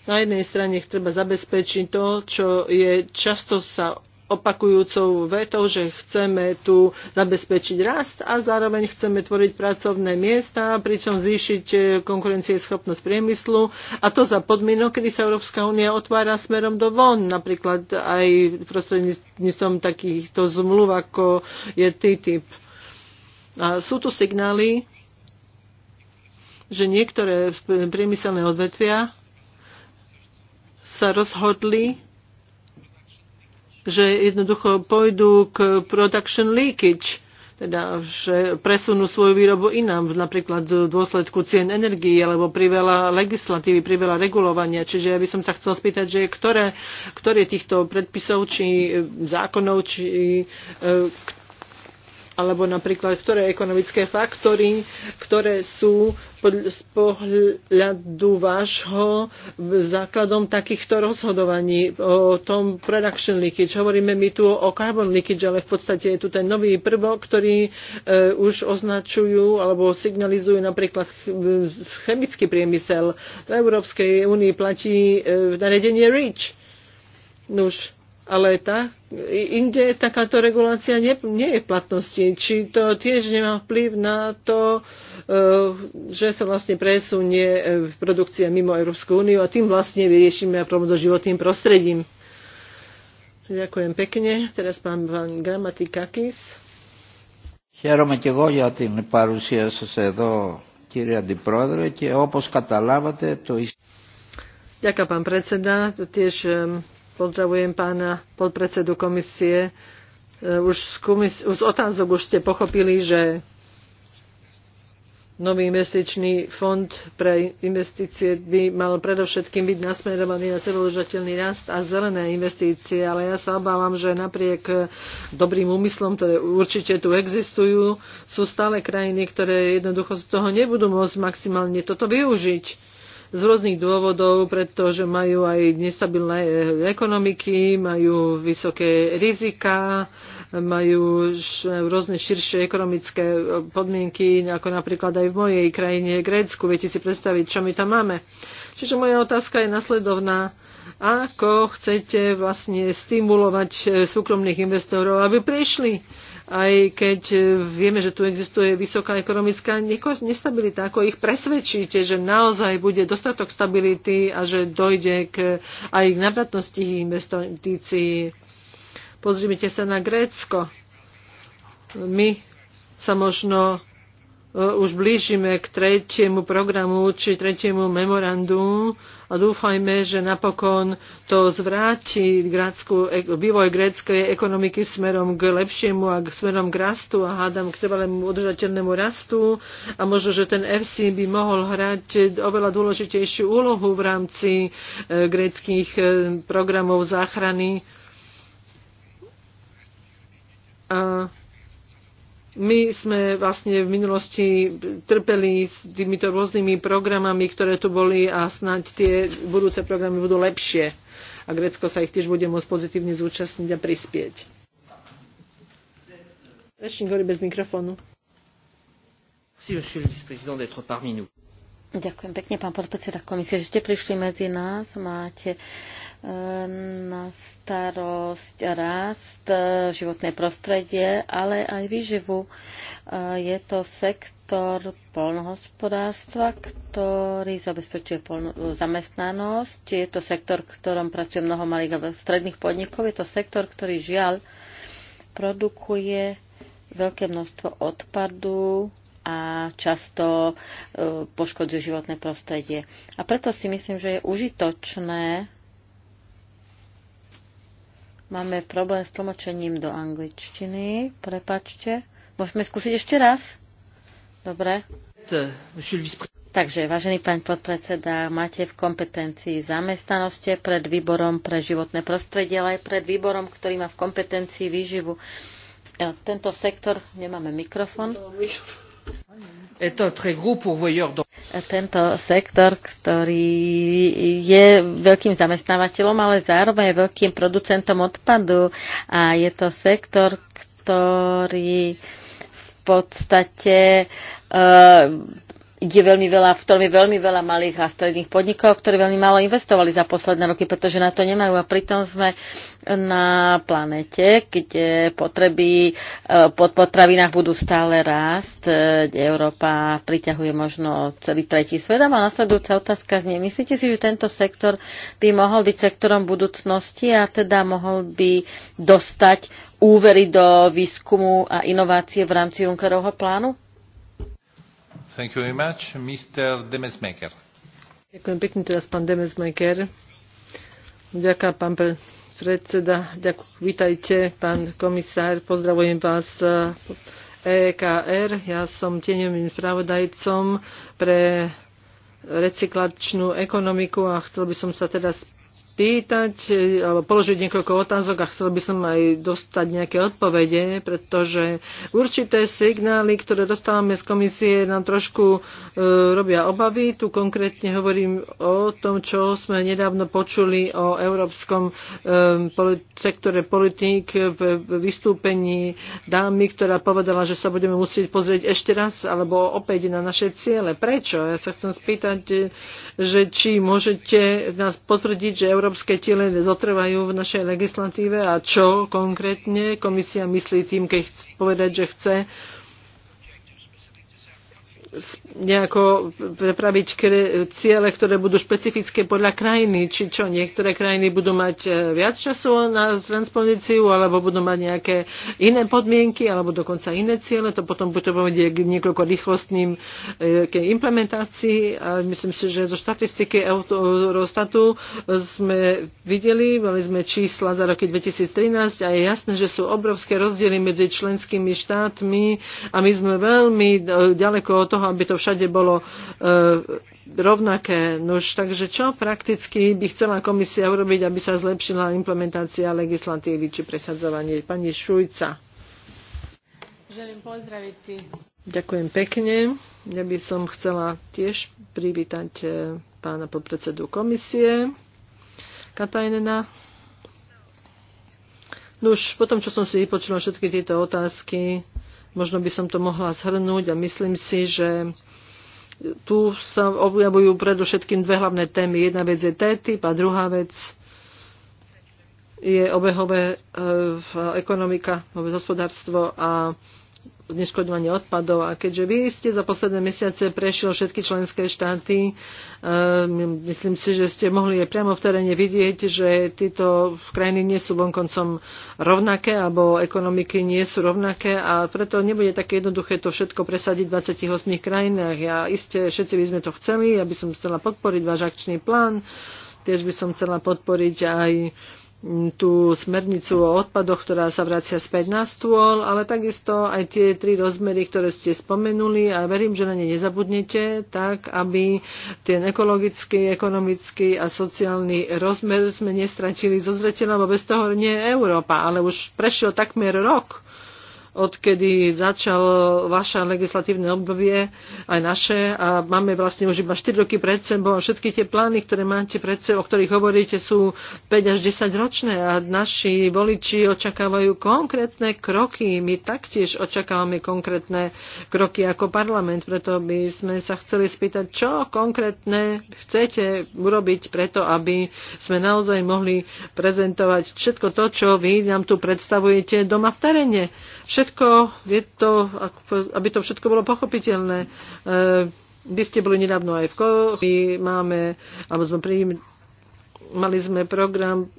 Na jednej strane treba zabezpečiť to, čo je často sa opakujúcou vetou, že chceme tu zabezpečiť rast a zároveň chceme tvoriť pracovné miesta, pričom zvýšiť eh, konkurencieschopnosť priemyslu a to za podmienok, kedy sa Európska únia otvára smerom do von, napríklad aj prostredníctvom takýchto zmluv, ako je TTIP. A sú tu signály, že niektoré priemyselné odvetvia sa rozhodli že jednoducho pôjdu k production leakage, teda že presunú svoju výrobu inám, napríklad v dôsledku cien energii alebo priveľa legislatívy, priveľa regulovania. Čiže ja by som sa chcel spýtať, že ktoré, ktoré týchto predpisov či eh, zákonov, či, eh, alebo napríklad ktoré ekonomické faktory, ktoré sú z pohľadu vášho základom takýchto rozhodovaní o tom production leakage. Hovoríme my tu o carbon leakage, ale v podstate je tu ten nový prvok, ktorý e, už označujú alebo signalizujú napríklad chemický priemysel. V Európskej únii platí e, nariadenie REACH. už ale tá, inde takáto regulácia nie, nie je v platnosti. Či to tiež nemá vplyv na to, eh, že sa vlastne presunie eh, produkcia mimo Európsku úniu a tým vlastne vyriešime problém so životným prostredím. Ďakujem pekne. Teraz pán, pán Gramatikakis. Χαίρομαι και εγώ για την παρουσία σας εδώ, κύριε Αντιπρόεδρε, και όπως καταλάβατε το... Ďakujem, pán predseda. Tiež eh, Pozdravujem pána podpredsedu komisie. E, už z, komis- z otázok už ste pochopili, že nový investičný fond pre investície by mal predovšetkým byť nasmerovaný na celožateľný rast a zelené investície, ale ja sa obávam, že napriek dobrým úmyslom, ktoré určite tu existujú, sú stále krajiny, ktoré jednoducho z toho nebudú môcť maximálne toto využiť z rôznych dôvodov, pretože majú aj nestabilné eh, ekonomiky, majú vysoké rizika, majú rôzne širšie ekonomické eh, podmienky, ako napríklad aj v mojej krajine Grécku. Viete si predstaviť, čo my tam máme. Čiže moja otázka je nasledovná ako chcete vlastne stimulovať eh, súkromných investorov, aby prišli aj keď e, vieme, že tu existuje vysoká ekonomická nestabilita, ako ich presvedčíte, že naozaj bude dostatok stability a že dojde k, aj k navratnosti investícií. Pozrite sa na Grécko. My sa možno e, už blížime k tretiemu programu či tretiemu memorandumu a dúfajme, že napokon to zvráti grácku, vývoj gréckej ekonomiky smerom k lepšiemu a k smerom k rastu a hádam k trvalému udržateľnému rastu a možno, že ten FC by mohol hrať oveľa dôležitejšiu úlohu v rámci e, gréckých e, programov záchrany. A my sme vlastne v minulosti trpeli s týmito rôznymi programami, ktoré tu boli a snáď tie budúce programy budú lepšie a Grécko sa ich tiež bude môcť pozitívne zúčastniť a prispieť. Rečník hovorí bez mikrofónu. Si, monsieur le vice-président, d'être parmi nous. Ďakujem pekne, pán podpredseda komisie, že ste prišli medzi nás. Máte e, na starosť rast, e, životné prostredie, ale aj výživu. E, je to sektor polnohospodárstva, ktorý zabezpečuje zamestnanosť. Je to sektor, v ktorom pracuje mnoho malých a stredných podnikov. Je to sektor, ktorý žiaľ produkuje veľké množstvo odpadu, a často e, poškodzujú životné prostredie. A preto si myslím, že je užitočné. Máme problém s tlmočením do angličtiny. Prepačte. Môžeme skúsiť ešte raz? Dobre. Takže, vážený pán podpredseda, máte v kompetencii zamestnanosti pred výborom pre životné prostredie, ale aj pred výborom, ktorý má v kompetencii výživu. E, tento sektor, nemáme mikrofón. mikrofón. Tento sektor, ktorý je veľkým zamestnávateľom, ale zároveň je veľkým producentom odpadu a je to sektor, ktorý v podstate eh, je veľmi veľa, v ktorom je veľmi veľa malých a stredných podnikov, ktoré veľmi málo investovali za posledné roky, pretože na to nemajú. A pritom sme na planete, kde potreby eh, pod potravinách budú stále rásť, kde eh, Európa priťahuje možno celý tretí svet. A má nasledujúca otázka znie. Myslíte si, že tento sektor by mohol byť sektorom budúcnosti a teda mohol by dostať úvery do výskumu a inovácie v rámci Junckerovho plánu? Thank you very much. Mr. Demesmaker. Ďakujem pekne teraz pán Demesmaker. Ďakujem pán predseda. Ďakujem. Vítajte pán komisár. Pozdravujem vás EKR. Eh, e ja som tieňovým spravodajcom pre recyklačnú ekonomiku a chcel by som sa teraz pýtať e, alebo položiť niekoľko otázok a chcel by som aj dostať nejaké odpovede, pretože určité signály, ktoré dostávame z komisie, nám trošku e, robia obavy. Tu konkrétne hovorím o tom, čo sme nedávno počuli o európskom e, poli- sektore politík v vystúpení dámy, ktorá povedala, že sa budeme musieť pozrieť ešte raz alebo opäť na naše ciele. Prečo? Ja sa chcem spýtať, e, že či môžete nás potvrdiť, že európske tiele zotrvajú v našej legislatíve a čo konkrétne komisia myslí tým, keď chce povedať, že chce nejako prepraviť ciele, ktoré budú špecifické podľa krajiny, či čo, niektoré krajiny budú mať e, viac času na transpozíciu, alebo budú mať nejaké iné podmienky, alebo dokonca iné ciele, to potom bude povedie k niekoľko rýchlostným implementácií. implementácii. A myslím si, že zo štatistiky Eurostatu sme videli, mali sme čísla za roky 2013 a je jasné, že sú obrovské rozdiely medzi členskými štátmi a my sme veľmi e, ďaleko od toho, toho, aby to všade bolo e, rovnaké. Nož, takže čo prakticky by chcela komisia urobiť, aby sa zlepšila implementácia legislatívy či presadzovanie? Pani Šujca. Želím pozdraviti. Ďakujem pekne. Ja by som chcela tiež privítať e, pána podpredsedu komisie Katajnena. No už potom, čo som si vypočula všetky tieto otázky, Možno by som to mohla zhrnúť a myslím si, že tu sa objavujú predovšetkým dve hlavné témy. Jedna vec je TTIP a druhá vec je obehové e, ekonomika, obehové hospodárstvo a neškodovanie odpadov. A keďže vy ste za posledné mesiace prešiel všetky členské štáty, e, myslím si, že ste mohli aj priamo v teréne vidieť, že tieto krajiny nie sú vonkoncom rovnaké, alebo ekonomiky nie sú rovnaké a preto nebude také jednoduché to všetko presadiť v 28 krajinách. Ja iste, všetci by sme to chceli, aby som chcela podporiť váš akčný plán, tiež by som chcela podporiť aj tú smernicu o odpadoch, ktorá sa vracia späť na stôl, ale takisto aj tie tri rozmery, ktoré ste spomenuli a verím, že na ne nezabudnete, tak aby ten ekologický, ekonomický a sociálny rozmer sme nestratili zo zretela, lebo bez toho nie je Európa, ale už prešiel takmer rok odkedy začalo vaše legislatívne obdobie, aj naše, a máme vlastne už iba 4 roky pred sebou a všetky tie plány, ktoré máte pred sebou, o ktorých hovoríte, sú 5 až 10 ročné a naši voliči očakávajú konkrétne kroky. My taktiež očakávame konkrétne kroky ako parlament, preto by sme sa chceli spýtať, čo konkrétne chcete urobiť preto, aby sme naozaj mohli prezentovať všetko to, čo vy nám tu predstavujete doma v teréne. Všetko je to, aby to všetko bolo pochopiteľné. By e, ste boli nedávno aj v My máme, alebo sme prijím, mali sme program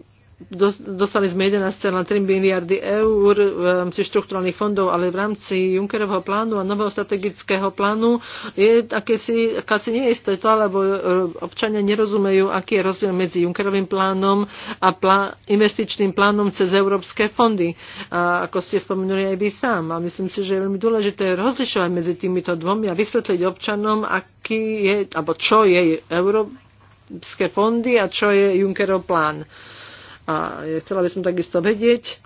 dostali sme 11,3 miliardy eur v rámci štruktúrnych fondov, ale v rámci Junckerovho plánu a nového strategického plánu je akési, akási to, lebo e, občania nerozumejú, aký je rozdiel medzi Junckerovým plánom a plá, investičným plánom cez európske fondy, a ako ste spomenuli aj vy sám. A myslím si, že je veľmi dôležité rozlišovať medzi týmito dvomi a vysvetliť občanom, aký je, alebo čo je Európske fondy a čo je Junckerov plán. A chcela by som takisto vedieť,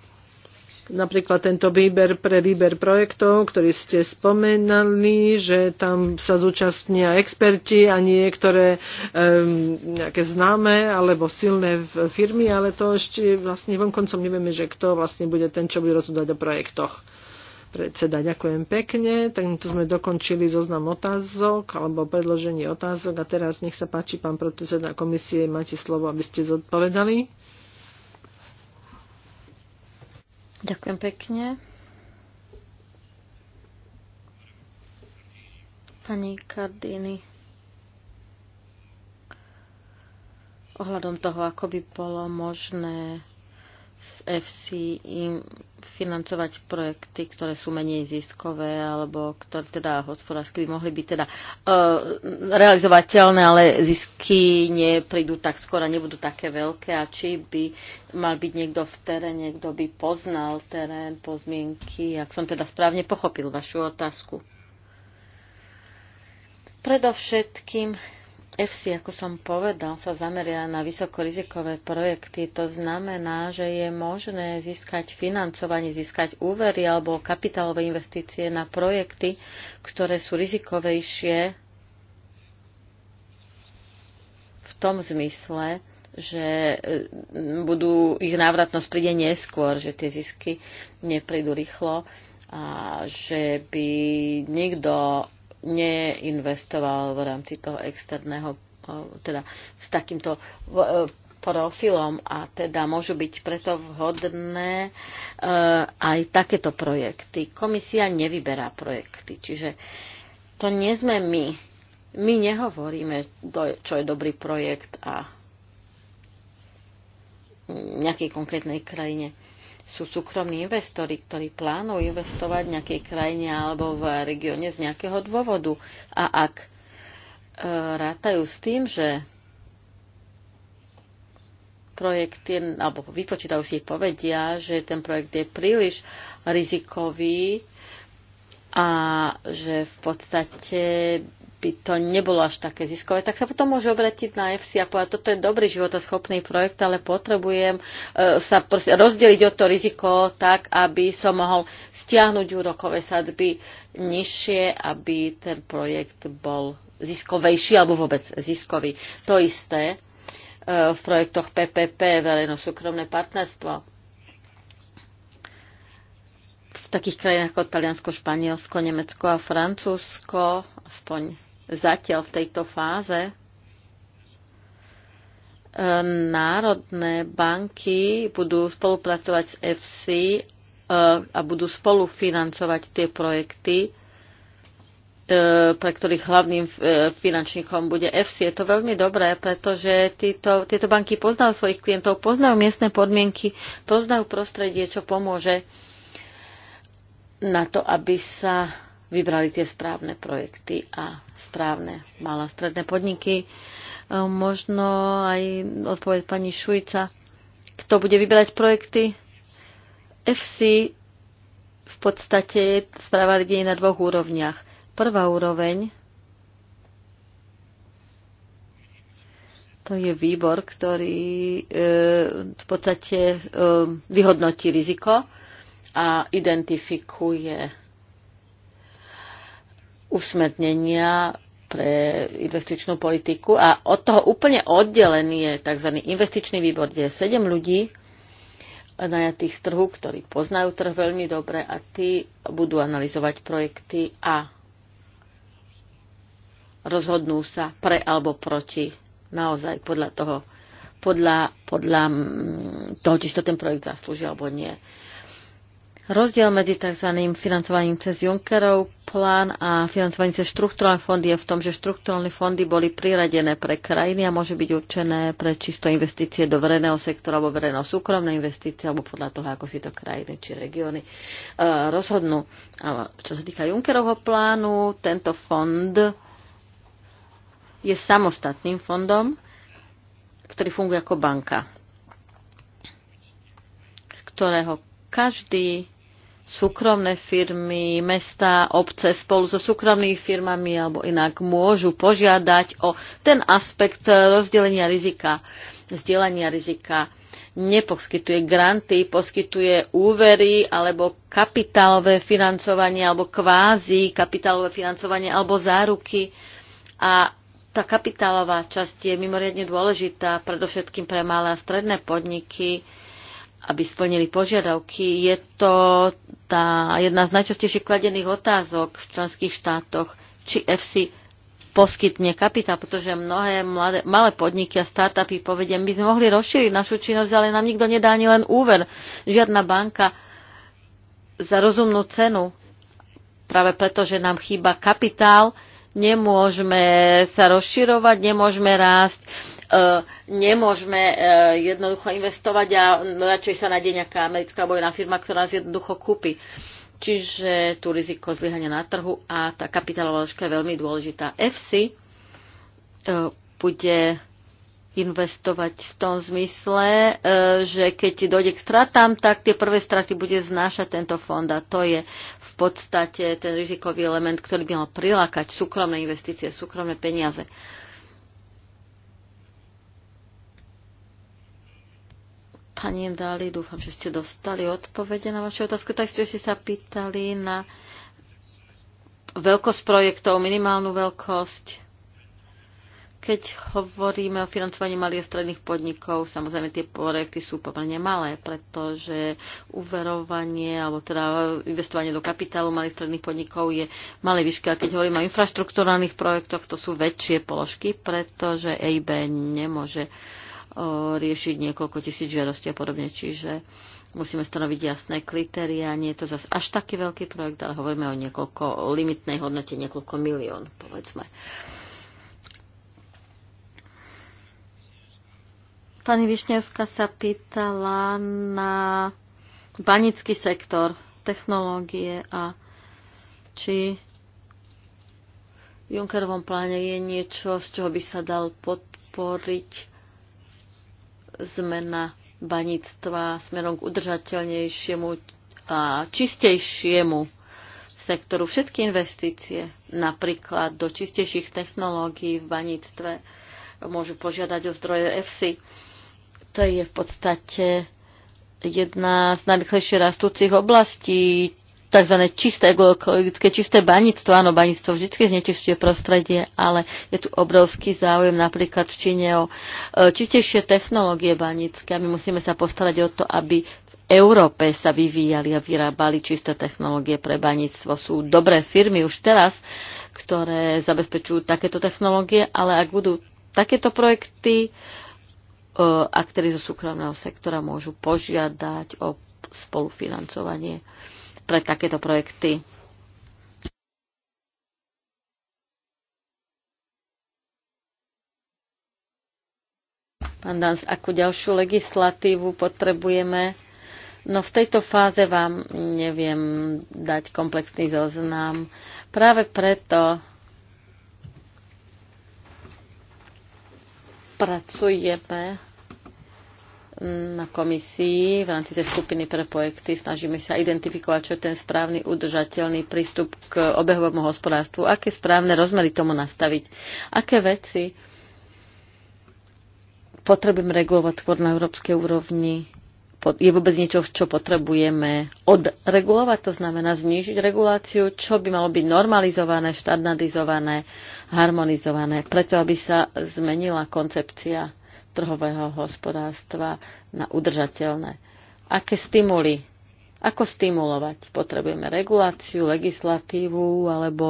napríklad tento výber pre výber projektov, ktorý ste spomenali, že tam sa zúčastnia experti a niektoré um, nejaké známe alebo silné firmy, ale to ešte vlastne vonkoncom nevieme, že kto vlastne bude ten, čo bude rozhodovať o projektoch. Predseda, ďakujem pekne. Takto sme dokončili zoznam otázok alebo predloženie otázok a teraz nech sa páči, pán predseda komisie, máte slovo, aby ste zodpovedali. Ďakujem pekne. Pani Kardiny. Ohľadom toho, ako by bolo možné z FC im financovať projekty, ktoré sú menej ziskové alebo ktoré teda hospodársky by mohli byť teda uh, realizovateľné, ale zisky neprídu tak skoro, nebudú také veľké a či by mal byť niekto v teréne, kto by poznal terén, pozmienky, ak som teda správne pochopil vašu otázku. Predovšetkým EFSI, ako som povedal, sa zameria na vysokorizikové projekty. To znamená, že je možné získať financovanie, získať úvery alebo kapitálové investície na projekty, ktoré sú rizikovejšie v tom zmysle, že e, budú, ich návratnosť príde neskôr, že tie zisky neprídu rýchlo a že by nikto neinvestoval v rámci toho externého, teda s takýmto e, profilom a teda môžu byť preto vhodné e, aj takéto projekty. Komisia nevyberá projekty, čiže to nie sme my. My nehovoríme, čo je dobrý projekt a nejakej konkrétnej krajine sú súkromní investori, ktorí plánujú investovať v nejakej krajine alebo v regióne z nejakého dôvodu. A ak e, rátajú s tým, že projekt je, alebo vypočítajú si povedia, že ten projekt je príliš rizikový a že v podstate by to nebolo až také ziskové, tak sa potom môže obratiť na EFSI a povedať, toto je dobrý životaschopný projekt, ale potrebujem e, sa rozdeliť o to riziko tak, aby som mohol stiahnuť úrokové sadzby nižšie, aby ten projekt bol ziskovejší alebo vôbec ziskový. To isté e, v projektoch PPP, verejno-súkromné partnerstvo v takých krajinách ako Taliansko, Španielsko, Nemecko a Francúzsko, aspoň zatiaľ v tejto fáze e, národné banky budú spolupracovať s FC e, a budú spolufinancovať tie projekty, e, pre ktorých hlavným finančníkom bude FC. Je to veľmi dobré, pretože títo, tieto banky poznajú svojich klientov, poznajú miestne podmienky, poznajú prostredie, čo pomôže na to, aby sa vybrali tie správne projekty a správne malé stredné podniky. E, možno aj odpoveď pani Šujca, kto bude vybrať projekty. FC v podstate správa ľudí na dvoch úrovniach. Prvá úroveň To je výbor, ktorý e, v podstate e, vyhodnotí riziko a identifikuje usmernenia pre investičnú politiku a od toho úplne oddelený je tzv. investičný výbor, kde je 7 ľudí najatých z trhu, ktorí poznajú trh veľmi dobre a tí budú analyzovať projekty a rozhodnú sa pre alebo proti naozaj podľa toho, podľa, podľa mm, toho, či to ten projekt zaslúži alebo nie. Rozdiel medzi tzv. financovaním cez Junckerov plán a financovaním cez štruktúrne fondy je v tom, že štruktúrne fondy boli priradené pre krajiny a môže byť určené pre čisto investície do verejného sektora alebo verejného súkromné investície alebo podľa toho, ako si to krajiny či regióny e, rozhodnú. A čo sa týka Junckerovho plánu, tento fond je samostatným fondom, ktorý funguje ako banka, z ktorého každý súkromné firmy, mesta, obce spolu so súkromnými firmami alebo inak môžu požiadať o ten aspekt rozdelenia rizika, zdieľania rizika. Neposkytuje granty, poskytuje úvery alebo kapitálové financovanie alebo kvázi kapitálové financovanie alebo záruky. A tá kapitálová časť je mimoriadne dôležitá, predovšetkým pre malé a stredné podniky, aby splnili požiadavky. Je to tá jedna z najčastejšie kladených otázok v členských štátoch, či FC poskytne kapitál, pretože mnohé mladé, malé podniky a startupy povedia, my sme mohli rozšíriť našu činnosť, ale nám nikto nedá ani len úver. Žiadna banka za rozumnú cenu, práve preto, že nám chýba kapitál, nemôžeme sa rozširovať, nemôžeme rásť E, nemôžeme e, jednoducho investovať a radšej sa nájde nejaká americká bojná firma, ktorá nás jednoducho kúpi. Čiže tu riziko zlyhania na trhu a tá kapitálová ložka je veľmi dôležitá. FC e, bude investovať v tom zmysle, že keď ti dojde k stratám, tak tie prvé straty bude znášať tento fond a to je v podstate ten rizikový element, ktorý by mal prilákať súkromné investície, súkromné peniaze. Uh, Pani Dali, dúfam, že ste dostali odpovede na vaše otázky. Tak ste si sa pýtali na veľkosť projektov, minimálnu veľkosť. Keď hovoríme o financovaní malých a stredných podnikov, samozrejme tie projekty sú pomerne malé, pretože uverovanie alebo teda investovanie do kapitálu malých a stredných podnikov je malé výšky. A keď hovoríme o infraštruktúrnych projektoch, to sú väčšie položky, pretože EIB nemôže uh, riešiť niekoľko tisíc žiadostí a podobne. Čiže musíme stanoviť jasné kritéria. Nie je to zase až taký veľký projekt, ale hovoríme o niekoľko o limitnej hodnote, niekoľko milión, povedzme. Pani Višňovská sa pýtala na banický sektor, technológie a či v junkerovom pláne je niečo, z čoho by sa dal podporiť zmena baníctva smerom k udržateľnejšiemu a čistejšiemu sektoru. Všetky investície, napríklad do čistejších technológií v baníctve, môžu požiadať o zdroje EFSI. To je v podstate jedna z najrychlejšie rastúcich oblastí tzv. čisté ekologické, čisté baníctvo. Áno, baníctvo vždy znečistuje prostredie, ale je tu obrovský záujem napríklad v Číne o e, čistejšie technológie banícke a my musíme sa postarať o to, aby v Európe sa vyvíjali a vyrábali čisté technológie pre baníctvo. Sú dobré firmy už teraz, ktoré zabezpečujú takéto technológie, ale ak budú takéto projekty, e, a ktorí zo súkromného sektora môžu požiadať o spolufinancovanie pre takéto projekty. Pán Dans, akú ďalšiu legislatívu potrebujeme? No v tejto fáze vám neviem dať komplexný zoznam. Práve preto pracujeme na komisii v rámci tej skupiny pre projekty snažíme sa identifikovať, čo je ten správny udržateľný prístup k obehovému hospodárstvu, aké správne rozmery tomu nastaviť, aké veci potrebujeme regulovať skôr na európskej úrovni, je vôbec niečo, čo potrebujeme odregulovať, to znamená znížiť reguláciu, čo by malo byť normalizované, štandardizované, harmonizované, preto aby sa zmenila koncepcia trhového hospodárstva na udržateľné. Aké stimuly? Ako stimulovať? Potrebujeme reguláciu, legislatívu alebo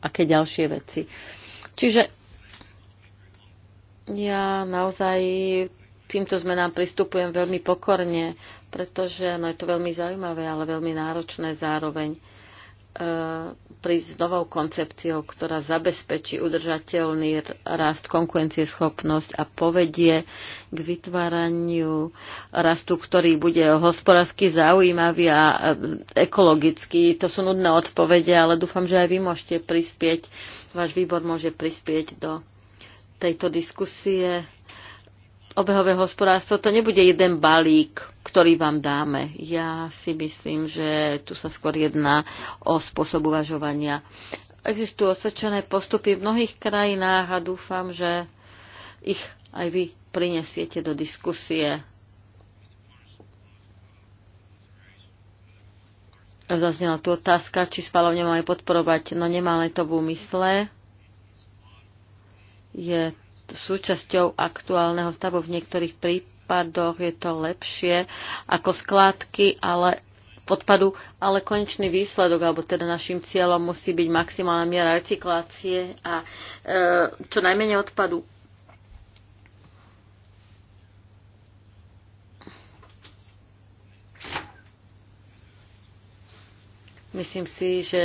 aké ďalšie veci? Čiže ja naozaj týmto zmenám pristupujem veľmi pokorne, pretože no je to veľmi zaujímavé, ale veľmi náročné zároveň E, prísť s novou koncepciou, ktorá zabezpečí udržateľný rast, konkurencieschopnosť a povedie k vytváraniu rastu, ktorý bude hospodársky zaujímavý a e, ekologický. To sú nudné odpovede, ale dúfam, že aj vy môžete prispieť, váš výbor môže prispieť do tejto diskusie obehové hospodárstvo, to nebude jeden balík, ktorý vám dáme. Ja si myslím, že tu sa skôr jedná o spôsob uvažovania. Existujú osvedčené postupy v mnohých krajinách a dúfam, že ich aj vy prinesiete do diskusie. Zaznela tu otázka, či spalovne máme podporovať. No nemáme to v úmysle. Je súčasťou aktuálneho stavu. V niektorých prípadoch je to lepšie ako skládky, ale odpadu, ale konečný výsledok, alebo teda našim cieľom musí byť maximálna miera recyklácie a e, čo najmenej odpadu. Myslím si, že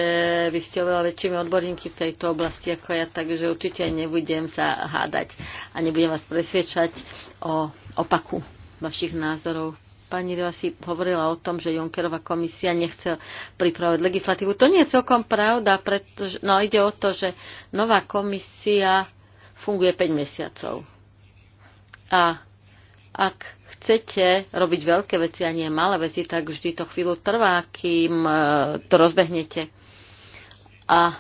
vy ste oveľa väčšími odborníky v tejto oblasti ako ja, takže určite nebudem sa hádať a nebudem vás presviečať o opaku vašich názorov. Pani si hovorila o tom, že Junckerová komisia nechce pripravať legislatívu. To nie je celkom pravda, pretože no, ide o to, že nová komisia funguje 5 mesiacov. A ak chcete robiť veľké veci a nie malé veci, tak vždy to chvíľu trvá, kým e, to rozbehnete. A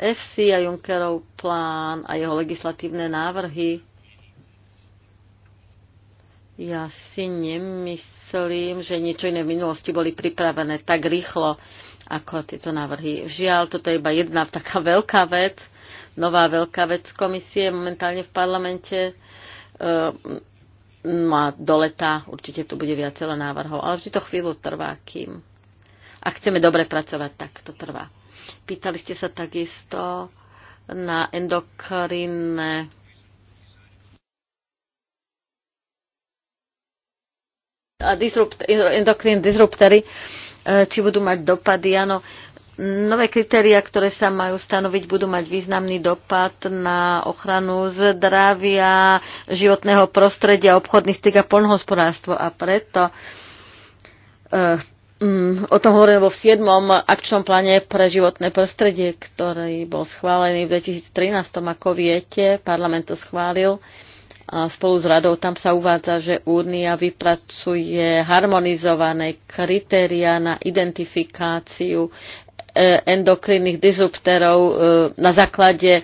FC a Junckerov plán a jeho legislatívne návrhy. Ja si nemyslím, že niečo iné v minulosti boli pripravené tak rýchlo ako tieto návrhy. Žiaľ, toto je iba jedna taká veľká vec nová veľká vec komisie momentálne v parlamente. No e, a do leta určite tu bude viacero návrhov, ale vždy to chvíľu trvá, kým. A chceme dobre pracovať, tak to trvá. Pýtali ste sa takisto na endokrinné disrupt, endokrín disruptory, e, či budú mať dopady. Áno, Nové kritéria, ktoré sa majú stanoviť, budú mať významný dopad na ochranu zdravia, životného prostredia, obchodný styk a poľnohospodárstvo. A preto e, mm, o tom hovorím vo 7. akčnom pláne pre životné prostredie, ktorý bol schválený v 2013. Ako viete, parlament to schválil. A spolu s radou tam sa uvádza, že Únia vypracuje harmonizované kritéria na identifikáciu Eh, endokrinných disruptorov eh, na základe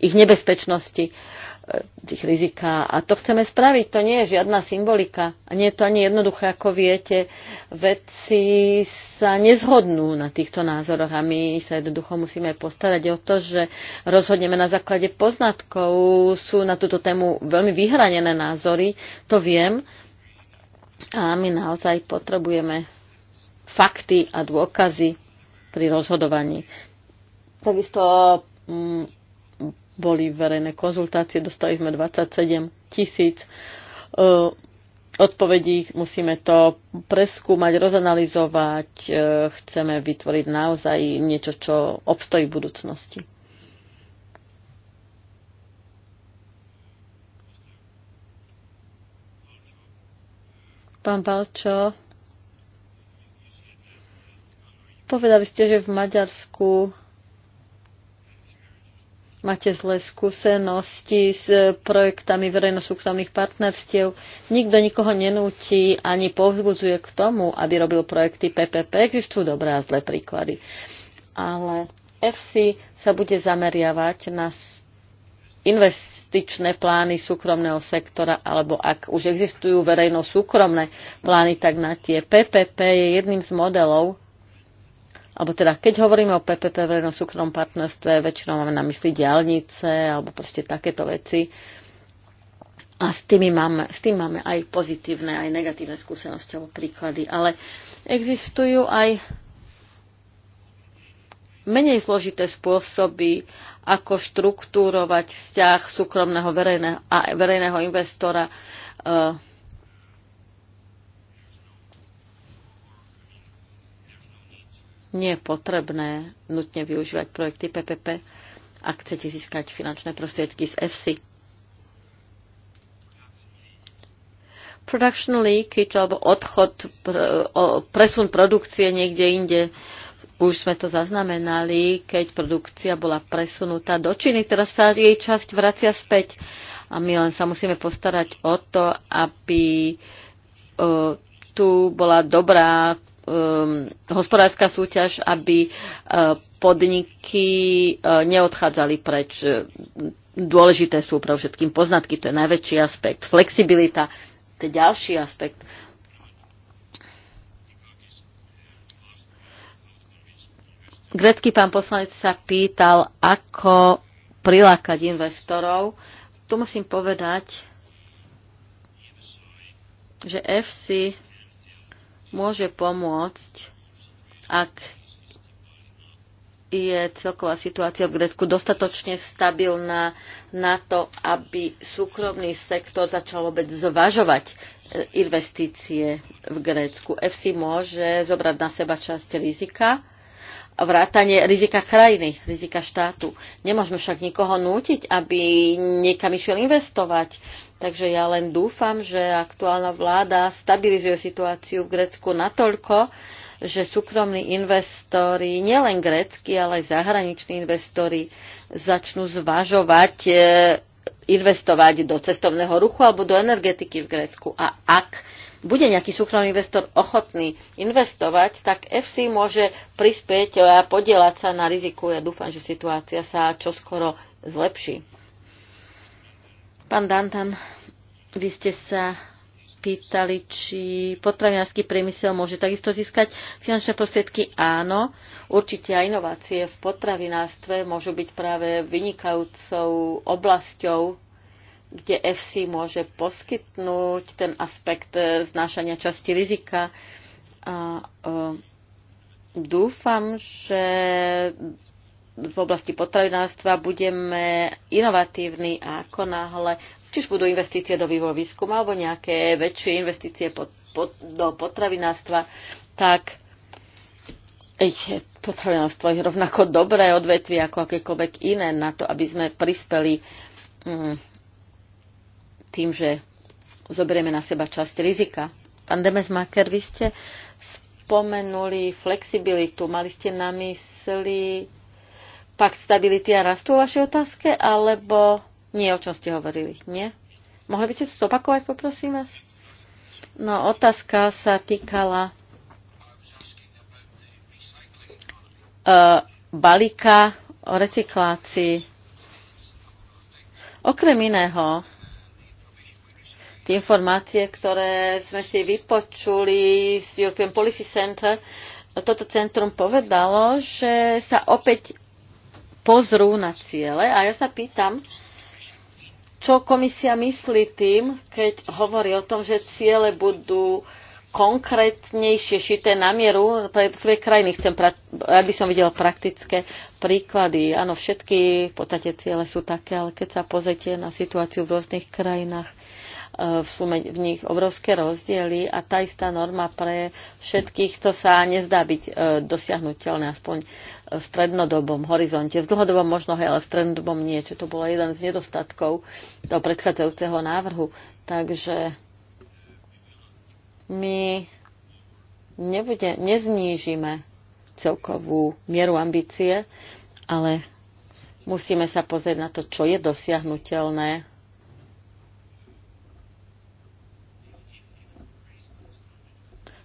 ich nebezpečnosti, ich eh, rizika. A to chceme spraviť. To nie je žiadna symbolika. A nie je to ani jednoduché, ako viete. Vedci sa nezhodnú na týchto názoroch a my sa jednoducho musíme postarať o to, že rozhodneme na základe poznatkov. Sú na túto tému veľmi vyhranené názory, to viem. A my naozaj potrebujeme fakty a dôkazy pri rozhodovaní. Takisto mm, boli verejné konzultácie, dostali sme 27 tisíc e, odpovedí, musíme to preskúmať, rozanalizovať, e, chceme vytvoriť naozaj niečo, čo obstojí v budúcnosti. Pán Balčo, Povedali ste, že v Maďarsku máte zlé skúsenosti s e, projektami verejno-súkromných partnerstiev. Nikto nikoho nenúti ani povzbudzuje k tomu, aby robil projekty PPP. Existujú dobré a zlé príklady. Ale FC sa bude zameriavať na investičné plány súkromného sektora, alebo ak už existujú verejno-súkromné plány, tak na tie PPP je jedným z modelov, alebo teda keď hovoríme o PPP v súkromnom partnerstve, väčšinou máme na mysli diálnice alebo proste takéto veci. A s, tými máme, s tým máme aj pozitívne, aj negatívne skúsenosti alebo príklady. Ale existujú aj menej zložité spôsoby, ako štruktúrovať vzťah súkromného verejného, a verejného investora. Eh, nie je potrebné nutne využívať projekty PPP, ak chcete získať finančné prostriedky z EFSI. Production leakage alebo odchod, presun produkcie niekde inde, už sme to zaznamenali, keď produkcia bola presunutá do Číny, teraz sa jej časť vracia späť. A my len sa musíme postarať o to, aby tu bola dobrá um, hospodárska súťaž, aby uh, podniky uh, neodchádzali preč. Dôležité sú pre všetkým poznatky, to je najväčší aspekt. Flexibilita, to je ďalší aspekt. Grecký pán poslanec sa pýtal, ako prilákať investorov. Tu musím povedať, že FC môže pomôcť, ak je celková situácia v Grécku dostatočne stabilná na to, aby súkromný sektor začal vôbec zvažovať e, investície v Grécku. FC môže zobrať na seba časť rizika vrátanie rizika krajiny, rizika štátu. Nemôžeme však nikoho nútiť, aby niekam išiel investovať. Takže ja len dúfam, že aktuálna vláda stabilizuje situáciu v Grécku natoľko, že súkromní investori, nielen grécky, ale aj zahraniční investori, začnú zvažovať e, investovať do cestovného ruchu alebo do energetiky v Grécku. A ak bude nejaký súkromný investor ochotný investovať, tak FC môže prispieť a podielať sa na riziku. Ja dúfam, že situácia sa čoskoro zlepší. Pán Dantan, vy ste sa pýtali, či potravinársky priemysel môže takisto získať finančné prostriedky. Áno, určite aj inovácie v potravinárstve môžu byť práve vynikajúcou oblasťou kde FC môže poskytnúť ten aspekt e, znášania časti rizika. A, a e, dúfam, že v oblasti potravinárstva budeme inovatívni a ako náhle, čiž budú investície do vývoja výskuma alebo nejaké väčšie investície pod, pod, do potravinárstva, tak je potravinárstvo je rovnako dobré odvetvie ako akékoľvek iné na to, aby sme prispeli mm, tým, že zoberieme na seba časť rizika. Pán Demesmaker, vy ste spomenuli flexibilitu. Mali ste na mysli pak stability a rastu o vašej otázke, alebo nie, o čom ste hovorili? Nie? Mohli by ste to opakovať, poprosím vás? No, otázka sa týkala uh, balíka o recyklácii. Okrem iného, Tie informácie, ktoré sme si vypočuli z European Policy Center, toto centrum povedalo, že sa opäť pozrú na ciele a ja sa pýtam, čo komisia myslí tým, keď hovorí o tom, že ciele budú konkrétnejšie šité na mieru pre svoje krajiny. Chcem, rád by som videla praktické príklady. Áno, všetky v podstate ciele sú také, ale keď sa pozrite na situáciu v rôznych krajinách, sú v nich obrovské rozdiely a tá istá norma pre všetkých, to sa nezdá byť e, dosiahnutelné, aspoň v strednodobom horizonte. V dlhodobom možno, hej, ale v strednodobom nie, čo to bolo jeden z nedostatkov toho predchádzajúceho návrhu. Takže my nebude, neznížime celkovú mieru ambície, ale musíme sa pozrieť na to, čo je dosiahnutelné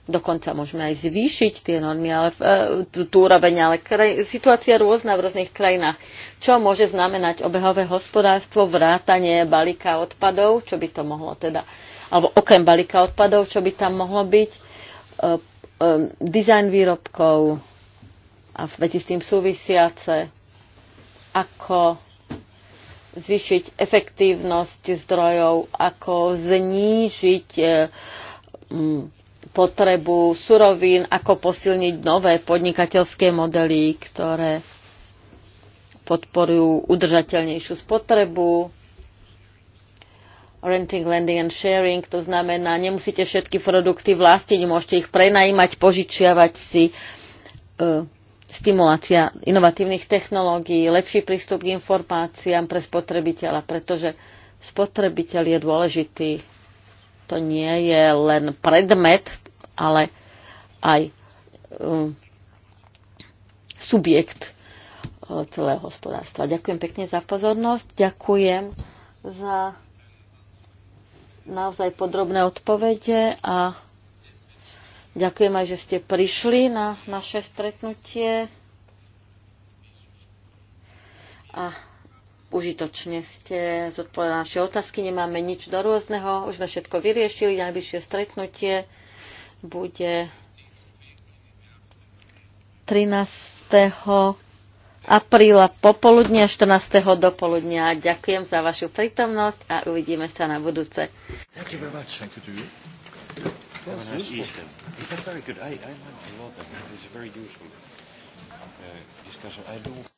Dokonca môžeme aj zvýšiť tie normy, ale, e, tú, tú úroveň, ale kraj, situácia rôzna v rôznych krajinách. Čo môže znamenať obehové hospodárstvo, vrátanie balíka odpadov, čo by to mohlo teda, alebo okrem balíka odpadov, čo by tam mohlo byť, e, e, dizajn výrobkov a veci s tým súvisiace, ako zvýšiť efektívnosť zdrojov, ako znížiť e, potrebu surovín, ako posilniť nové podnikateľské modely, ktoré podporujú udržateľnejšiu spotrebu, renting, lending and sharing, to znamená, nemusíte všetky produkty vlastniť, môžete ich prenajímať, požičiavať si, e, stimulácia inovatívnych technológií, lepší prístup k informáciám pre spotrebiteľa, pretože spotrebiteľ je dôležitý to nie je len predmet, ale aj um, subjekt uh, celého hospodárstva. Ďakujem pekne za pozornosť, ďakujem za naozaj podrobné odpovede a ďakujem aj, že ste prišli na naše stretnutie. A Užitočne ste zodpovedali naše otázky, nemáme nič do rôzneho, už sme všetko vyriešili, najbližšie stretnutie bude 13. apríla popoludnia, 14. dopoludnia. Ďakujem za vašu prítomnosť a uvidíme sa na budúce. uh, discussion. I do.